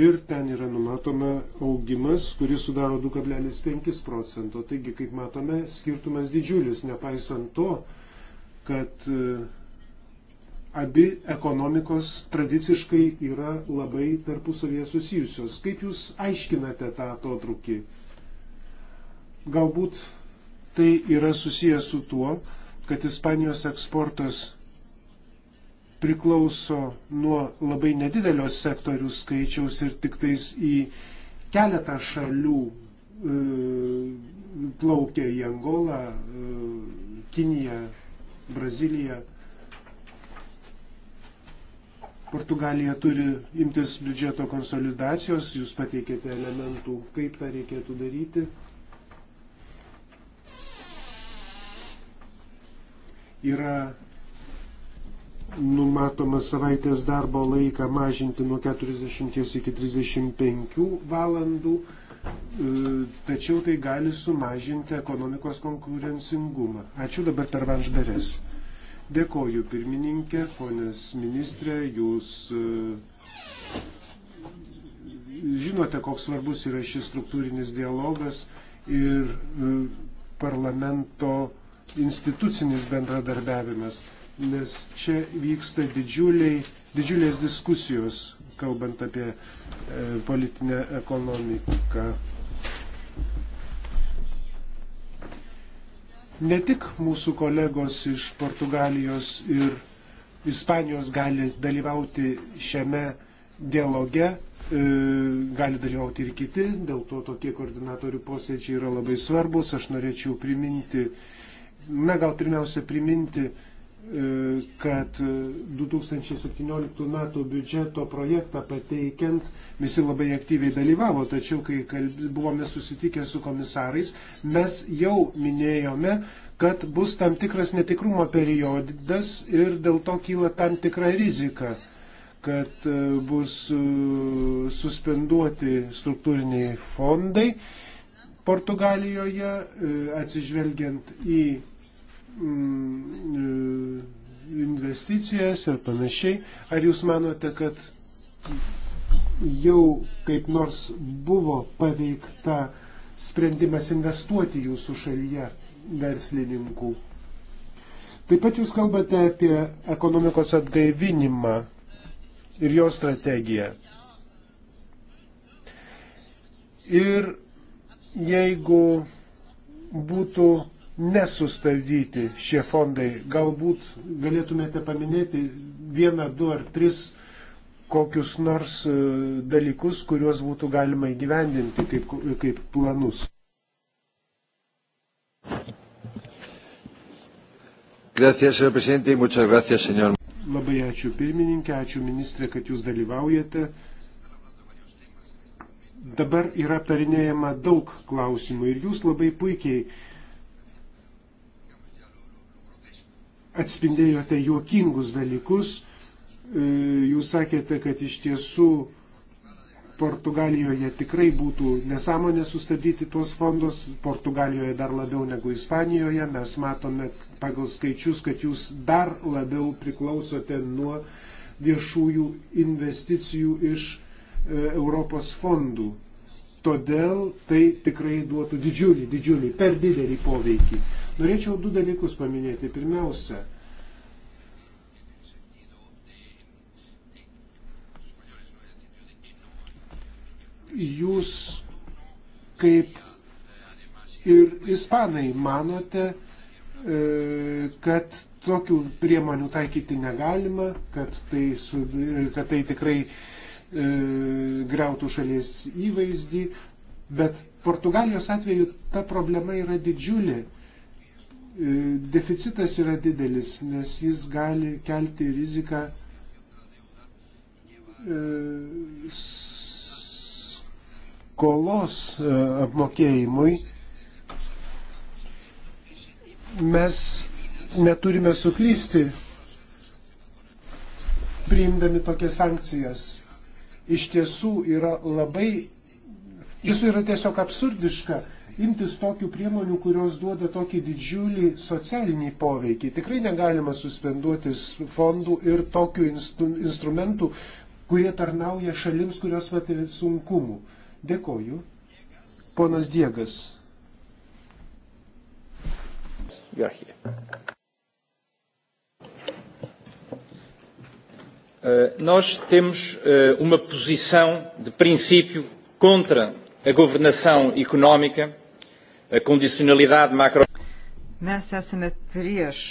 Speaker 1: Ir ten yra numatoma augimas, kuris sudaro 2,5 procento. Taigi, kaip matome, skirtumas didžiulis, nepaisant to, kad e, abi ekonomikos tradiciškai yra labai tarpusavėje susijusios. Kaip Jūs aiškinate tą atotrukį? Galbūt tai yra susijęs su tuo, kad Ispanijos eksportas priklauso nuo labai nedidelio sektorių skaičiaus ir tik tais į keletą šalių e, plaukia į Angolą, e, Kiniją, Braziliją. Portugalija turi imtis biudžeto konsolidacijos, jūs pateikėte elementų, kaip tą reikėtų daryti. Yra numatoma savaitės darbo laiką mažinti nuo 40 iki 35 valandų, e, tačiau tai gali sumažinti ekonomikos konkurencingumą. Ačiū dabar per Vanžberes. Dėkoju pirmininkė, ponės ministrė, jūs e, žinote, koks svarbus yra šis struktūrinis dialogas ir e, parlamento institucinis bendradarbiavimas nes čia vyksta didžiuliai, didžiulės diskusijos, kalbant apie e, politinę ekonomiką. Ne tik mūsų kolegos iš Portugalijos ir Ispanijos gali dalyvauti šiame dialoge, e, gali dalyvauti ir kiti, dėl to tokie koordinatorių posėdžiai yra labai svarbus. Aš norėčiau priminti, na gal pirmiausia priminti E, kad 2017 e, metų biudžeto projektą pateikiant visi labai aktyviai dalyvavo, tačiau kai buvome susitikę su komisarais, mes jau minėjome, kad bus tam tikras netikrumo periodas ir dėl to kyla tam tikra rizika, kad e, bus suspenduoti struktūriniai fondai Portugalijoje, atsižvelgiant į Mm, e, investicijas ir panašiai. Ar jūs manote, kad jau kaip nors buvo paveikta sprendimas investuoti jūsų šalyje verslininkų? Taip pat jūs kalbate apie ekonomikos atgaivinimą ir jo strategiją. Ir jeigu būtų nesustabdyti šie fondai. Galbūt galėtumėte paminėti vieną, du ar tris kokius nors e, dalykus, kuriuos būtų galima įgyvendinti kaip, kaip planus.
Speaker 3: Gracias, señor presidente, y muchas gracias, señor.
Speaker 1: Labai ačiū pirmininkė, ačiū ministrė, kad jūs dalyvaujate. Dabar yra aptarinėjama daug klausimų ir jūs labai puikiai uh, atspindėjote juokingus dalykus. E, jūs sakėte, kad iš tiesų Portugalijoje tikrai būtų nesąmonė sustabdyti tuos fondus, Portugalijoje dar labiau negu Ispanijoje. Mes matome pagal skaičius, kad jūs dar labiau priklausote nuo viešųjų investicijų iš e, Europos fondų. Todėl tai tikrai duotų didžiulį, didžiulį, per didelį poveikį. Norėčiau du dalykus paminėti. Pirmiausia, jūs kaip ir ispanai manote, e, kad tokių priemonių taikyti negalima, kad tai, su, kad tai tikrai e, greutų šalies įvaizdį, bet Portugalijos atveju ta problema yra didžiulė. E, deficitas yra didelis, nes jis gali kelti riziką e, skolos e, apmokėjimui. Mes neturime suklysti priimdami tokias sankcijas. Iš tiesų yra labai, jis yra tiesiog absurdiška imtis tokių priemonių, kurios duoda tokį didžiulį socialinį poveikį. Tikrai negalima suspenduoti fondų ir tokių instrumentų, kurie tarnauja šalims, kurios patiria sunkumų. Dėkoju. Ponas Diegas. Joachim.
Speaker 2: Uh, nós temos uh, uma posição de princípio contra a governação económica kondicionalidad makro.
Speaker 3: Mes esame prieš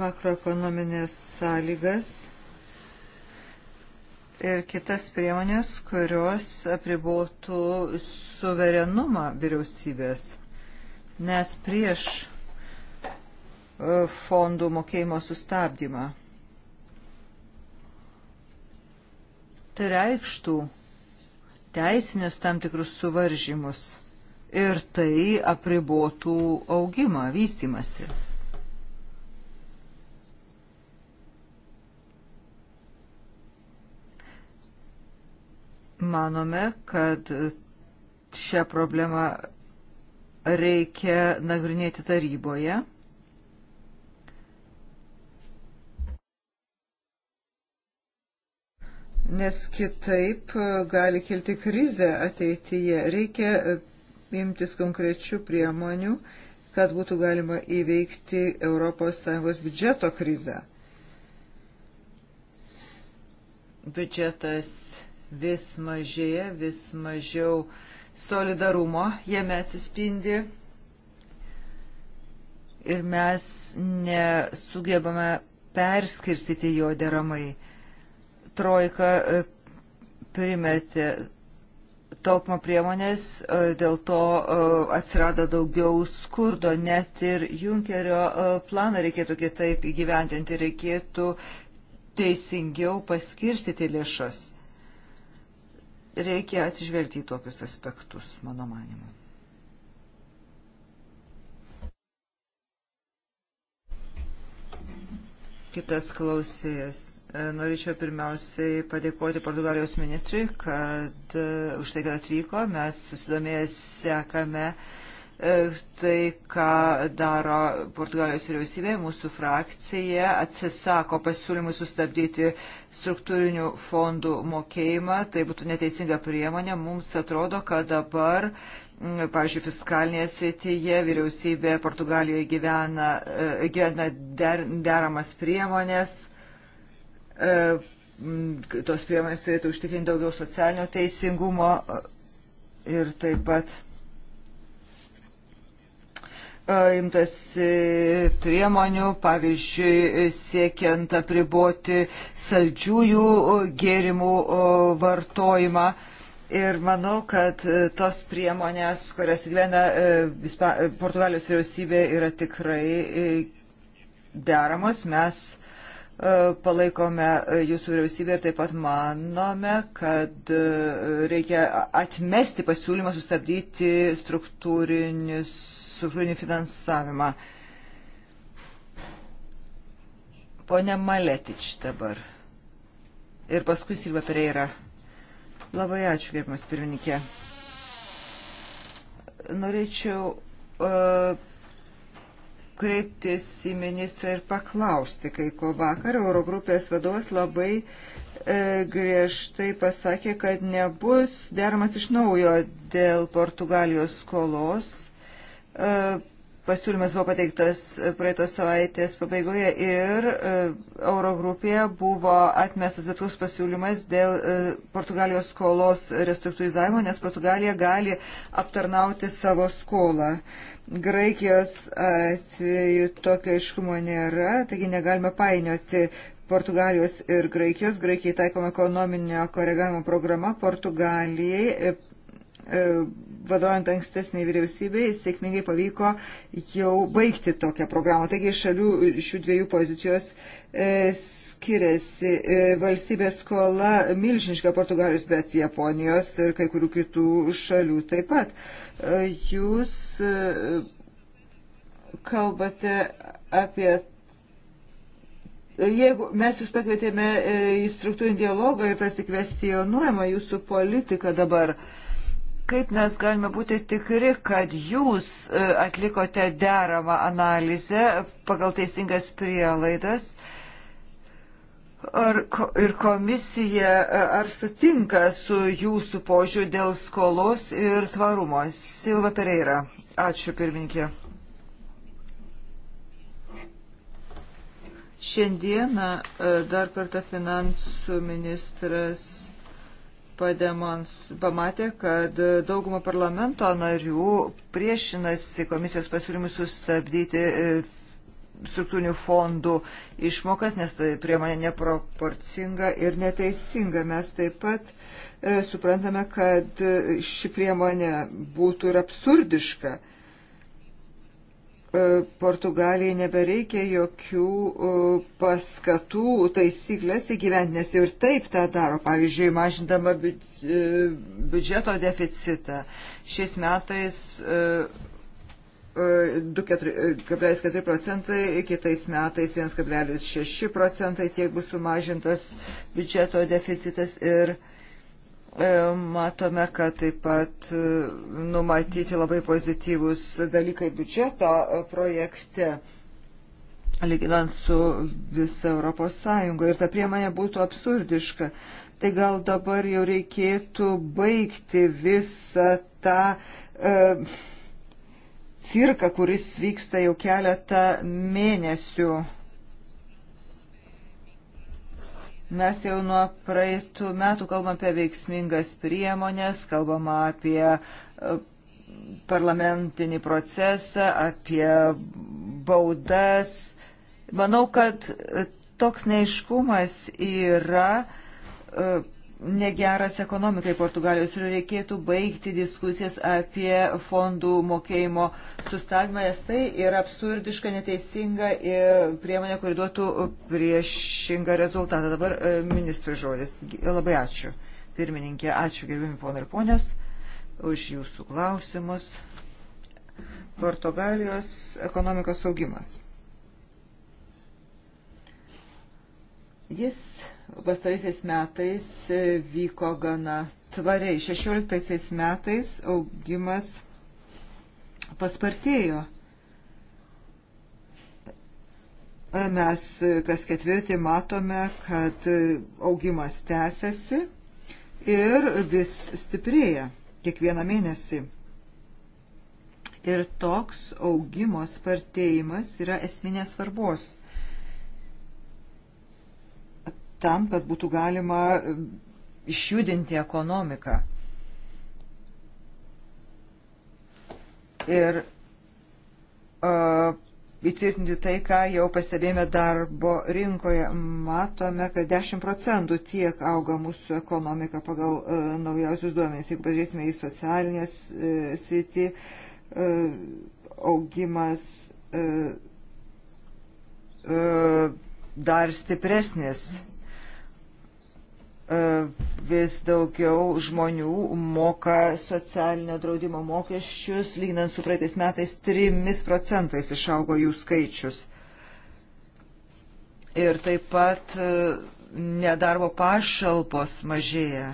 Speaker 3: makroekonominės sąlygas ir kitas priemonės, kurios apribotų suverenumą vyriausybės. Nes prieš e, fondų mokėjimo sustabdymą. Tai reikštų, teisinius tam tikrus suvaržymus ir tai apribotų augimą, vystimasi. Manome, kad šią problemą reikia nagrinėti taryboje. nes kitaip e, gali kilti krizė ateityje. Reikia e, imtis konkrečių priemonių, kad būtų galima įveikti ES biudžeto krizę. Biudžetas vis mažėja, vis mažiau solidarumo jame atsispindi ir mes nesugebame perskirstyti jo deramai trojka e, primetė taupimo priemonės, e, dėl to e, atsirado daugiau skurdo, net ir Junkerio planą reikėtų kitaip įgyventinti, reikėtų teisingiau paskirstyti lėšas. Reikia atsižvelgti į tokius aspektus, mano manimu. Kitas klausėjas. E, norėčiau pirmiausiai padėkoti Portugalijos ministrui, kad e, už tai, kad atvyko, mes susidomėję sekame e, tai, ką daro Portugalijos vyriausybė, mūsų frakcija atsisako pasiūlymui sustabdyti struktūrinių fondų mokėjimą. Tai būtų neteisinga priemonė. Mums atrodo, kad dabar pavyzdžiui, fiskalinėje srityje vyriausybė Portugalijoje gyvena, gyvena der, deramas priemonės E, tos priemonės turėtų užtikrinti daugiau socialinio teisingumo e, ir taip pat e, imtas priemonių, pavyzdžiui, siekiant apriboti saldžiųjų gėrimų vartojimą. Ir manau, kad tos priemonės, kurias gyvena Portugalijos vyriausybė, yra tikrai deramos. Mes E, palaikome jūsų vyriausybę ir taip pat manome, kad e, reikia atmesti pasiūlymą sustabdyti struktūrinį finansavimą. Pone Maletič dabar. Ir paskui Silva Pereira. Labai ačiū, gerbimas pirmininkė. Norėčiau uh, kreiptis į ministrą ir paklausti, kai ko vakar Eurogrupės vadovas labai e, griežtai pasakė, kad nebus deramas iš naujo dėl Portugalijos skolos. E, pasiūlymas buvo pateiktas praeitos savaitės pabaigoje ir e, Eurogrupėje buvo atmestas bet koks pasiūlymas dėl e, Portugalijos skolos restruktūrizavimo, nes Portugalija gali aptarnauti savo skolą. Graikijos atveju tokio aiškumo nėra, taigi negalime painioti Portugalijos ir Graikijos. Graikijai taikoma ekonominio koregavimo programa, Portugalijai e, e, vadovaujant ankstesniai vyriausybei, sėkmingai pavyko jau baigti tokią programą. Taigi šalių šių dviejų pozicijos e, skiriasi. E, valstybės skola milžiniška Portugalijos, bet Japonijos ir kai kurių kitų šalių taip pat. E, jūs e, kalbate apie Jeigu mes jūs pakvietėme į struktūrinį dialogą ir tas įkvestionuojama jūsų politika dabar, kaip mes galime būti tikri, kad jūs atlikote deramą analizę pagal teisingas prielaidas Ar, ir komisija e, ar sutinka su jūsų požiūriu dėl skolos ir tvarumo? Silva Pereira. Ačiū pirmininkė. Šiandieną e, dar kartą finansų ministras pademons pamatė, kad dauguma parlamento narių priešinasi komisijos pasiūlymui sustabdyti e, struktūrinių fondų išmokas, nes tai priemonė neproporcinga ir neteisinga. Mes taip pat e, suprantame, kad e, ši priemonė būtų ir absurdiška. E, Portugalijai nebereikia jokių e, paskatų taisyklės įgyventinės ir taip tą daro, pavyzdžiui, mažindama e, biudžeto deficitą. Šiais metais e, 2,4 e, procentai, kitais metais 1,6 procentai tiek bus sumažintas biudžeto deficitas ir e, matome, kad taip pat e, numatyti labai pozityvus dalykai biudžeto projekte, lyginant su visa Europos Sąjunga. Ir ta priemonė būtų absurdiška. Tai gal dabar jau reikėtų baigti visą tą uh, cirką, kuris vyksta jau keletą mėnesių. Mes jau nuo praeitų metų kalbam apie veiksmingas priemonės, kalbam apie e, parlamentinį procesą, apie baudas. Manau, kad toks neiškumas yra e, negeras ekonomikai Portugalijos ir reikėtų baigti diskusijas apie fondų mokėjimo sustabdymą, nes tai yra absurdiška, neteisinga priemonė, kuri duotų priešingą rezultatą. Dabar e, ministrui žodis. Labai ačiū. Pirmininkė, ačiū gerbimi ponai ir ponios už jūsų klausimus. Portugalijos ekonomikos augimas. Jis pastaraisiais metais e, vyko gana tvariai. 16 metais augimas paspartėjo. E, mes kas ketvirtį matome, kad e, augimas tęsiasi ir vis stiprėja kiekvieną mėnesį. Ir toks augimo spartėjimas yra esminės svarbos tam, kad būtų galima um, išjudinti ekonomiką. Ir uh, įtvirtinti tai, ką jau pastebėjome darbo rinkoje. Matome, kad 10 procentų tiek auga mūsų ekonomika pagal uh, naujausius duomenys. Jeigu pažiūrėsime į socialinės uh, sritį, uh, augimas uh, uh, dar stipresnis. E, vis daugiau žmonių moka socialinio draudimo mokesčius, lyginant su praeitais metais 3 procentais išaugo jų skaičius. Ir taip pat e, nedarbo pašalpos mažėja.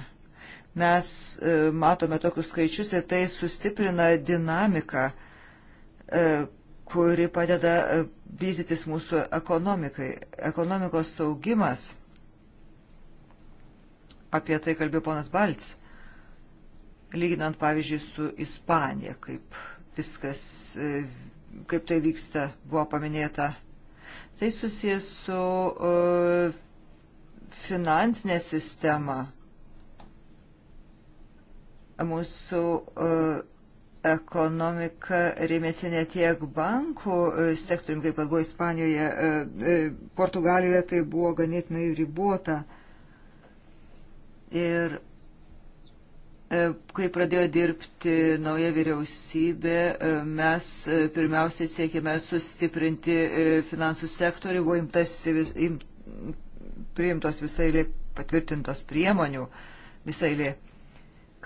Speaker 3: Mes e, matome tokius skaičius ir tai sustiprina dinamiką, kuri padeda vyzytis mūsų ekonomikai. Ekonomikos saugimas – apie tai kalbėjo ponas Balts, lyginant pavyzdžiui su Ispanija, kaip viskas, e, kaip tai vyksta, buvo paminėta. Tai susijęs su uh, finansinė sistema. Mūsų uh, ekonomika rėmėsi ne tiek bankų sektoriumi, kaip kad buvo Ispanijoje, Portugalijoje tai buvo ganėtinai ribota. Ir e, kai pradėjo dirbti nauja vyriausybė, e, mes e, pirmiausiai siekėme sustiprinti finansų sektorių, buvo imtas, im, priimtos visai lė, patvirtintos priemonių visai lė,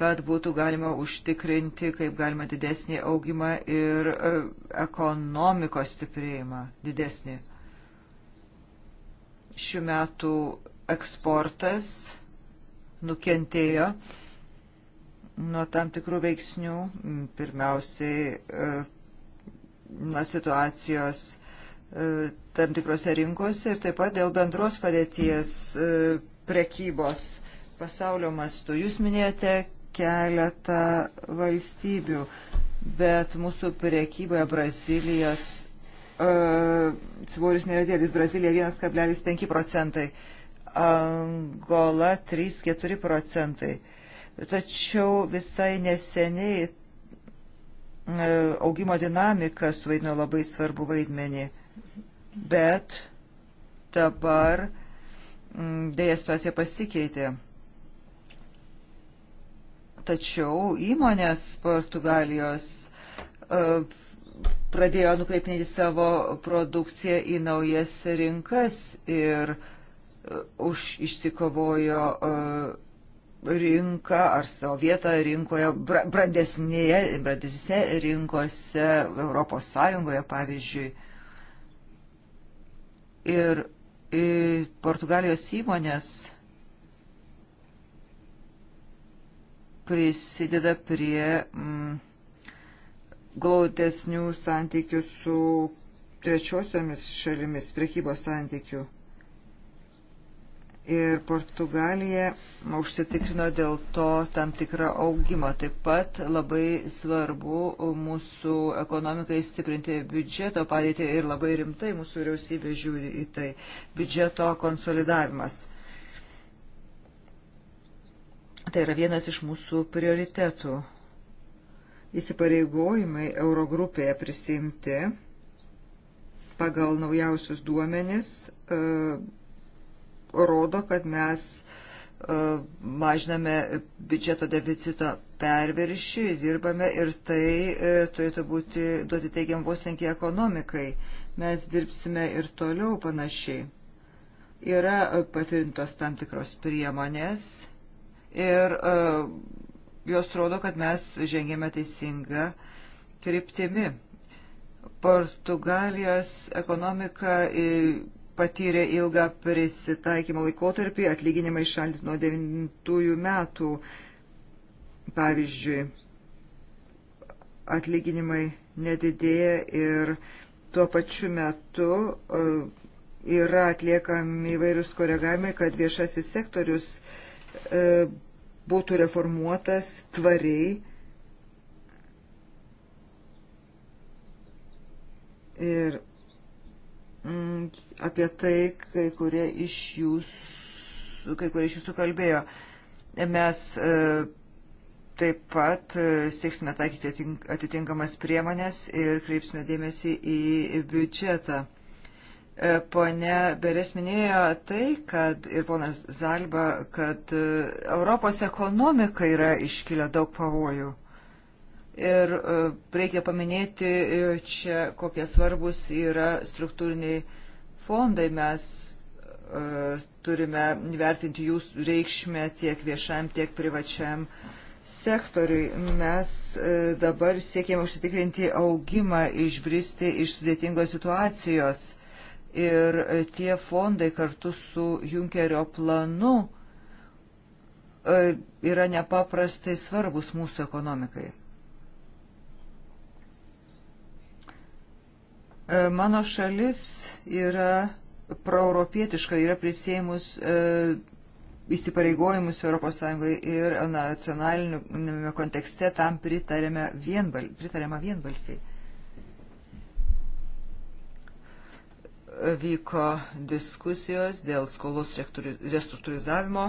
Speaker 3: kad būtų galima užtikrinti, kaip galima didesnį augimą ir ekonomikos stiprėjimą didesnį. Šių metų eksportas nukentėjo nuo tam tikrų veiksnių, pirmiausiai e, nuo situacijos e, tam tikrose rinkose ir taip pat dėl bendros padėties e, prekybos pasaulio mastu. Jūs minėjote keletą valstybių, bet mūsų prekyboje Brazilijos svoris nėra didelis, Brazilija 1,5 procentai. Uh, Angola 3-4 procentai. Tačiau visai neseniai e, augimo dinamika suvaidino labai svarbu vaidmenį. Bet dabar dėja situacija pasikeitė. Tačiau įmonės Portugalijos e, pradėjo nukreipinėti savo produkciją į naujas rinkas ir uh, už išsikovojo e, rinką ar savo vietą rinkoje, brandesnėje, brandesnėse rinkose Europos Sąjungoje, pavyzdžiui. Ir, ir Portugalijos įmonės prisideda prie mm, glaudesnių santykių su trečiosiomis šalimis, priekybos santykių ir Portugalija užsitikrino dėl to tam tikrą augimą. Taip pat labai svarbu mūsų ekonomikai stiprinti biudžeto padėtį ir labai rimtai mūsų vyriausybė žiūri į tai. Biudžeto konsolidavimas. Tai yra vienas iš mūsų prioritetų. Įsipareigojimai Eurogrupėje prisimti pagal naujausius duomenis e, rodo, kad mes e, mažiname biudžeto deficito perviršį, dirbame ir tai e, turėtų būti duoti teigiam poslinkį ekonomikai. Mes dirbsime ir toliau panašiai. Yra e, patvirtintos tam tikros priemonės ir jos rodo, kad mes žengėme teisingą kryptimi. Portugalijos ekonomika patyrė ilgą prisitaikymo laikotarpį, atlyginimai šalit nuo 9 metų. Pavyzdžiui, atlyginimai nedidėja ir tuo pačiu metu e, yra atliekami įvairius koregavimai, kad viešasis sektorius e, būtų reformuotas tvariai. Ir mm, apie tai kai kurie iš jūsų, kai kurie iš jūsų kalbėjo. Mes e, taip pat e, sieksime taikyti atitinkamas priemonės ir kreipsime dėmesį į biudžetą. E, Pone Beres minėjo tai, kad ir ponas Zalba, kad e, Europos ekonomika yra iškilę daug pavojų. Ir reikia paminėti čia, kokie svarbus yra struktūriniai fondai mes uh, turime vertinti jų reikšmę tiek viešam, tiek privačiam sektoriui. Mes uh, dabar siekėme užsitikrinti augimą, išbristi iš sudėtingos situacijos. Ir e, tie fondai kartu su Junkerio planu uh, yra nepaprastai svarbus mūsų ekonomikai. E, mano šalis yra proeuropietiška, yra prisėmus e, įsipareigojimus ES ir nacionalinėme kontekste tam pritarėme vienbal, pritarėma vienbalsiai. Vyko diskusijos dėl skolos restruktūrizavimo.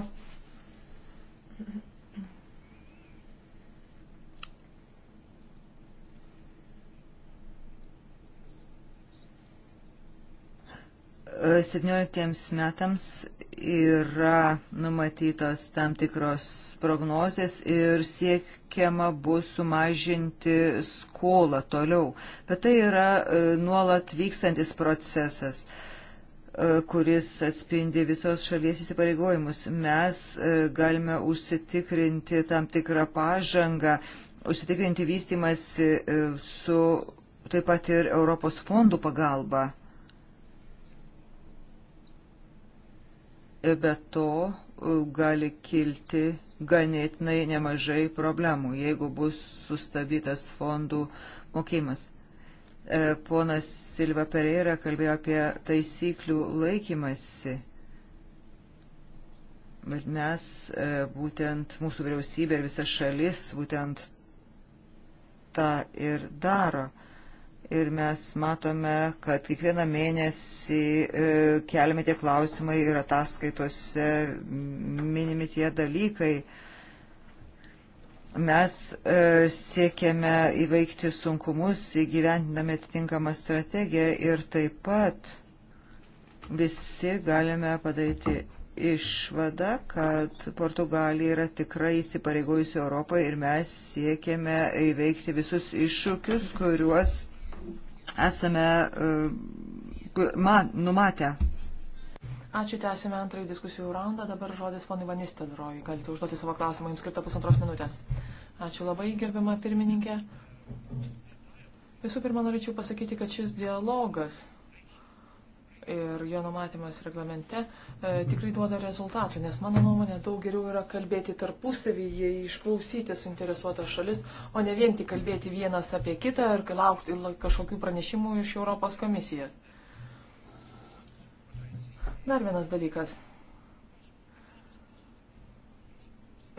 Speaker 3: 17 metams yra numatytos tam tikros prognozės ir siekiama bus sumažinti skolą toliau. Bet tai yra e, nuolat vykstantis procesas e, kuris atspindi visos šalies įsipareigojimus. Mes e, galime užsitikrinti tam tikrą pažangą, užsitikrinti vystimasi su taip pat ir Europos fondų pagalba. be to gali kilti ganėtinai nemažai problemų, jeigu bus sustabdytas fondų mokėjimas. E, ponas Silva Pereira kalbėjo apie taisyklių laikymasi, bet mes, e, būtent mūsų vyriausybė ir visa šalis, būtent tą ir daro ir mes matome, kad kiekvieną mėnesį e, keliami tie klausimai ir ataskaitose minimi tie dalykai. Mes e, siekiame įveikti sunkumus, įgyvendinami atitinkamą strategiją ir taip pat visi galime padaryti išvada, kad Portugalija yra tikrai įsipareigojusi Europoje ir mes siekiame įveikti visus iššūkius, kuriuos esame e, man, numatę.
Speaker 2: Ačiū, tęsime antrąjį diskusijų raundą. Dabar žodis ponui Vanistadroj. Galite užduoti savo klausimą, jums skirta pusantros minutės. Ačiū labai, gerbiama pirmininkė. Visų pirma, norėčiau pasakyti, kad šis dialogas ir jo numatymas reglamente e, tikrai duoda rezultatų, nes mano nuomonė daug geriau yra kalbėti tarpusavyje, išklausyti suinteresuotas šalis, o ne vien tik kalbėti vienas apie kitą ir laukti kažkokių pranešimų iš Europos komisijos. Dar vienas dalykas.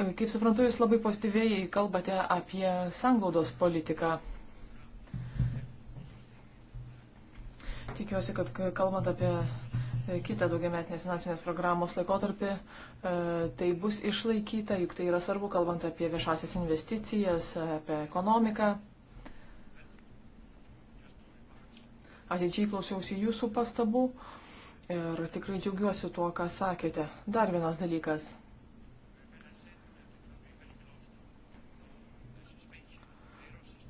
Speaker 2: E, kaip suprantu, jūs labai pozityviai kalbate apie sanglaudos politiką. tikiuosi, kad kalbant apie e, kitą daugiametinės finansinės programos laikotarpį, e, tai bus išlaikyta, juk tai yra svarbu, kalbant apie viešasias investicijas, apie ekonomiką. Atidžiai klausiausi jūsų pastabų ir tikrai džiaugiuosi tuo, ką sakėte. Dar vienas dalykas.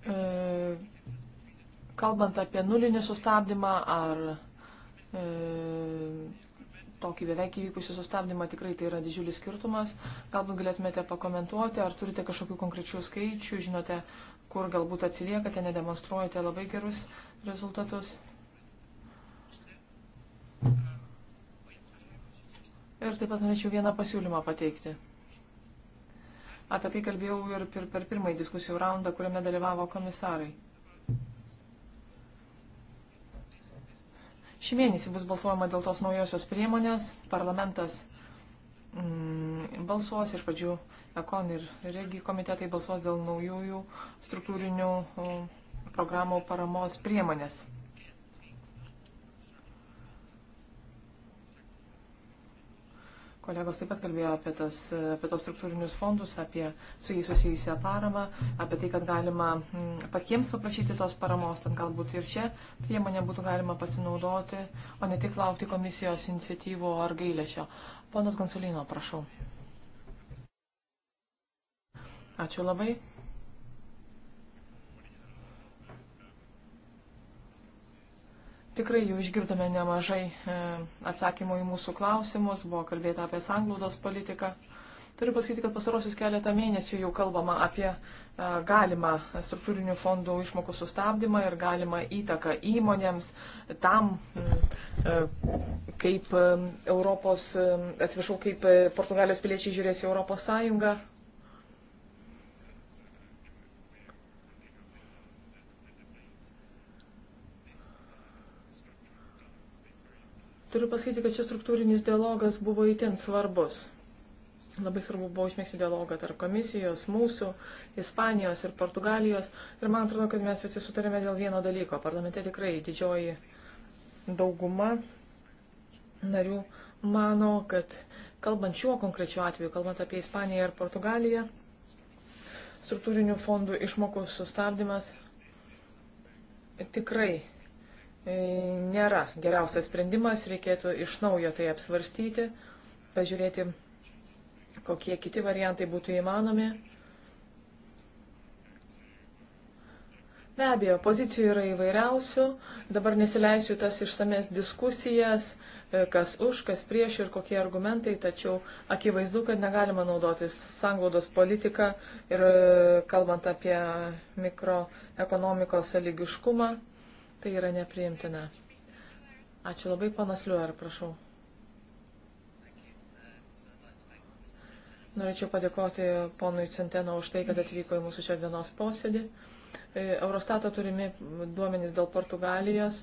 Speaker 2: E, kalbant apie nulinį sustabdymą ar e, tokį beveik įvykusių sustabdymą, tikrai tai yra didžiulis skirtumas. Galbūt galėtumėte pakomentuoti, ar turite kažkokių konkrečių skaičių, žinote, kur galbūt atsiliekate, nedemonstruojate labai gerus rezultatus. Ir taip pat norėčiau vieną pasiūlymą pateikti. Apie tai kalbėjau ir per, per pirmąjį diskusijų raundą, kuriame dalyvavo komisarai. Šį mėnesį bus balsuojama dėl tos naujosios priemonės. Parlamentas mm, balsuos iš pradžių Ekon ir Regi komitetai balsuos dėl naujųjų struktūrinių mm, programų paramos priemonės. Kolegos taip pat kalbėjo apie, tas, apie tos struktūrinius fondus, apie su jais susijusią paramą, apie tai, kad galima mm, patiems paprašyti tos paramos, tad galbūt ir čia priemonė būtų galima pasinaudoti, o ne tik laukti komisijos iniciatyvų ar gailėšio. Ponas Gonsalino, prašau. Ačiū labai. Tikrai jau išgirdome nemažai e, atsakymų į mūsų klausimus, buvo kalbėta apie sanglaudos politiką. Turiu pasakyti, kad pasarosius keletą mėnesių jau kalbama apie e, galimą struktūrinių fondų išmokų sustabdymą ir galimą įtaką įmonėms tam, e, kaip Europos, atsiprašau, kaip Portugalijos piliečiai žiūrės į Europos Sąjungą. Turiu pasakyti, kad šis struktūrinis dialogas buvo įtin svarbus. Labai svarbu buvo užmėgsti dialogą tarp komisijos, mūsų, Ispanijos ir Portugalijos. Ir man atrodo, kad mes visi sutarėme dėl vieno dalyko. Parlamente tikrai didžioji dauguma narių mano, kad kalbant šiuo konkrečiu atveju, kalbant apie Ispaniją ir Portugaliją, struktūrinių fondų išmokų sustabdymas tikrai E, nėra geriausias sprendimas, reikėtų iš naujo tai apsvarstyti, pažiūrėti, kokie kiti variantai būtų įmanomi. Be abejo, pozicijų yra įvairiausių, dabar nesileisiu tas išsames diskusijas, e, kas už, kas prieš ir kokie argumentai, tačiau akivaizdu, kad negalima naudotis sanglaudos politiką ir e, kalbant apie mikroekonomikos sąlygiškumą. Tai yra nepriimtina. Ačiū labai, panas Liuer, prašau. Norėčiau padėkoti ponui Centeno už tai, kad atvyko į mūsų šiandienos posėdį. Eurostato turimi duomenys dėl Portugalijos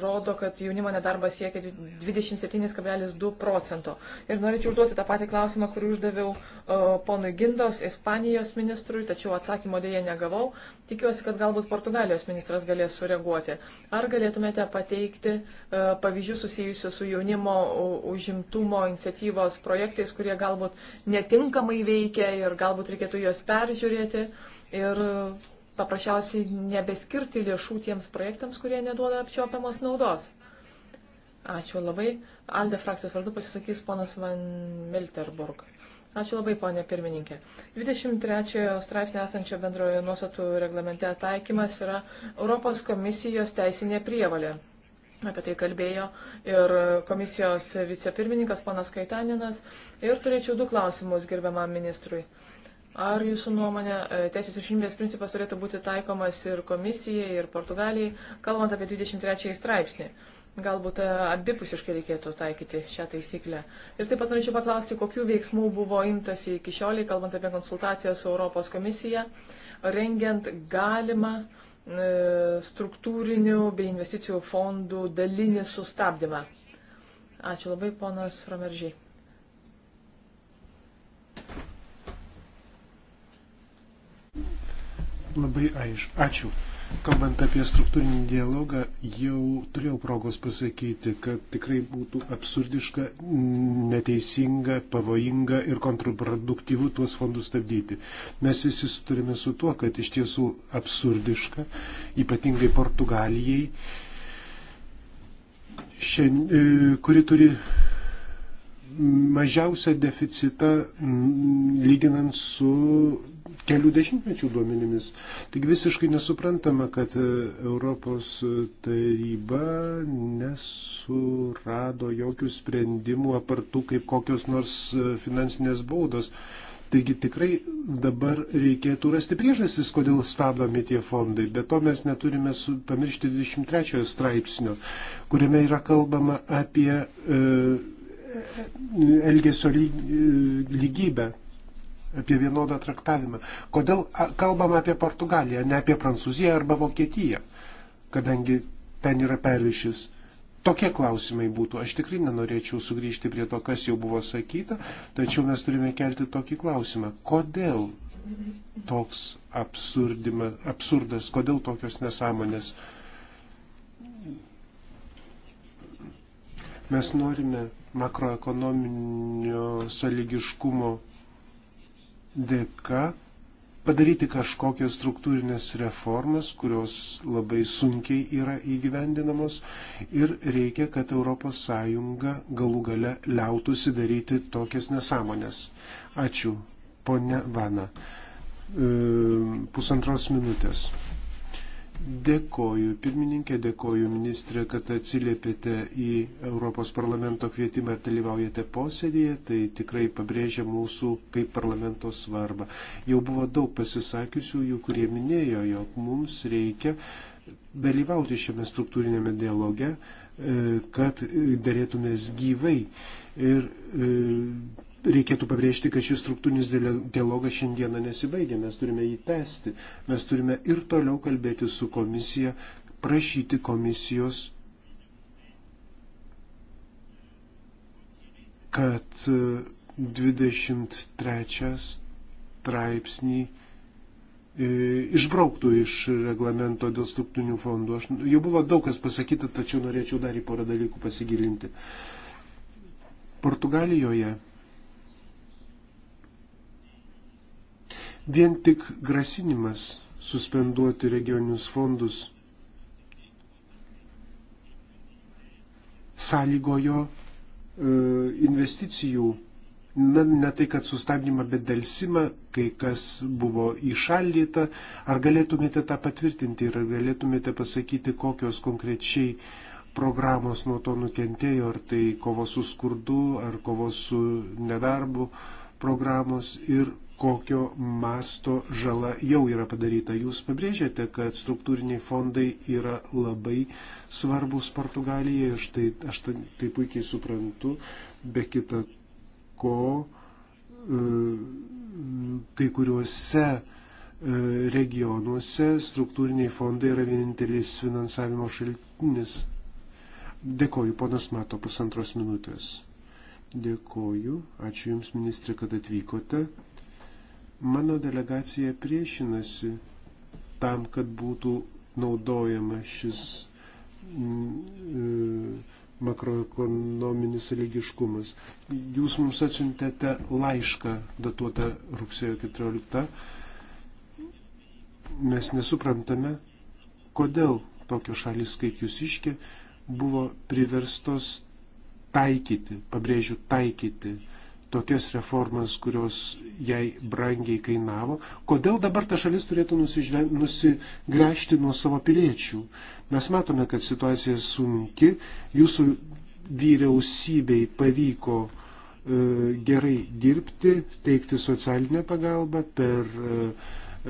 Speaker 2: rodo, kad jaunimo nedarbas siekia 27,2 procento. Ir norėčiau užduoti tą patį klausimą, kurį uždaviau e, ponui Gindos, Ispanijos ministrui, tačiau atsakymo dėje negavau. Tikiuosi, kad galbūt Portugalijos ministras galės sureaguoti. Ar galėtumėte pateikti e, pavyzdžių susijusių su jaunimo užimtumo iniciatyvos projektais, kurie galbūt netinkamai veikia ir galbūt reikėtų juos peržiūrėti? Ir paprasčiausiai nebeskirti lėšų tiems projektams, kurie neduoda apčiopiamas naudos. Ačiū labai. Alde frakcijos vardu pasisakys ponas Van Milterburg. Ačiū labai, ponė pirmininkė. 23 straipsnio esančio bendrojo nuostatų reglamente taikymas yra Europos komisijos teisinė prievalė. Apie tai kalbėjo ir komisijos vicepirmininkas ponas Kaitaninas. Ir turėčiau du klausimus gerbiamam ministrui. Ar jūsų nuomonė e, teisės viršinybės principas turėtų būti taikomas ir komisijai, ir Portugalijai, kalbant apie 23 straipsnį? Galbūt e, abipusiškai reikėtų taikyti šią taisyklę. Ir taip pat norėčiau paklausti, kokių veiksmų buvo imtasi iki šioliai, kalbant apie konsultaciją su Europos komisija, rengiant galimą e, struktūrinių bei investicijų fondų dalinį sustabdymą. Ačiū labai, ponas Romeržiai.
Speaker 1: labai aišku. Ačiū. Kalbant apie struktūrinį dialogą, jau turėjau progos pasakyti, kad tikrai būtų absurdiška, neteisinga, pavojinga ir kontraproduktyvu tuos fondus stabdyti. Mes visi sutarėme su tuo, kad iš tiesų absurdiška, ypatingai Portugalijai, šiandien, e, kuri turi mažiausią deficitą lyginant su kelių dešimtmečių duomenimis. Tik visiškai nesuprantama, kad e, Europos e, taryba nesurado jokių sprendimų apartų kaip kokios nors e, finansinės baudos. Taigi tikrai dabar reikėtų rasti priežastis, kodėl stabdomi tie fondai. Be to mes neturime su, pamiršti 23 straipsnio, kuriame yra kalbama apie e, elgesio lyg, e, lygybę apie vienodą traktavimą. Kodėl kalbam apie Portugaliją, ne apie Prancūziją arba Vokietiją, kadangi ten yra pervišis. Tokie klausimai būtų. Aš tikrai nenorėčiau sugrįžti prie to, kas jau buvo sakyta, tačiau mes turime kelti tokį klausimą. Kodėl toks absurdas, kodėl tokios nesąmonės? Mes norime makroekonominio sąlygiškumo dėka padaryti kažkokias struktūrinės reformas, kurios labai sunkiai yra įgyvendinamos ir reikia, kad ES galų gale liautųsi daryti tokias nesąmonės. Ačiū, ponia Vana. E, pusantros minutės. Dėkoju, pirmininkė, dėkoju, ministrė, kad atsiliepėte į Europos parlamento kvietimą ir dalyvaujate posėdėje. Tai tikrai pabrėžia mūsų kaip parlamento svarbą. Jau buvo daug pasisakiusiųjų, kurie minėjo, jog mums reikia dalyvauti šiame struktūrinėme dialoge, e, kad dėrėtumės gyvai. Ir e, reikėtų pabrėžti, kad šis struktūrinis dialogas šiandieną nesibaigia, mes turime jį tęsti, mes turime ir toliau kalbėti su komisija, prašyti komisijos, kad 23 e, straipsnį e, išbrauktų iš reglamento dėl struktūrinių fondų. Aš, jau buvo daug kas pasakyta, tačiau norėčiau dar į porą dalykų pasigilinti. Portugalijoje Vien tik grasinimas suspenduoti regioninius fondus sąlygojo e, investicijų, na, ne tai kad sustabdymą, bet dėlsimą, kai kas buvo įšaldyta. Ar galėtumėte tą patvirtinti ir ar galėtumėte pasakyti, kokios konkrečiai programos nuo to nukentėjo, ar tai kovos su skurdu, ar kovos su nedarbu programos ir kokio masto žala jau yra padaryta. Jūs pabrėžėte, kad struktūriniai fondai yra labai svarbus Portugalijai, aš tai, aš tai, tai puikiai suprantu, be kita ko e, kai kuriuose e, regionuose struktūriniai fondai yra vienintelis finansavimo šaltinis. Dėkoju, ponas Mato, pusantros minutės. Dėkoju, ačiū Jums, ministrė, kad atvykote. Mano delegacija priešinasi tam, kad būtų naudojama šis e, makroekonominis lygiškumas. Jūs mums atsiuntėte laišką datuotą rugsėjo 14. Mes nesuprantame, kodėl tokios šalis kaip jūs iškė buvo priverstos taikyti, pabrėžiu, taikyti tokias reformas, kurios jai brangiai kainavo, kodėl dabar ta šalis turėtų nusigręžti nuo savo piliečių. Mes matome, kad situacija sunki, jūsų vyriausybei pavyko e, gerai dirbti, teikti socialinę pagalbą per e,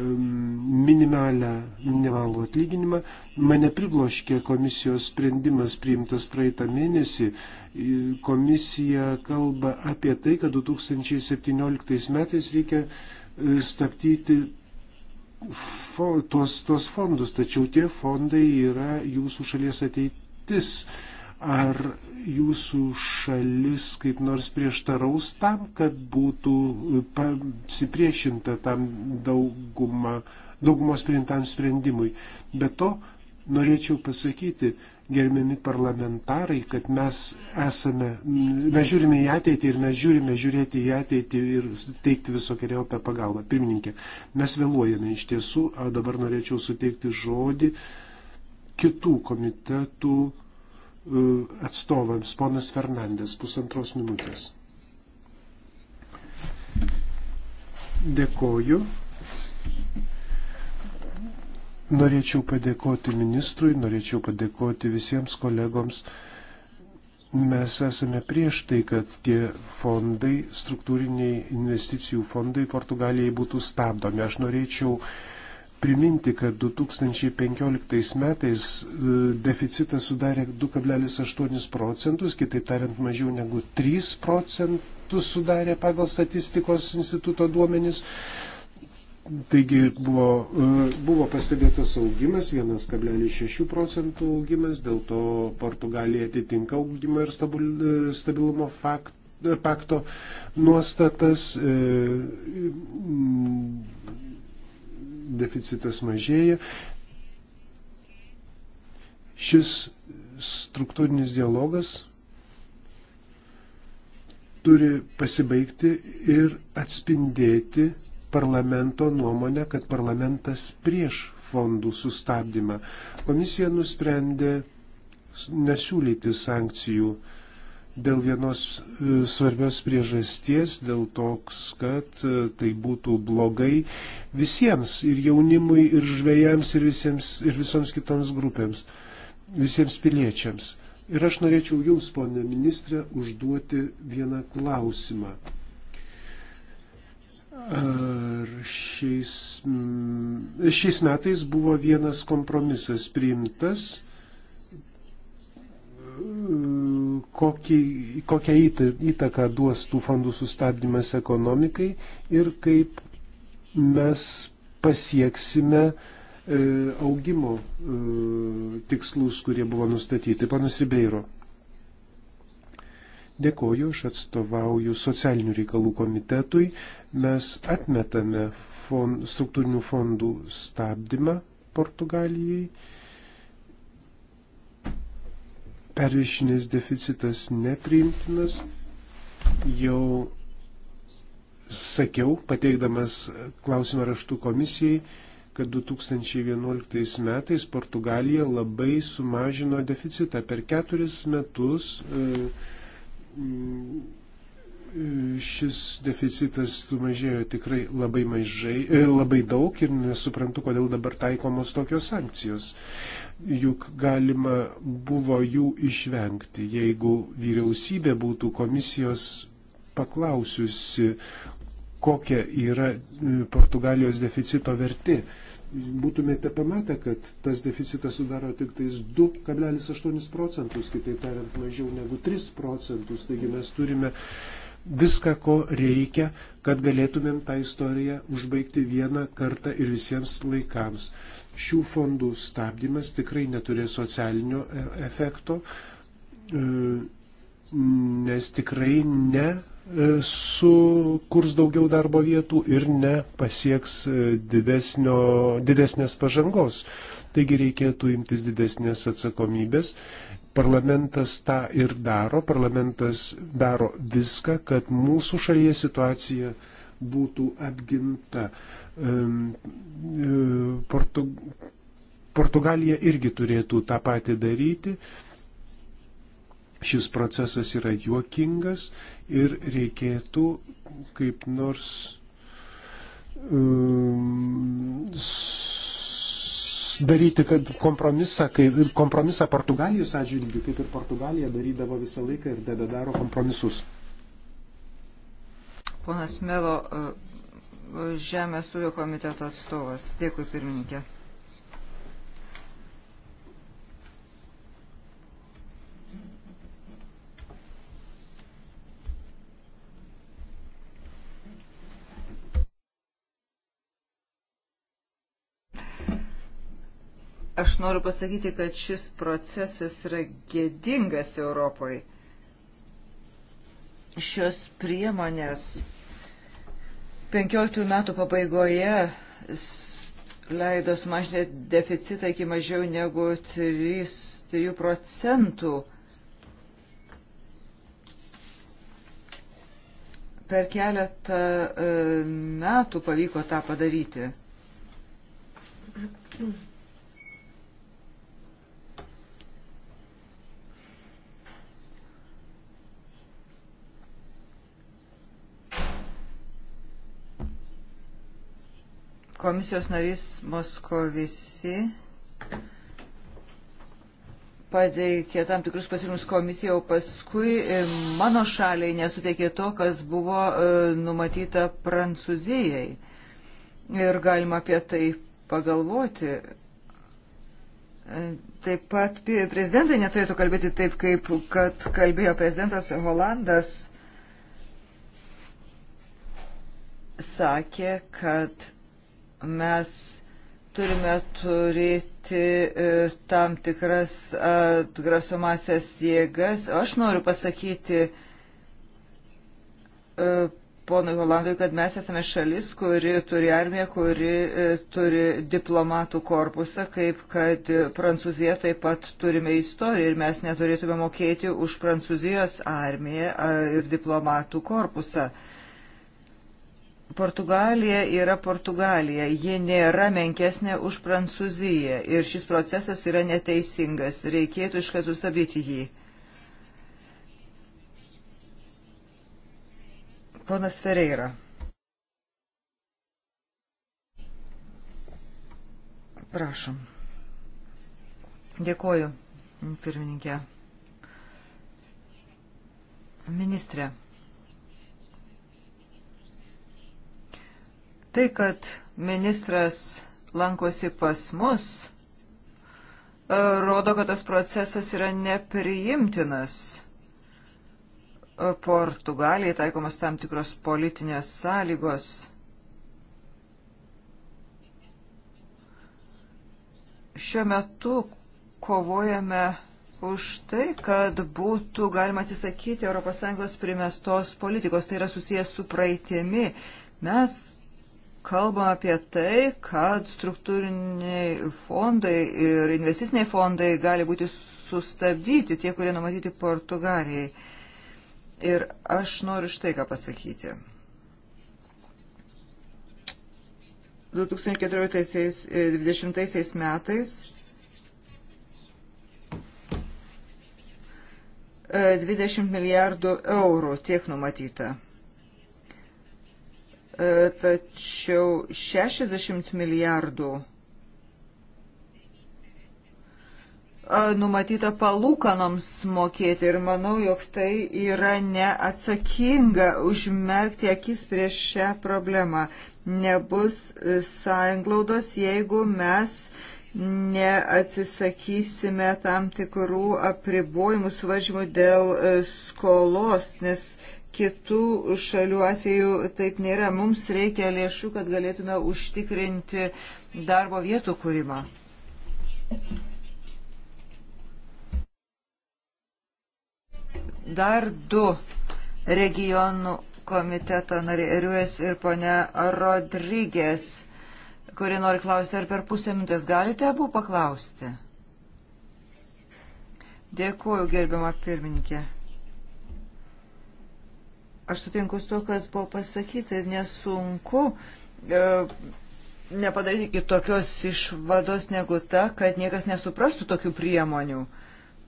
Speaker 1: minimalų atlyginimą. Mane pribloškė komisijos sprendimas priimtas praeitą mėnesį. Komisija kalba apie tai, kad 2017 metais reikia e, stabdyti tuos, tuos fondus, tačiau tie fondai yra jūsų šalies ateitis. Ar jūsų šalis kaip nors prieštaraus tam, kad būtų pasipriešinta tam dauguma, daugumos priimtam sprendimui? Be to, norėčiau pasakyti, gerbiami parlamentarai, kad mes esame, mes žiūrime į ateitį ir mes žiūrime žiūrėti į ateitį ir teikti visokiojo apie pagalbą. Pirmininkė, mes vėluojame iš tiesų, o dabar norėčiau suteikti žodį kitų komitetų E, atstovams, ponas Fernandės, pusantros minutės. Dėkoju. Norėčiau padėkoti ministrui, norėčiau padėkoti visiems kolegoms. Mes esame prieš tai, kad tie fondai, struktūriniai investicijų fondai Portugalijai būtų stabdomi. Aš norėčiau uh, priminti, kad 2015 metais e, deficitas sudarė 2,8 procentus, kitaip tariant mažiau negu 3 procentus sudarė pagal statistikos instituto duomenis. Taigi buvo, e, buvo pastebėtas augimas, 1,6 procentų augimas, dėl to Portugalija atitinka augimo ir e, stabilumo fakt, pakto nuostatas. E, deficitas mažėja. Šis struktūrinis dialogas turi pasibaigti ir atspindėti parlamento nuomonę, kad parlamentas prieš fondų sustabdymą. Komisija nusprendė nesiūlyti sankcijų uh, dėl vienos e, svarbios priežasties, dėl toks, kad e, tai būtų blogai visiems ir jaunimui, ir žvėjams, ir, visiems, ir visoms kitoms grupėms, visiems piliečiams. Ir aš norėčiau Jums, ponė ministrė, užduoti vieną klausimą. Ar šiais, šiais metais buvo vienas kompromisas priimtas kokį, kokią įtaką duos tų fondų sustabdymas ekonomikai ir kaip mes pasieksime e, augimo e, tikslus, kurie buvo nustatyti. Panas Ribeiro. Dėkoju, aš atstovauju socialinių reikalų komitetui. Mes atmetame fond, struktūrinių fondų stabdymą Portugalijai Pervišinės deficitas nepriimtinas. Jau sakiau, pateikdamas klausimą raštų komisijai, kad 2011 metais Portugalija labai sumažino deficitą. Per keturis metus e, e, šis deficitas sumažėjo tikrai labai, mažai, e, labai daug ir nesuprantu, kodėl dabar taikomos tokios sankcijos juk galima buvo jų išvengti, jeigu vyriausybė būtų komisijos paklausiusi, kokia yra e, Portugalijos deficito vertė. Būtumėte pamatę, kad tas deficitas sudaro tik tais 2,8 procentus, kitaip tariant, mažiau negu 3 procentus. Taigi mes turime viską, ko reikia, kad galėtumėm tą istoriją užbaigti vieną kartą ir visiems laikams šių fondų stabdymas tikrai neturės socialinio e, efekto, e, nes tikrai ne e, sukurs daugiau darbo vietų ir nepasieks didesnio, didesnės pažangos. Taigi reikėtų imtis didesnės atsakomybės. Parlamentas tą ir daro, parlamentas daro viską, kad mūsų šalyje situacija uh, būtų apginta. E, Portu... Portugalija irgi turėtų tą patį daryti. Šis procesas yra juokingas ir reikėtų kaip nors um, daryti kompromisą, kaip, kompromisą Portugalijos atžvilgiu, kaip ir Portugalija darydavo visą laiką ir debedaro kompromisus
Speaker 3: ponas Melo, e, Žemės ūkio komiteto atstovas. Dėkui, pirmininkė. Aš noriu pasakyti, kad šis procesas yra gėdingas Europoje. Šios priemonės 15 metų pabaigoje leido sumažinti deficitą iki mažiau negu 3, 3 procentų. Per keletą e, metų pavyko tą padaryti. Komisijos narys Moskovisi pateikė tam tikrus pasiūlymus komisija, o paskui e, mano šaliai nesuteikė to, kas buvo e, numatyta Prancūzijai. Ir galima apie tai pagalvoti. E, taip pat prezidentai neturėtų kalbėti taip, kaip kad kalbėjo prezidentas Holandas. Sakė, kad mes turime turėti e, tam tikras atgrasomasias jėgas. Aš noriu pasakyti e, ponui Holandui, kad mes esame šalis, kuri turi armiją, kuri e, turi diplomatų korpusą, kaip kad Prancūzija taip pat turime istoriją ir mes neturėtume mokėti už Prancūzijos armiją ir diplomatų korpusą. Uh, Portugalija yra Portugalija, ji nėra menkesnė už Prancūziją ir šis procesas yra neteisingas, reikėtų iškart sustabdyti jį. Ponas Ferreira. Prašom. Dėkoju, pirmininkė. Ministrė. Tai, kad ministras lankosi pas mus, e, rodo, kad tas procesas yra nepriimtinas. E, Portugalijai taikomas tam tikros politinės sąlygos. Šiuo metu kovojame už tai, kad būtų galima atsisakyti ES primestos politikos. Tai yra susijęs su praeitėmi. Mes kalbam apie tai, kad struktūriniai fondai ir investiciniai fondai gali būti sustabdyti, tie, kurie numatyti Portugalijai. Ir aš noriu štai ką pasakyti. 2014-2020 metais 20 e, milijardų eurų tiek numatyta. E, tačiau 60 milijardų e, numatyta palūkanoms mokėti ir manau, jog tai yra neatsakinga užmerkti akis prieš šią problemą. Nebus sąjunglaudos, jeigu mes neatsisakysime tam tikrų apribojimų suvažymų dėl e, skolos, nes uh, kitų šalių atveju taip nėra. Mums reikia lėšų, kad galėtume užtikrinti darbo vietų kūrimą. Dar du regionų komiteto nariai Riuės ir ponia Rodrygės, kuri nori klausti, ar per pusę minutės galite abu paklausti? Dėkuoju, gerbiama pirmininkė. Aš sutinku su to, kas buvo pasakyta ir nesunku e, nepadaryti kitokios išvados negu ta, kad niekas nesuprastų tokių priemonių.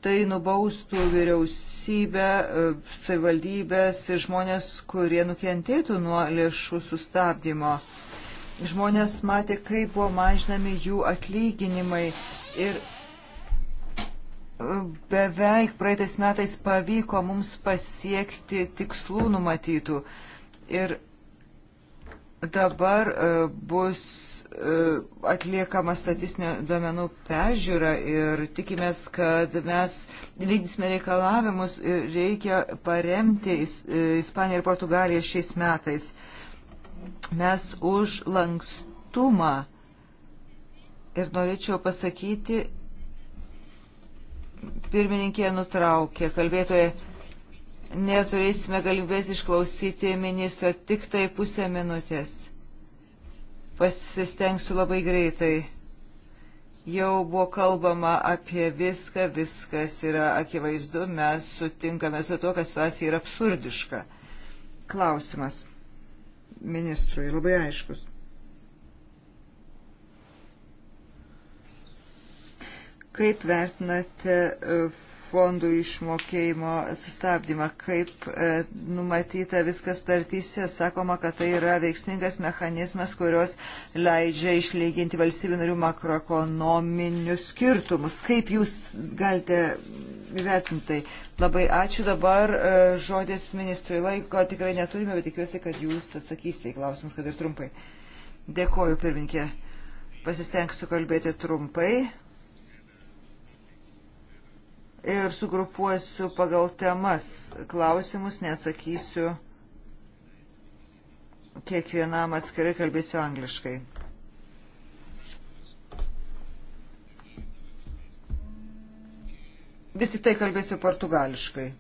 Speaker 3: Tai nubaustų vyriausybę, e, savivaldybės ir žmonės, kurie nukentėtų nuo lėšų sustabdymo. Žmonės matė, kaip buvo mažinami jų atlyginimai ir beveik praeitais metais pavyko mums pasiekti tikslų numatytų. Ir dabar e, bus e, atliekama statistinio duomenų peržiūra ir tikimės, kad mes vykdysime reikalavimus ir reikia paremti e, Ispaniją ir Portugaliją šiais metais. Mes už lankstumą ir norėčiau pasakyti, Pirmininkė nutraukė kalbėtoje. Neturėsime galimybės išklausyti ministrą tik tai pusę minutės. Pasistengsiu labai greitai. Jau buvo kalbama apie viską, viskas yra akivaizdu, mes sutinkame su to, kad situacija yra absurdiška. Klausimas ministrui labai aiškus. Kaip vertinate e, fondų išmokėjimo sustabdymą, kaip e, numatyta viskas sutartyse, sakoma, kad tai yra veiksmingas mechanizmas, kurios leidžia išlyginti valstybių narių makroekonominius skirtumus. Kaip jūs galite įvertinti tai? Labai ačiū dabar e, žodis ministrui laiko, tikrai neturime, bet tikiuosi, kad jūs atsakysite į klausimus, kad ir trumpai. Dėkoju, pirminkė. Pasistengsiu kalbėti trumpai ir sugrupuosiu pagal temas klausimus, neatsakysiu kiekvienam atskirai, kalbėsiu angliškai. Vis tik tai kalbėsiu portugališkai.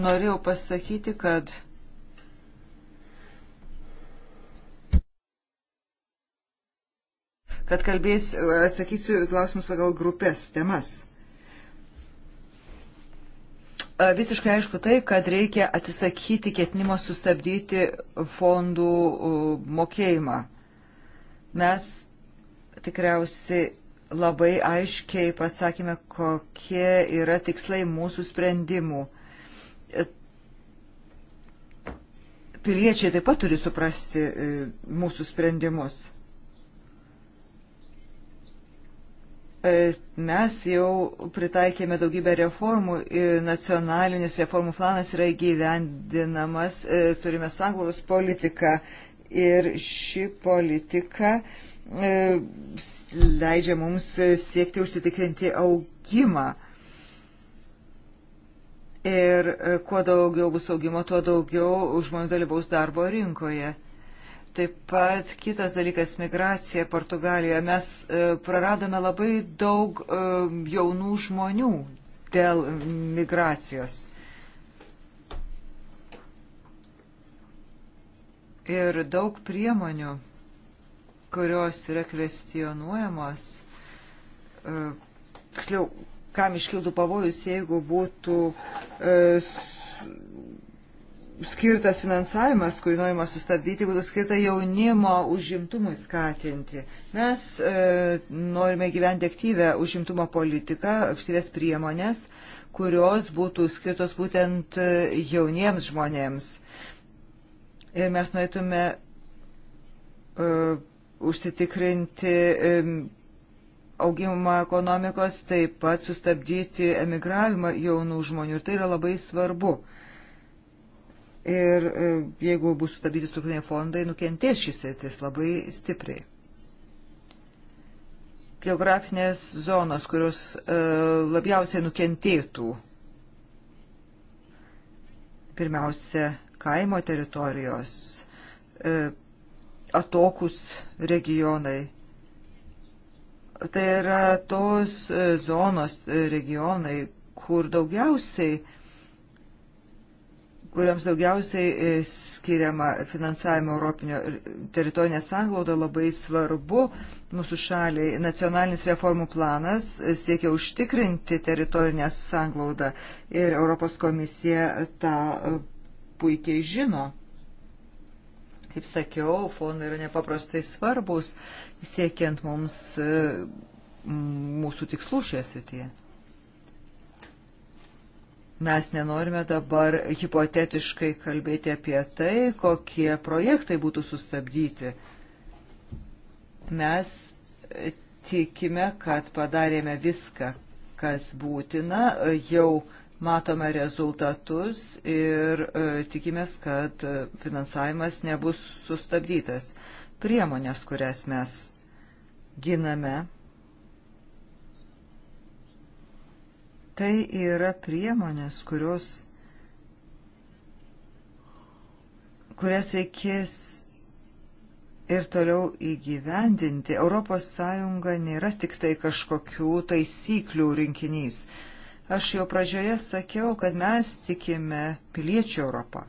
Speaker 3: Norėjau pasakyti, kad kad kalbės, atsakysiu klausimus pagal grupės temas. Visiškai aišku tai, kad reikia atsisakyti ketinimo sustabdyti fondų mokėjimą. Mes tikriausiai labai aiškiai pasakėme, kokie yra tikslai mūsų sprendimų. E, piliečiai taip pat turi suprasti e, mūsų sprendimus. E, mes jau pritaikėme daugybę reformų, nacionalinis reformų planas yra įgyvendinamas, e, turime sanglaudos politiką ir ši politika e, leidžia mums siekti užsitikrinti augimą. Ir kuo daugiau bus augimo, tuo daugiau žmonių dalyvaus darbo rinkoje. Taip pat kitas dalykas - migracija Portugalijoje. Mes e, praradome labai daug e, jaunų žmonių dėl migracijos. Ir daug priemonių, kurios yra kvestionuojamos, e, tiksliau, kam iškildų pavojus, jeigu būtų skirtas finansavimas, kurį norima sustabdyti, būtų skirta jaunimo užimtumui skatinti. Mes e, norime gyventi aktyvę užimtumo politiką, aktyvės priemonės, kurios būtų skirtos būtent e, jauniems žmonėms. Ir mes norėtume e, užsitikrinti e, augimą ekonomikos, taip pat sustabdyti emigravimą jaunų žmonių. Ir tai yra labai svarbu. E, Ir e, jeigu bus sustabdyti struktūriniai fondai, nukentės šis sėtis labai stipriai. Geografinės zonos, kurios e, labiausiai nukentėtų. Pirmiausia, kaimo teritorijos, e, atokus regionai. Tai yra tos zonos regionai, kur daugiausiai kuriams daugiausiai e, skiriama finansavimo Europinio teritorinė sanglauda labai svarbu mūsų šaliai. Nacionalinis reformų planas e, siekia užtikrinti teritorinę sanglaudą ir Europos komisija tą e, puikiai žino. Kaip sakiau, fondai yra nepaprastai svarbus siekiant mums mūsų tikslų šioje srityje. Mes nenorime dabar hipotetiškai kalbėti apie tai, kokie projektai būtų sustabdyti. Mes tikime, kad padarėme viską, kas būtina, jau matome rezultatus ir e, tikimės, kad finansavimas nebus sustabdytas. Priemonės, kurias mes giname Tai yra priemonės, kurios, kurias reikės ir toliau įgyvendinti. Europos Sąjunga nėra tik tai kažkokių taisyklių rinkinys. Aš jau pradžioje sakiau, kad mes tikime piliečių Europą.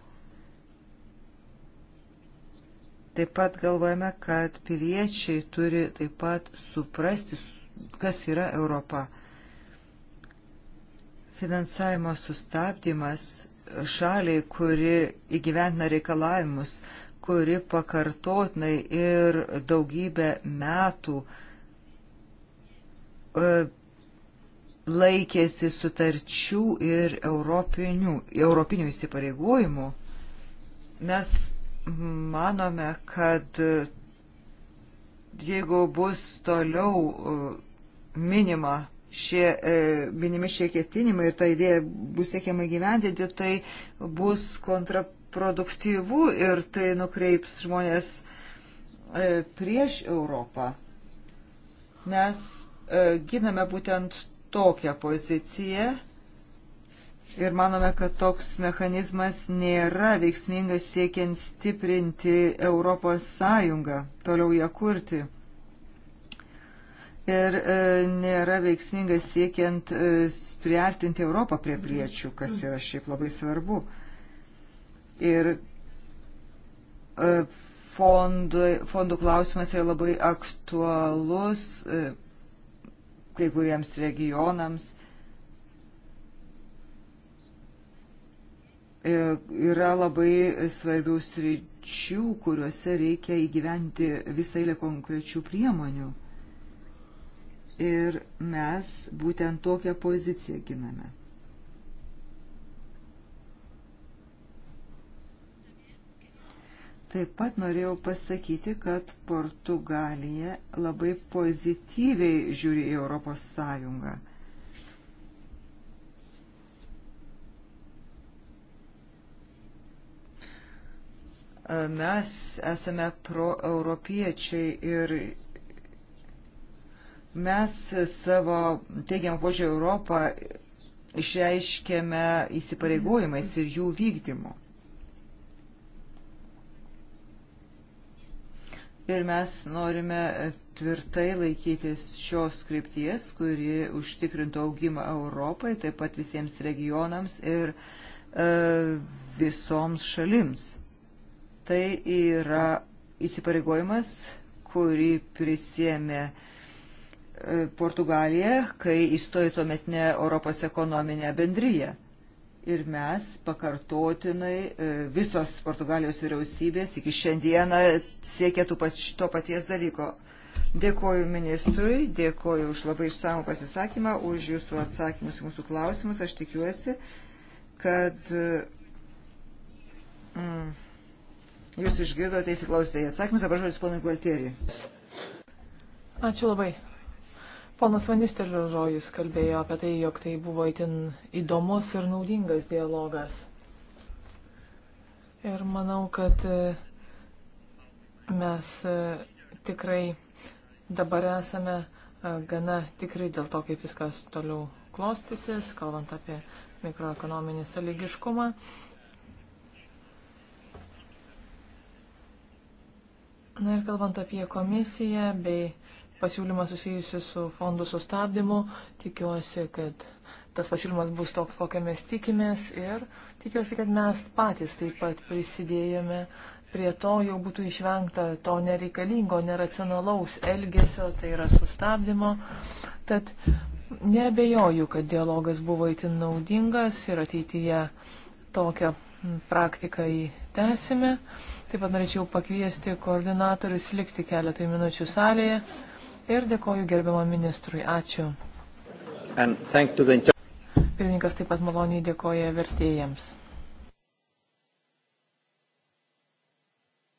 Speaker 3: Taip pat galvojame, kad piliečiai turi taip pat suprasti, kas yra Europa. Finansavimo sustabdymas šaliai, kuri įgyventina reikalavimus, kuri pakartotinai ir daugybę metų e, laikėsi sutarčių ir europinių, europinių įsipareigojimų, mes manome, kad jeigu bus toliau e, minima šie e, minimi šie ketinimai ir ta idėja bus siekiama gyvendinti, tai bus kontraproduktyvu ir tai nukreips žmonės e, prieš Europą. Mes e, giname būtent tokią poziciją ir manome, kad toks mechanizmas nėra veiksmingas siekiant stiprinti Europos Sąjungą, toliau ją kurti ir e, nėra veiksmingas siekiant e, priartinti Europą prie priečių, kas yra šiaip labai svarbu. Ir e, fondų, fondų klausimas yra labai aktualus kai kuriems regionams. Yra labai svarbių sričių, kuriuose reikia įgyventi visą eilę konkrečių priemonių ir mes būtent tokią poziciją giname. Taip pat norėjau pasakyti, kad Portugalija labai pozityviai žiūri į Europos Sąjungą. Mes esame proeuropiečiai ir Mes savo teigiamą požiūrį Europą išreiškėme įsipareigojimais ir jų vykdymu. Ir mes norime tvirtai laikytis šios skripties, kuri užtikrintų augimą Europai, taip pat visiems regionams ir e, visoms šalims. Tai yra įsipareigojimas, kurį prisėmė e, Portugalija, kai įstojo tuometinė Europos ekonominė bendryje. Ir mes pakartotinai e, visos Portugalijos vyriausybės iki šiandieną siekia pač, to paties dalyko. Dėkoju ministrui, dėkoju už labai išsamų pasisakymą, už jūsų atsakymus į mūsų klausimus. Aš tikiuosi, kad e, mm, jūs išgirdote įsiklausėte į atsakymus. Dabar žodis ponui Gualtieriui.
Speaker 2: Ačiū labai. Ponas Vanistelio Rojus kalbėjo apie tai, jog tai buvo itin įdomus ir naudingas dialogas. Ir manau, kad e, mes e, tikrai dabar esame e, gana tikrai dėl to, kaip viskas toliau klostysis, kalbant apie mikroekonominį sąlygiškumą. Na ir kalbant apie komisiją bei pasiūlymą susijusi su fondų sustabdymu. Tikiuosi, kad tas pasiūlymas bus toks, kokią mes tikimės ir tikiuosi, kad mes patys taip pat prisidėjome prie to, jau būtų išvengta to nereikalingo, neracionalaus elgesio, tai yra sustabdymo. Tad nebejoju, kad dialogas buvo itin naudingas ir ateityje tokią praktiką įtesime. Taip pat norėčiau pakviesti koordinatorius likti keletui minučių salėje ir dėkoju gerbiamo ministrui. Ačiū.
Speaker 3: The... Pirmininkas taip pat maloniai dėkoja vertėjams.